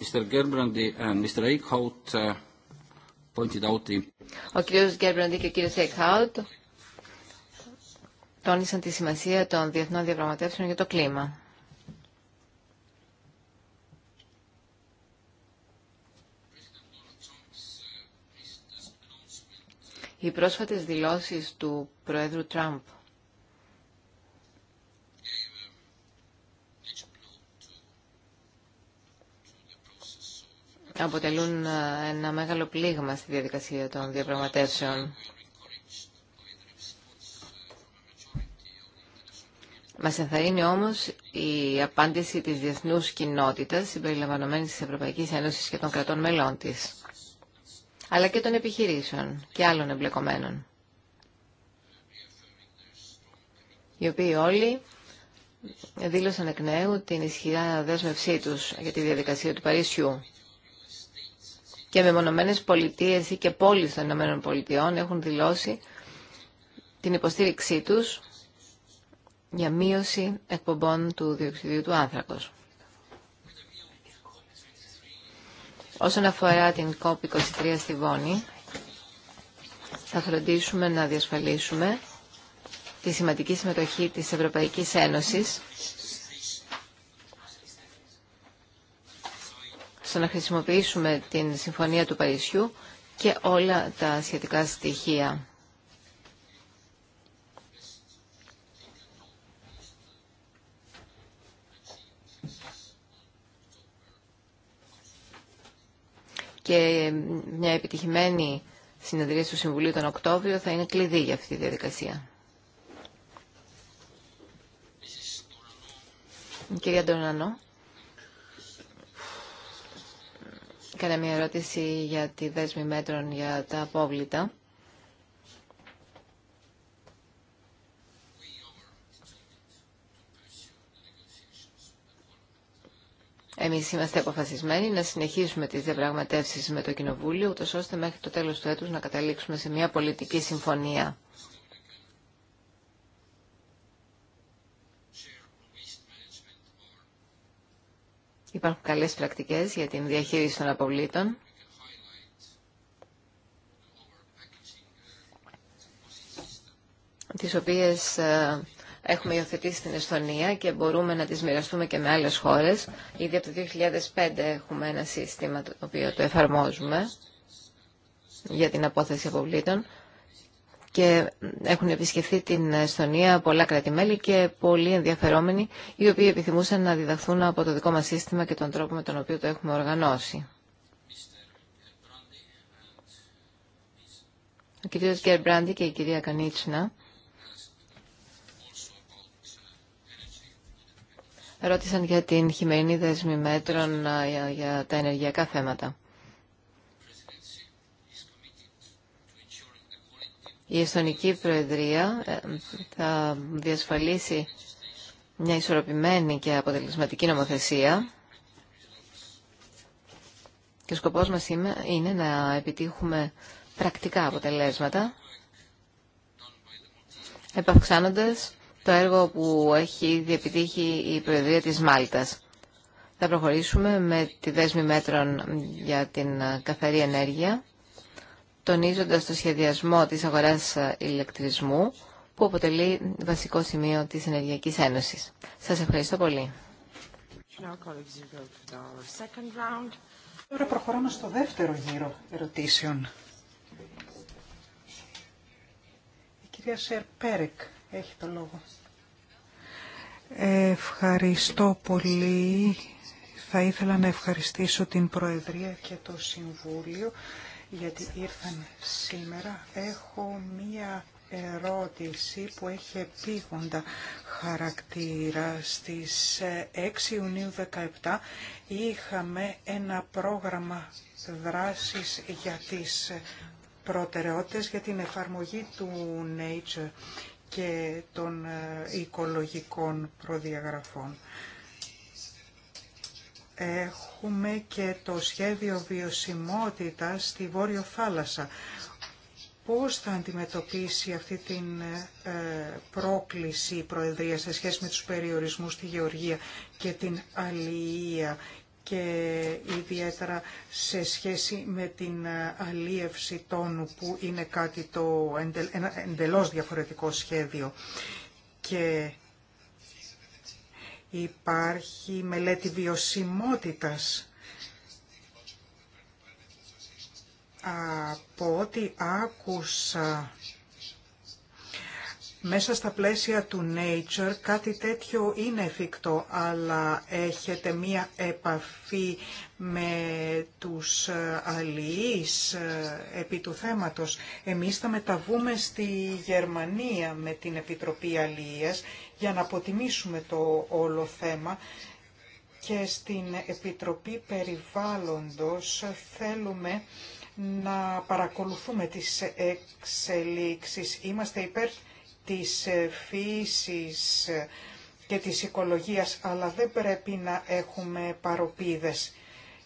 Mr. and Mr. Eichhout uh, pointed out the... Ο κύριος Γκέρμπραντι και ο κύριος Eichhout τόνισαν τη σημασία των διεθνών διαπραγματεύσεων για το κλίμα. Οι πρόσφατες δηλώσεις του Προέδρου Τραμπ αποτελούν ε, ένα μεγάλο πλήγμα στη διαδικασία των διαπραγματεύσεων. Μα ενθαρρύνει όμως η απάντηση της διεθνούς κοινότητας συμπεριλαμβανομένη τη ευρωπαϊκή Ένωση και των κρατών μελών τη, αλλά και των επιχειρήσεων και άλλων εμπλεκομένων, οι οποίοι όλοι δήλωσαν εκ νέου την ισχυρά δέσμευσή τους για τη διαδικασία του Παρισιού και μεμονωμένες πολιτείες ή και πόλεις των Ηνωμένων Πολιτειών έχουν δηλώσει την υποστήριξή τους για μείωση εκπομπών του διοξιδίου του άνθρακος. Όσον αφορά την COP23 στη Βόνη, θα φροντίσουμε να διασφαλίσουμε τη σημαντική συμμετοχή της Ευρωπαϊκής Ένωσης να χρησιμοποιήσουμε την Συμφωνία του Παρισιού και όλα τα σχετικά στοιχεία. Και μια επιτυχημένη συνεδρία του Συμβουλίου τον Οκτώβριο θα είναι κλειδί για αυτή τη διαδικασία. Κυρία Ντονανό. έκανε μια ερώτηση για τη δέσμη μέτρων για τα απόβλητα. Εμείς είμαστε αποφασισμένοι να συνεχίσουμε τις διαπραγματεύσεις με το Κοινοβούλιο, ούτως ώστε μέχρι το τέλος του έτους να καταλήξουμε σε μια πολιτική συμφωνία. Υπάρχουν καλές πρακτικές για την διαχείριση των αποβλήτων. τις οποίες ε, έχουμε υιοθετήσει στην Εσθονία και μπορούμε να τις μοιραστούμε και με άλλες χώρες. Ήδη από το 2005 έχουμε ένα σύστημα το οποίο το εφαρμόζουμε για την απόθεση αποβλήτων και έχουν επισκεφθεί την Εστονία πολλά κρατημέλη και πολλοί ενδιαφερόμενοι οι οποίοι επιθυμούσαν να διδαχθούν από το δικό μας σύστημα και τον τρόπο με τον οποίο το έχουμε οργανώσει. Ο κύριος και η κυρία Κανίτσινα ρώτησαν για την χειμερινή δέσμη μέτρων ε, για τα ενεργειακά θέματα. Η Εστονική Προεδρία ε, θα διασφαλίσει μια ισορροπημένη και αποτελεσματική νομοθεσία και ο σκοπός μας είναι να επιτύχουμε πρακτικά αποτελέσματα επαυξάνοντας το έργο που έχει ήδη η Προεδρία της Μάλτας. Θα προχωρήσουμε με τη δέσμη μέτρων για την ε, καθαρή ενέργεια τονίζοντας το σχεδιασμό της αγοράς ε, ηλεκτρισμού που αποτελεί βασικό σημείο της Ενεργειακής Ένωσης. Σας ευχαριστώ πολύ. Τώρα προχωράμε στο δεύτερο γύρο ερωτήσεων. Η κυρία Σερ Πέρεκ έχει το λόγο. Ευχαριστώ πολύ. Θα ήθελα να ευχαριστήσω την Προεδρία και το Συμβούλιο γιατί ήρθαν σήμερα. Έχω μία ερώτηση που έχει επίγοντα χαρακτήρα. Στις 6 ε, Ιουνίου 17 είχαμε ένα πρόγραμμα δράσης για τις ε, προτεραιότητες για την εφαρμογή του Nature και των ε, οικολογικών προδιαγραφών. Έχουμε και το σχέδιο βιωσιμότητας στη Βόρειο Θάλασσα. Πώς θα αντιμετωπίσει αυτή την ε, πρόκληση η Προεδρία σε σχέση με τους περιορισμούς στη Γεωργία και την αλληλεία και ιδιαίτερα σε σχέση με την ε, αλίευση τόνου που είναι κάτι το εντελώς διαφορετικό σχέδιο και Υπάρχει μελέτη βιωσιμότητας από ό,τι άκουσα μέσα στα πλαίσια του Nature κάτι τέτοιο είναι εφικτό, αλλά έχετε μία επαφή με τους ε, αλληλείς ε, επί του θέματος. Εμείς θα μεταβούμε στη Γερμανία με την Επιτροπή Αλληλείας για να αποτιμήσουμε το όλο θέμα και στην Επιτροπή Περιβάλλοντος θέλουμε να παρακολουθούμε τις εξελίξεις. Είμαστε υπέρ της ε, φύσης ε, και της οικολογίας, αλλά δεν πρέπει να έχουμε παροπίδες,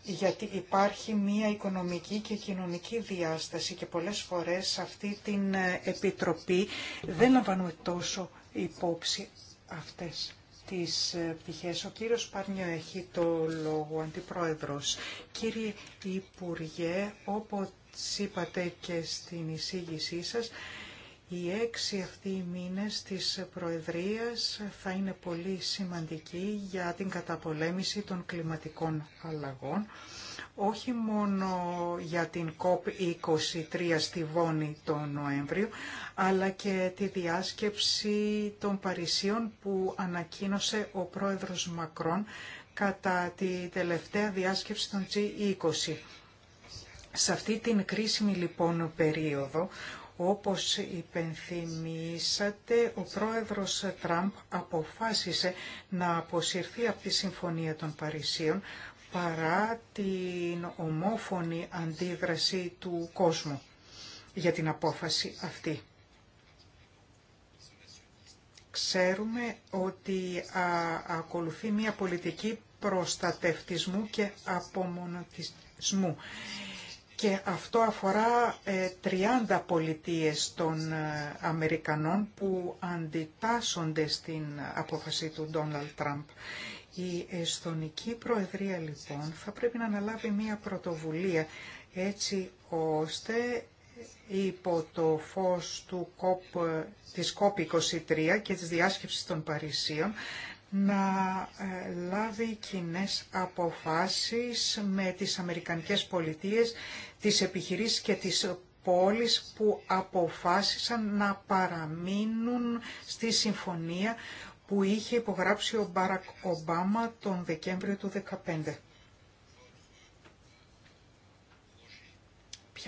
γιατί υπάρχει μία οικονομική και κοινωνική διάσταση και πολλές φορές αυτή την ε, Επιτροπή δεν λαμβάνουμε τόσο υπόψη αυτές τις πτυχές. Ο κύριος Πάρνιο έχει το λόγο, αντιπρόεδρος. Κύριε Υπουργέ, όπως είπατε και στην εισήγησή σας, οι έξι αυτοί οι μήνες της Προεδρίας θα είναι πολύ σημαντικοί για την καταπολέμηση των κλιματικών αλλαγών, όχι μόνο για την COP23 στη Βόνη τον Νοέμβριο, αλλά και τη διάσκεψη των Παρισίων που ανακοίνωσε ο πρόεδρος Μακρόν κατά τη τελευταία διάσκεψη των G20. Σε αυτή την κρίσιμη λοιπόν περίοδο, όπως υπενθυμίσατε, ο πρόεδρος Τραμπ αποφάσισε να αποσυρθεί από τη Συμφωνία των Παρισίων παρά την ομόφωνη αντίδραση του κόσμου για την απόφαση αυτή. Ξέρουμε ότι ακολουθεί μια πολιτική προστατευτισμού και απομονωτισμού και αυτό αφορά 30 ε, πολιτείες των ε, Αμερικανών που αντιτάσσονται στην απόφαση του Ντόναλτ Τραμπ. Η Εσθονική Προεδρία λοιπόν θα πρέπει να αναλάβει μία πρωτοβουλία έτσι ώστε υπό το φως του COP, ε, της COP23 και της διάσκεψης των Παρισίων να ε, λάβει κοινέ αποφάσεις με τις Αμερικανικές πολιτείες, τις επιχειρήσεις και τις πόλεις που αποφάσισαν να παραμείνουν στη συμφωνία που είχε υπογράψει ο Μπάρακ Ομπάμα τον Δεκέμβριο του 2015.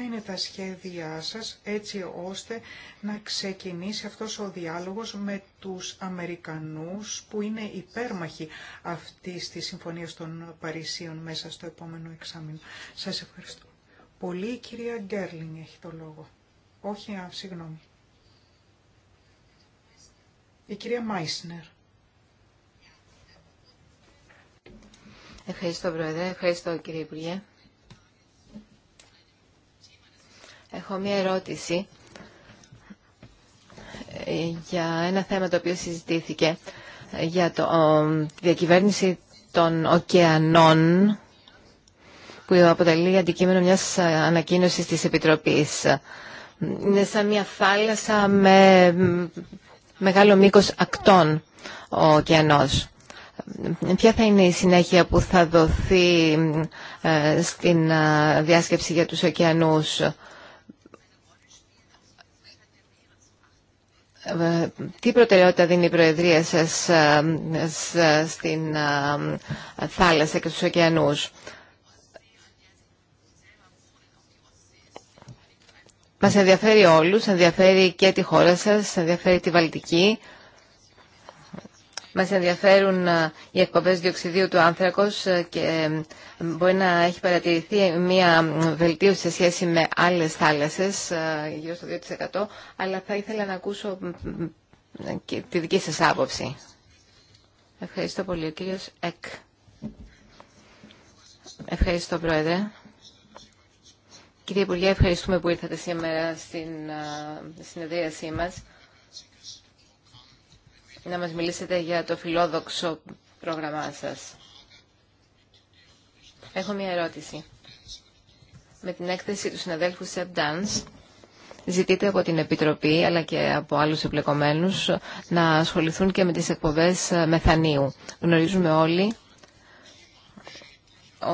είναι τα σχέδιά σας έτσι ώστε να ξεκινήσει αυτός ο διάλογος με τους Αμερικανούς που είναι υπέρμαχοι αυτή τη συμφωνία των Παρισίων μέσα στο επόμενο εξάμεινο. Σας ευχαριστώ. Πολύ η κυρία Γκέρλινγκ έχει το λόγο. Όχι, α, συγγνώμη. Η κυρία Μάισνερ. Ευχαριστώ, Πρόεδρε. Ευχαριστώ, κύριε Υπουργέ. έχω μία ερώτηση ε, για ένα θέμα το οποίο συζητήθηκε ε, για το τη διακυβέρνηση των ωκεανών που αποτελεί αντικείμενο μιας ε, ανακοίνωσης της Επιτροπής. Είναι σαν μια θάλασσα με μεγάλο μήκος ακτών ο ωκεανός. Ποια θα είναι η συνέχεια που θα δοθεί στην διάσκεψη για τους ωκεανούς Ε, τι προτεραιότητα δίνει η Προεδρία σας ε, στην ε, θάλασσα και στους ωκεανούς. Μας ενδιαφέρει όλους, ενδιαφέρει και τη χώρα σας, ενδιαφέρει τη Βαλτική. Μας ενδιαφέρουν ε, οι εκπομπές διοξιδίου του άνθρακος ε, και ε, μπορεί να έχει παρατηρηθεί μια βελτίωση σε σχέση με άλλες θάλασσες, γύρω στο 2%, αλλά θα ήθελα να ακούσω και τη δική σας άποψη. Ευχαριστώ πολύ. κύριος Εκ. Ευχαριστώ, Πρόεδρε. Κύριε Υπουργέ, ευχαριστούμε που ήρθατε σήμερα στην συνεδρίασή μας να μας μιλήσετε για το φιλόδοξο πρόγραμμά σας. Έχω μία ερώτηση. Με την έκθεση του συναδέλφου Σεπ Dance, ζητείτε από την Επιτροπή αλλά και από άλλους εμπλεκομένους να ασχοληθούν και με τις εκπομπές μεθανίου. Γνωρίζουμε όλοι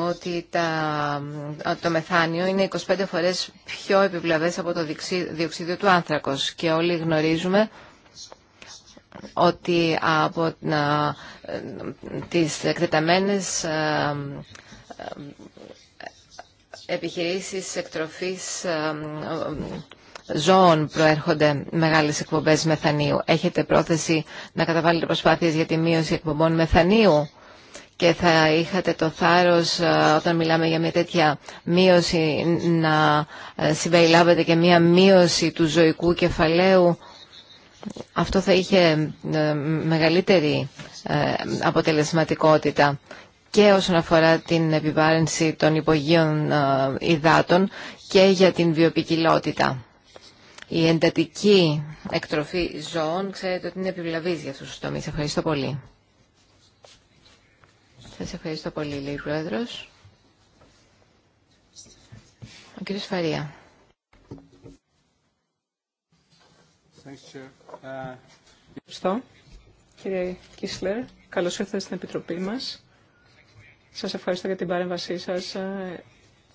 ότι τα, το μεθάνιο είναι 25 φορές πιο επιβλαβές από το διοξίδιο του άνθρακος και όλοι γνωρίζουμε ότι από ε, τις εκτεταμένες ε, ε, επιχειρήσεις εκτροφής ζώων προέρχονται μεγάλες εκπομπές μεθανίου. Έχετε πρόθεση να καταβάλλετε προσπάθειες για τη μείωση εκπομπών μεθανίου και θα είχατε το θάρρος όταν μιλάμε για μια τέτοια μείωση να συμπεριλάβετε και μια μείωση του ζωικού κεφαλαίου αυτό θα είχε ε, μεγαλύτερη ε, αποτελεσματικότητα και όσον αφορά την επιβάρυνση των υπογείων ε, υδάτων και για την βιοπικιλότητα. Η εντατική εκτροφή ζώων ξέρετε ότι είναι επιβλαβής για αυτούς τους τομείς. Ευχαριστώ πολύ. Σας ευχαριστώ πολύ, λέει ο Πρόεδρος. Ο κύριος Φαρία. Uh, ευχαριστώ, κύριε Κίσλερ. Καλώς ήρθατε στην Επιτροπή μας. Σας ευχαριστώ για την παρέμβασή σα ε,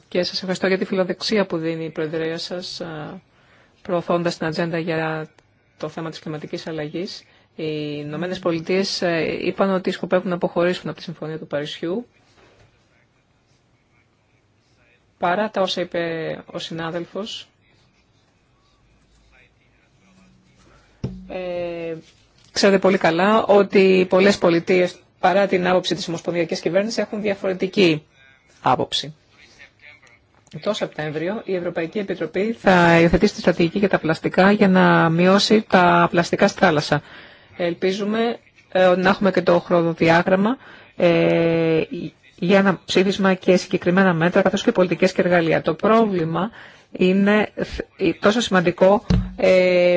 και σας ευχαριστώ για τη φιλοδεξία που δίνει η Προεδρία σας ε, προωθώντα την ατζέντα για το θέμα της κλιματική αλλαγή. Οι Ηνωμένε Πολιτείε ε, είπαν ότι σκοπεύουν να αποχωρήσουν από τη Συμφωνία του Παρισιού. Παρά τα όσα είπε ο συνάδελφος, Ε, ξέρετε πολύ καλά ότι πολλές πολιτείες, παρά την άποψη της Ομοσπονδιακής Κυβέρνησης, έχουν διαφορετική άποψη. Το Σεπτέμβριο η Ευρωπαϊκή Επιτροπή θα υιοθετήσει τη στρατηγική για τα πλαστικά για να μειώσει τα πλαστικά στη θάλασσα. Ελπίζουμε ε, να έχουμε και το χρονοδιάγραμμα ε, για ένα ψήφισμα και συγκεκριμένα μέτρα καθώς και πολιτικές και εργαλεία. Το πρόβλημα είναι τόσο σημαντικό ε,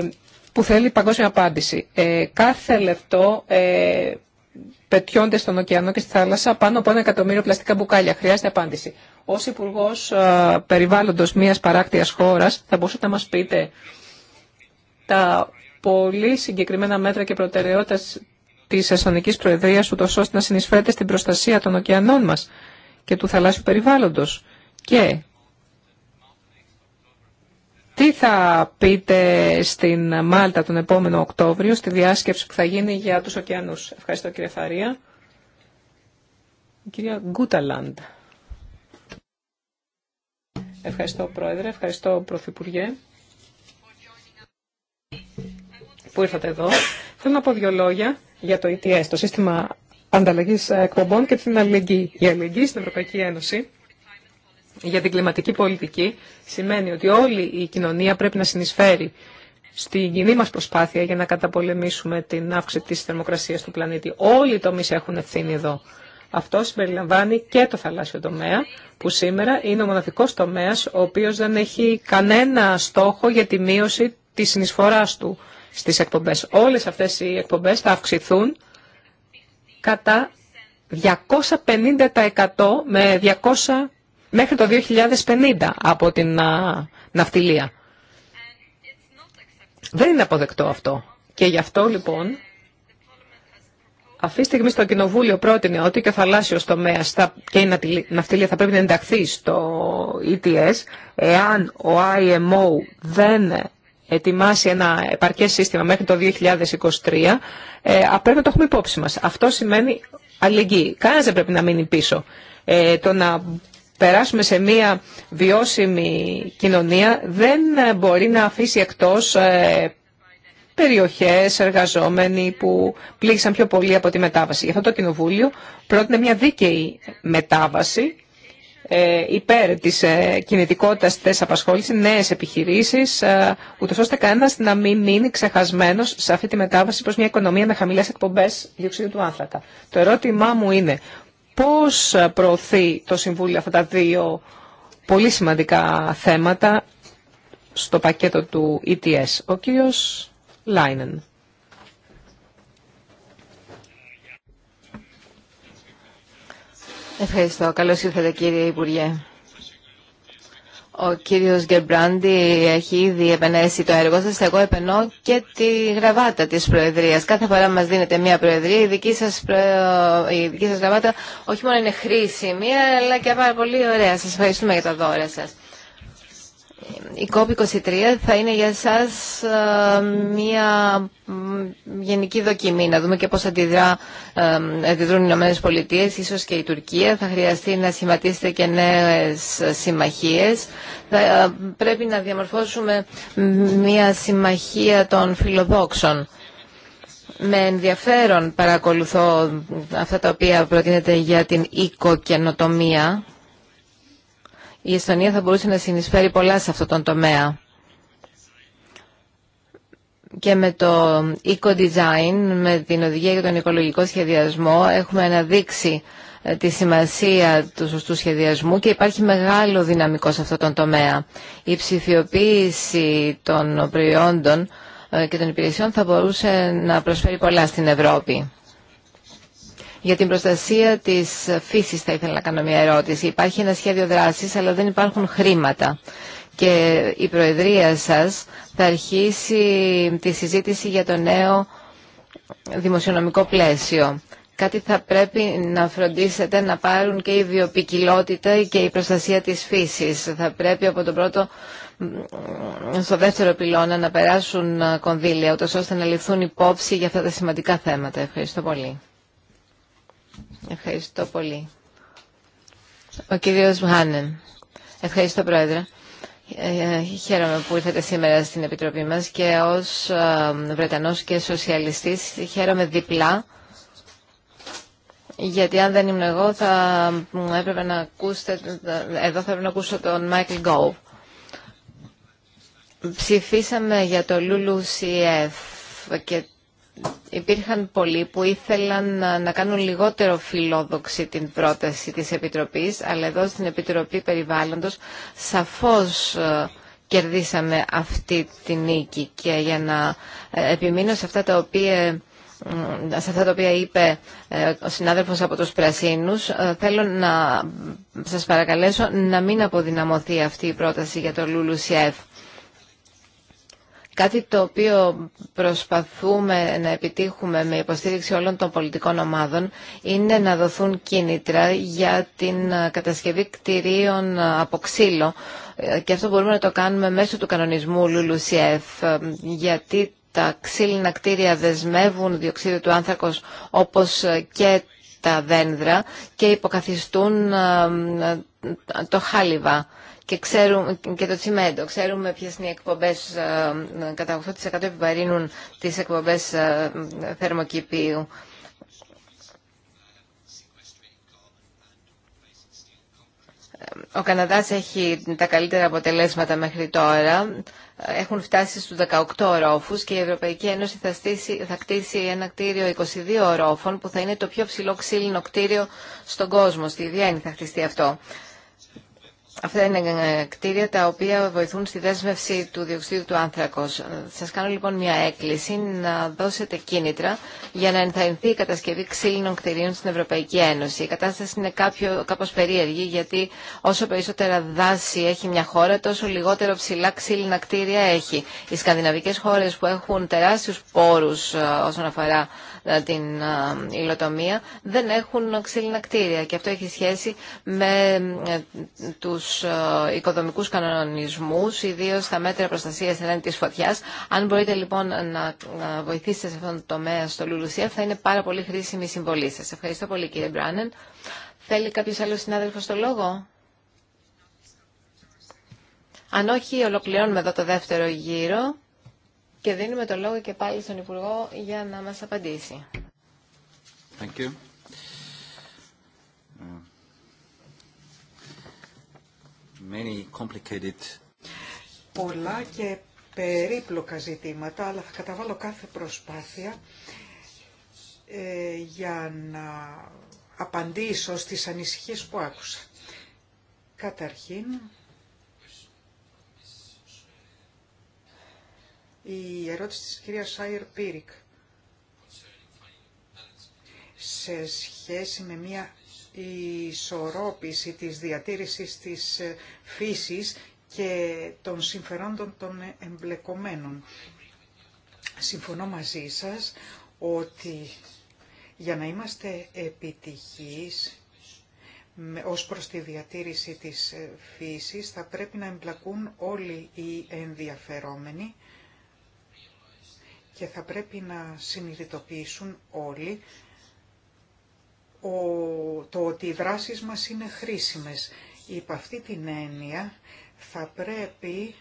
που θέλει παγκόσμια απάντηση. Ε, κάθε λεπτό ε, πετιώνται στον ωκεανό και στη θάλασσα πάνω από ένα εκατομμύριο πλαστικά μπουκάλια. Χρειάζεται απάντηση. Ω Υπουργό ε, Περιβάλλοντο μια παράκτεια χώρα, θα μπορούσατε να μα πείτε τα πολύ συγκεκριμένα μέτρα και προτεραιότητα τη Εσθονική Προεδρία, ούτω ώστε να συνεισφέρετε στην προστασία των ωκεανών μα και του θαλάσσιου περιβάλλοντο. Και τι θα πείτε στην Μάλτα τον επόμενο Οκτώβριο, στη διάσκεψη που θα γίνει για τους ωκεανούς. Ευχαριστώ κύριε Φαρία. κυρία Γκούταλαντ. Ευχαριστώ Πρόεδρε, ευχαριστώ Πρωθυπουργέ που ήρθατε εδώ. Θέλω να πω δύο λόγια για το ETS, το σύστημα ανταλλαγής εκπομπών και την αλληλεγγύη. Η αλληλεγγύη στην Ευρωπαϊκή Ένωση για την κλιματική πολιτική σημαίνει ότι όλη η κοινωνία πρέπει να συνεισφέρει στην κοινή μας προσπάθεια για να καταπολεμήσουμε την αύξηση της θερμοκρασίας του πλανήτη. Όλοι οι τομείς έχουν ευθύνη εδώ. Αυτό συμπεριλαμβάνει και το θαλάσσιο τομέα, που σήμερα είναι ο μοναδικός τομέας ο οποίος δεν έχει κανένα στόχο για τη μείωση της συνεισφοράς του στις εκπομπές. Όλες αυτές οι εκπομπές θα αυξηθούν κατά 250% με 200 μέχρι το 2050 από την ναυτιλία. Δεν είναι αποδεκτό αυτό. Και γι' αυτό λοιπόν αυτή τη στιγμή στο Κοινοβούλιο πρότεινε ότι και ο θαλάσσιο τομέα και η ναυτιλία θα πρέπει να ενταχθεί στο ETS. Εάν ο IMO δεν ετοιμάσει ένα επαρκές σύστημα μέχρι το 2023, ε, πρέπει να το έχουμε υπόψη μας. Αυτό σημαίνει αλληλεγγύη. Κανένα δεν πρέπει να μείνει πίσω. Ε, το να περάσουμε σε μια βιώσιμη κοινωνία δεν μπορεί να αφήσει εκτός ε, περιοχές, εργαζόμενοι που πλήγησαν πιο πολύ από τη μετάβαση. Γι' αυτό το Κοινοβούλιο πρότεινε μια δίκαιη μετάβαση ε, υπέρ της ε, κινητικότητας της απασχόλησης, νέες επιχειρήσεις, ούτως ώστε κανένας να μην μείνει ξεχασμένος σε αυτή τη μετάβαση προς μια οικονομία με χαμηλές εκπομπές διοξιδίου του άνθρακα. Το ερώτημά μου είναι πώς προωθεί το Συμβούλιο αυτά τα δύο πολύ σημαντικά θέματα στο πακέτο του ETS. Ο κύριος Λάινεν. Ευχαριστώ. Καλώς ήρθατε κύριε Υπουργέ. Ο κύριος Γκερμπράντι έχει ήδη επενέσει το έργο σας. Εγώ επενώ και τη γραβάτα της Προεδρίας. Κάθε φορά μας δίνετε μια Προεδρία, η δική σας, γραβάτα όχι μόνο είναι χρήσιμη, αλλά και πάρα πολύ ωραία. Σας ευχαριστούμε για τα δώρα σας η COP23 θα είναι για σας ε, μια γενική δοκιμή, να δούμε και πώς αντιδρά, ε, αντιδρούν οι Ηνωμένες Πολιτείες, ίσως και η Τουρκία. Θα χρειαστεί να σχηματίσετε και νέες συμμαχίες. Ε, πρέπει να διαμορφώσουμε μια συμμαχία των φιλοδόξων. Με ενδιαφέρον παρακολουθώ αυτά τα οποία προτείνεται για την οικοκαινοτομία η Εστονία θα μπορούσε να συνεισφέρει πολλά σε αυτόν τον τομέα. Και με το eco-design, με την οδηγία για τον οικολογικό σχεδιασμό, έχουμε αναδείξει ε, τη σημασία του σωστού σχεδιασμού και υπάρχει μεγάλο δυναμικό σε αυτόν τον τομέα. Η ψηφιοποίηση των προϊόντων ε, και των υπηρεσιών θα μπορούσε να προσφέρει πολλά στην Ευρώπη. Για την προστασία της φύσης θα ήθελα να κάνω μια ερώτηση. Υπάρχει ένα σχέδιο δράσης, αλλά δεν υπάρχουν χρήματα. Και η Προεδρία σας θα αρχίσει τη συζήτηση για το νέο δημοσιονομικό πλαίσιο. Κάτι θα πρέπει να φροντίσετε να πάρουν και η βιοπικιλότητα και η προστασία της φύσης. Θα πρέπει από τον πρώτο στο δεύτερο πυλώνα να περάσουν κονδύλια, ούτως ώστε να ληφθούν υπόψη για αυτά τα σημαντικά θέματα. Ευχαριστώ πολύ. Ευχαριστώ πολύ. Ο κύριος Βγάνεν. Ευχαριστώ, Πρόεδρε. Ε, χαίρομαι που ήρθατε σήμερα στην Επιτροπή μας και ως ε, Βρετανός και Σοσιαλιστής χαίρομαι διπλά γιατί αν δεν ήμουν εγώ θα έπρεπε να ακούσετε, εδώ θα έπρεπε να ακούσω τον Μάικλ Γκόβ. Ψηφίσαμε για το LULUCF και υπήρχαν πολλοί που ήθελαν να κάνουν λιγότερο φιλόδοξη την πρόταση της Επιτροπής, αλλά εδώ στην Επιτροπή Περιβάλλοντος σαφώς ε, κερδίσαμε αυτή τη νίκη και για να ε, επιμείνω σε αυτά τα οποία ε, σε αυτά τα οποία είπε ο συνάδελφος από τους Πρασίνους, θέλω να σας παρακαλέσω να μην αποδυναμωθεί αυτή η πρόταση για το Λούλου Κάτι το οποίο προσπαθούμε να επιτύχουμε με υποστήριξη όλων των πολιτικών ομάδων είναι να δοθούν κίνητρα για την ε, κατασκευή κτηρίων ε, από ξύλο ε, και αυτό μπορούμε να το κάνουμε μέσω του κανονισμού Λουλουσιεφ γιατί τα ξύλινα κτίρια δεσμεύουν διοξείδιο του άνθρακος όπως και τα δένδρα και υποκαθιστούν το χάλιβα και, ξέρουμε, και το τσιμέντο. Ξέρουμε ποιε είναι οι εκπομπέ, ε, κατά 8% επιβαρύνουν τι εκπομπέ ε, θερμοκηπίου. Ο Καναδάς έχει τα καλύτερα αποτελέσματα μέχρι τώρα. Έχουν φτάσει στους 18 ορόφους και η Ευρωπαϊκή Ένωση θα, στήσει, θα κτίσει ένα κτίριο 22 ορόφων που θα είναι το πιο ψηλό ξύλινο κτίριο στον κόσμο. Στη Βιέννη θα χτιστεί αυτό. Αυτά είναι κτίρια τα οποία βοηθούν στη δέσμευση του διοξιδίου του άνθρακος. Σας κάνω λοιπόν μια έκκληση να δώσετε κίνητρα για να ενθαρρυνθεί η κατασκευή ξύλινων κτηρίων στην Ευρωπαϊκή Ένωση. Η κατάσταση είναι κάποιο, κάπως περίεργη γιατί όσο περισσότερα δάση έχει μια χώρα τόσο λιγότερο ψηλά ξύλινα κτίρια έχει. Οι σκανδιναβικές χώρες που έχουν τεράστιους πόρους ε, όσον αφορά ε, την ε, υλοτομία δεν έχουν ξύλινα κτίρια και αυτό έχει σχέση με ε, τους οικοδομικούς κανονισμούς, ιδίως τα μέτρα προστασίας ενάντια της φωτιάς. Αν μπορείτε λοιπόν να βοηθήσετε σε αυτόν τον τομέα στο Λουλουσία θα είναι πάρα πολύ χρήσιμη η συμβολή σας. Ευχαριστώ πολύ κύριε Μπράνεν. Θέλει κάποιος άλλος συνάδελφος το λόγο? Αν όχι, ολοκληρώνουμε εδώ το δεύτερο γύρο. Και δίνουμε το λόγο και πάλι στον Υπουργό για να μας απαντήσει. Thank you. Many complicated... Πολλά και περίπλοκα ζητήματα, αλλά θα καταβάλω κάθε προσπάθεια ε, για να απαντήσω στις ανησυχίες που άκουσα. Καταρχήν, η ερώτηση της κυρίας Σάιερ Πίρικ σε σχέση με μια ισορρόπηση της διατήρησης της ε, φύσης και των συμφερόντων των εμπλεκομένων. Συμφωνώ μαζί σας ότι για να είμαστε επιτυχείς ως προς τη διατήρηση της ε, φύσης θα πρέπει να εμπλακούν όλοι οι ενδιαφερόμενοι και θα πρέπει να συνειδητοποιήσουν όλοι το ότι οι δράσεις μας είναι χρήσιμες. Υπ' αυτή την έννοια θα πρέπει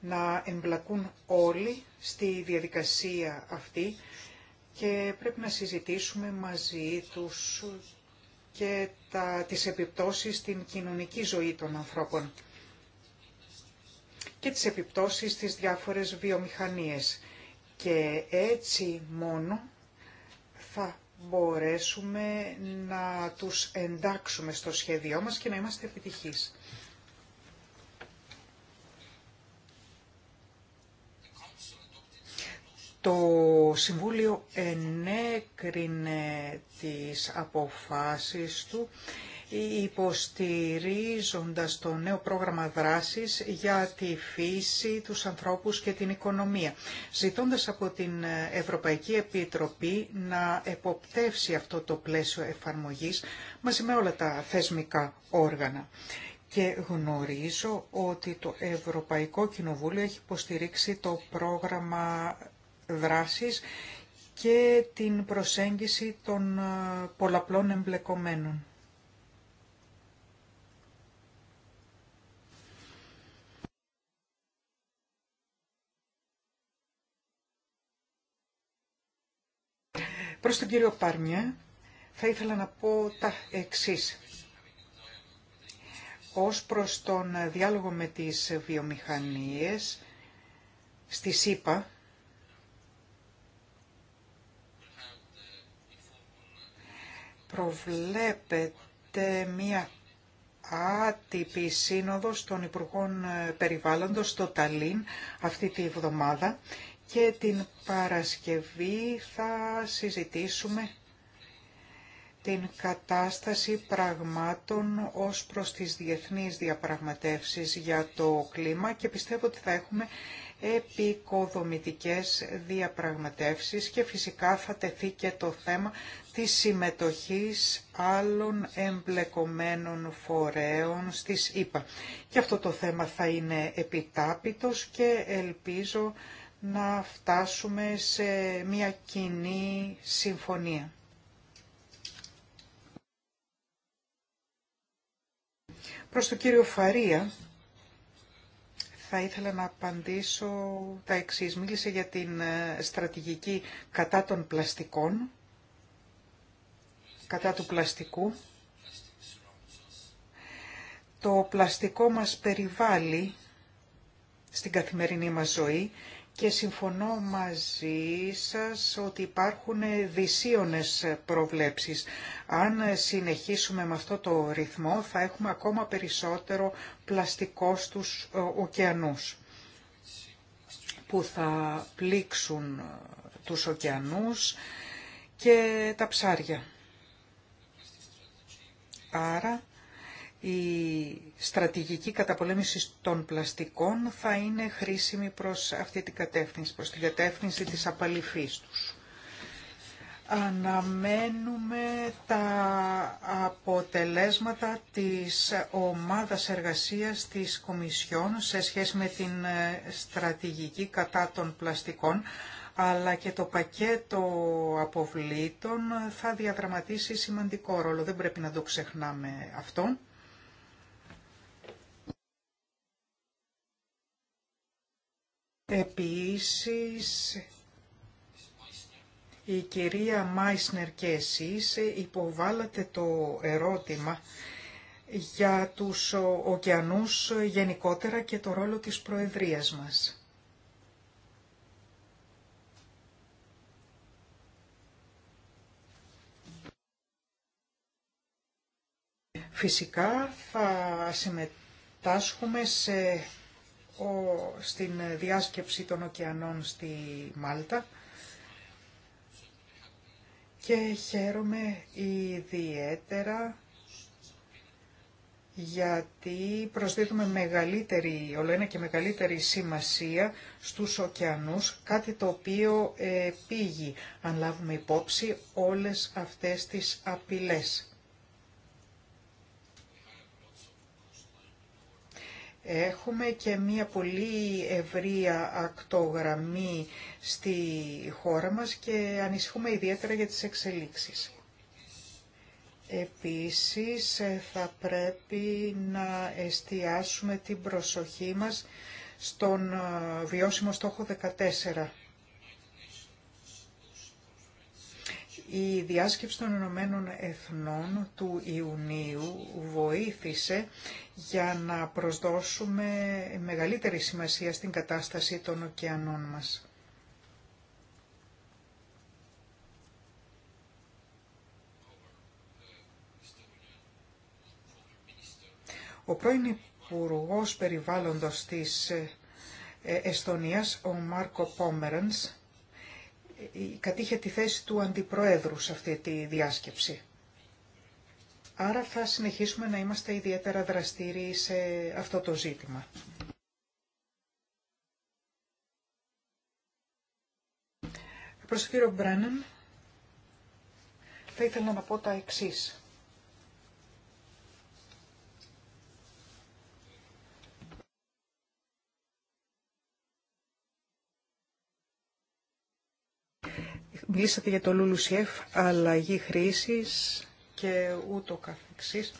να εμπλακούν όλοι στη διαδικασία αυτή και πρέπει να συζητήσουμε μαζί τους και τα, τις επιπτώσεις στην κοινωνική ζωή των ανθρώπων και τις επιπτώσεις στις διάφορες βιομηχανίες. Και έτσι μόνο θα μπορέσουμε να τους εντάξουμε στο σχέδιό μας και να είμαστε επιτυχείς. Το Συμβούλιο ενέκρινε τις αποφάσεις του υποστηρίζοντας το νέο πρόγραμμα δράσης για τη φύση, τους ανθρώπους και την οικονομία, ζητώντας από την Ευρωπαϊκή Επιτροπή να εποπτεύσει αυτό το πλαίσιο εφαρμογής μαζί με όλα τα θεσμικά όργανα. Και γνωρίζω ότι το Ευρωπαϊκό Κοινοβούλιο έχει υποστηρίξει το πρόγραμμα δράσης και την προσέγγιση των ε, πολλαπλών εμπλεκομένων. Προς τον κύριο Πάρμια θα ήθελα να πω τα εξής. Ως προς τον διάλογο με τις βιομηχανίες, στη ΣΥΠΑ, προβλέπεται μία άτυπη σύνοδος των Υπουργών Περιβάλλοντος στο Ταλίν αυτή τη εβδομάδα και την Παρασκευή θα συζητήσουμε την κατάσταση πραγμάτων ως προς τις διεθνείς διαπραγματεύσεις για το κλίμα και πιστεύω ότι θα έχουμε επικοδομητικές διαπραγματεύσεις και φυσικά θα τεθεί και το θέμα της συμμετοχής άλλων εμπλεκομένων φορέων στις ΗΠΑ. Και αυτό το θέμα θα είναι επιτάπητος και ελπίζω να φτάσουμε σε μια κοινή συμφωνία. Προς τον κύριο Φαρία θα ήθελα να απαντήσω τα εξής. Μίλησε για την ε, στρατηγική κατά των πλαστικών, κατά του πλαστικού. Το πλαστικό μας περιβάλλει στην καθημερινή μας ζωή και συμφωνώ μαζί σας ότι υπάρχουν δυσίωνες προβλέψεις. Αν συνεχίσουμε με αυτό το ρυθμό θα έχουμε ακόμα περισσότερο πλαστικό στους ε, ωκεανούς που θα πλήξουν ε, τους ωκεανούς και τα ψάρια. Άρα η στρατηγική καταπολέμηση των πλαστικών θα είναι χρήσιμη προς αυτή την κατεύθυνση, προς την κατεύθυνση της απαλήφης τους. Αναμένουμε τα αποτελέσματα της ομάδας εργασίας της Κομισιόν σε σχέση με την ε, στρατηγική κατά των πλαστικών, αλλά και το πακέτο αποβλήτων θα διαδραματίσει σημαντικό ρόλο. Δεν πρέπει να το ξεχνάμε αυτόν. Επίσης, η κυρία Μάισνερ και εσείς υποβάλατε το ερώτημα για τους ωκεανούς γενικότερα και το ρόλο της Προεδρίας μας. Φυσικά θα συμμετάσχουμε σε στην διάσκεψη των ωκεανών στη Μάλτα και χαίρομαι ιδιαίτερα γιατί προσδίδουμε μεγαλύτερη, όλο και μεγαλύτερη σημασία στους ωκεανούς, κάτι το οποίο ε, πήγει αν λάβουμε υπόψη όλες αυτές τις απειλές. Έχουμε και μια πολύ ευρία ακτογραμμή στη χώρα μας και ανησυχούμε ιδιαίτερα για τις εξελίξεις. Επίσης θα πρέπει να εστιάσουμε την προσοχή μας στον ε, βιώσιμο στόχο 14 Η διάσκεψη των Ηνωμένων Εθνών του Ιουνίου βοήθησε για να προσδώσουμε μεγαλύτερη σημασία στην κατάσταση των ωκεανών μας. Ο πρώην Υπουργό Περιβάλλοντος της ε, Εστονίας, ο Μάρκο Πόμερανς, ε, ε, κατήχε τη θέση του Αντιπροέδρου σε αυτή τη διάσκεψη. Άρα θα συνεχίσουμε να είμαστε ιδιαίτερα δραστήριοι σε αυτό το ζήτημα. Προς τον κύριο θα ήθελα να πω τα εξής. Μιλήσατε για το Λουλουσιεφ, αλλαγή χρήσης και ούτω καθεξής.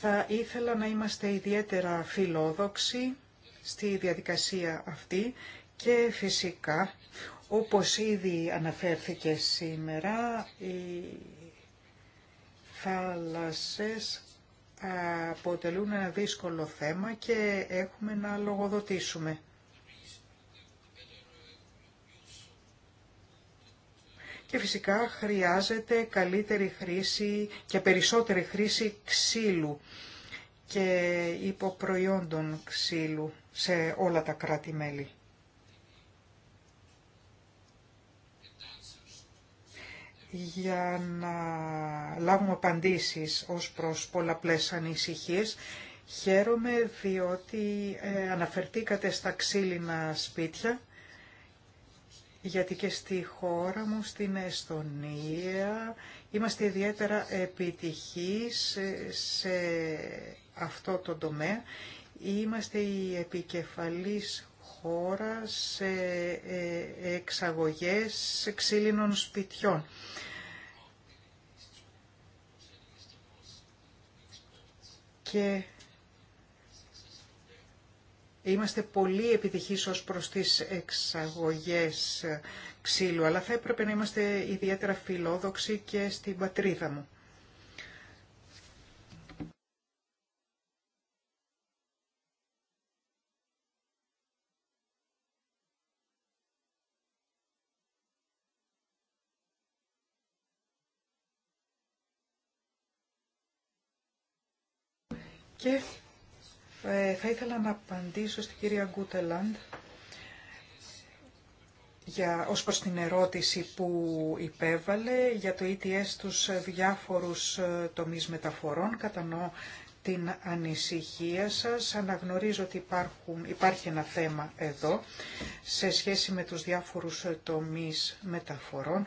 Θα ήθελα να είμαστε ιδιαίτερα φιλόδοξοι στη διαδικασία αυτή και φυσικά, όπως ήδη αναφέρθηκε σήμερα, οι θάλασσες αποτελούν ένα δύσκολο θέμα και έχουμε να λογοδοτήσουμε. Και φυσικά χρειάζεται καλύτερη χρήση και περισσότερη χρήση ξύλου και υποπροϊόντων ξύλου σε όλα τα κράτη-μέλη. για να λάβουμε απαντήσεις ως προς πολλαπλές ανησυχίες. Χαίρομαι διότι ε, αναφερθήκατε στα ξύλινα σπίτια γιατί και στη χώρα μου, στην Εστονία, είμαστε ιδιαίτερα επιτυχείς σε αυτό το τομέα. Είμαστε η επικεφαλής χώρα σε ε, εξαγωγές ξύλινων σπιτιών. Και Είμαστε πολύ επιτυχείς ως προς τις εξαγωγές ξύλου, αλλά θα έπρεπε να είμαστε ιδιαίτερα φιλόδοξοι και στην πατρίδα μου. Και ε, θα ήθελα να απαντήσω στην κυρία Γκούτελαντ για, ως προς την ερώτηση που υπέβαλε για το ETS τους διάφορους ε, τομείς μεταφορών. Κατανοώ την ανησυχία σας. Αναγνωρίζω ότι υπάρχουν, υπάρχει ένα θέμα εδώ σε σχέση με τους διάφορους ε, τομείς μεταφορών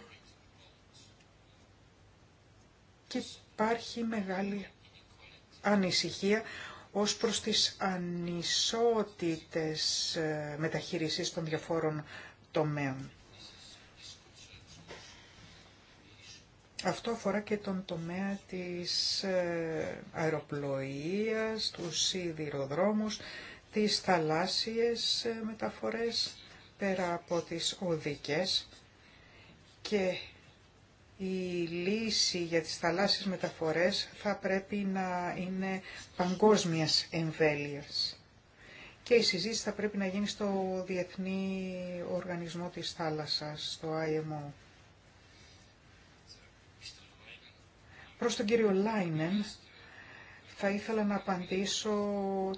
και υπάρχει μεγάλη ανησυχία ως προς τις ανισότητες ε, μεταχείρισης των διαφόρων τομέων. Αυτό αφορά και τον τομέα της ε, αεροπλοείας, του σιδηροδρόμους, τις θαλάσσιες ε, μεταφορές, πέρα από τις οδικές και η λύση για τις θαλάσσιες μεταφορές θα πρέπει να είναι παγκόσμιας εμβέλειας. Και η συζήτηση θα πρέπει να γίνει στο Διεθνή Οργανισμό της Θάλασσας, στο IMO. Προς τον κύριο Λάινεν θα ήθελα να απαντήσω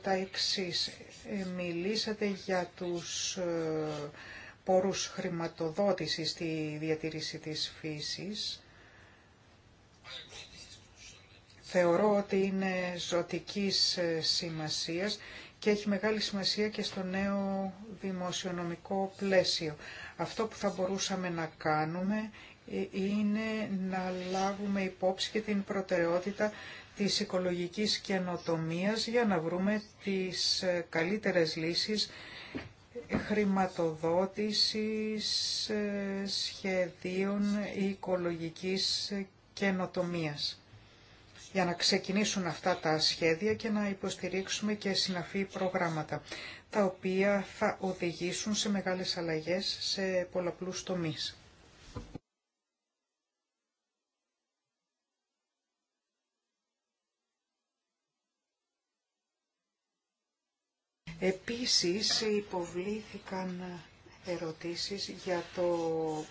τα εξής. Ε, μιλήσατε για τους ε, πόρους χρηματοδότησης στη διατήρηση της φύσης. Θεωρώ ότι είναι ζωτικής ε, σημασίας και έχει μεγάλη σημασία και στο νέο δημοσιονομικό πλαίσιο. Αυτό που θα μπορούσαμε να κάνουμε ε, είναι να λάβουμε υπόψη και την προτεραιότητα της οικολογικής καινοτομίας για να βρούμε τις ε, καλύτερες λύσεις χρηματοδότησης ε, σχεδίων οικολογικής καινοτομίας για να ξεκινήσουν αυτά τα σχέδια και να υποστηρίξουμε και συναφή προγράμματα, τα οποία θα οδηγήσουν σε μεγάλες αλλαγές σε πολλαπλούς τομείς. Επίσης υποβλήθηκαν ερωτήσεις για το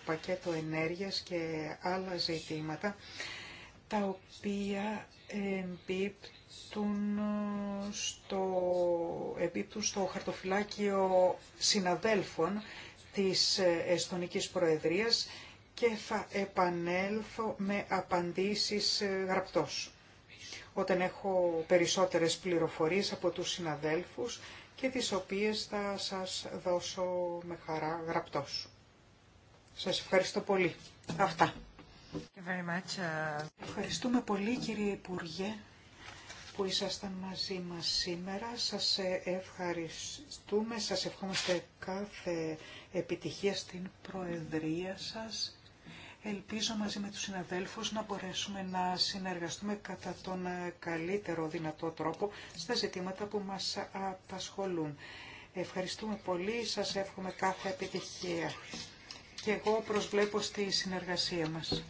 πακέτο ενέργειας και άλλα ζητήματα τα οποία εμπίπτουν στο, εμπίπτουν στο χαρτοφυλάκιο συναδέλφων της Εστονικής Προεδρίας και θα επανέλθω με απαντήσεις γραπτός. Όταν έχω περισσότερες πληροφορίες από τους συναδέλφους και τις οποίες θα σας δώσω με χαρά γραπτός. Σας ευχαριστώ πολύ. Αυτά. Uh, ευχαριστούμε πολύ κύριε Υπουργέ που ήσασταν μαζί μας σήμερα. Σας ευχαριστούμε, σας ευχόμαστε κάθε επιτυχία στην Προεδρία σας Ελπίζω μαζί με τους συναδέλφους να μπορέσουμε να συνεργαστούμε κατά τον καλύτερο δυνατό τρόπο στα ζητήματα που μας απασχολούν. Ευχαριστούμε πολύ, σας εύχομαι κάθε επιτυχία και εγώ προσβλέπω στη συνεργασία μας.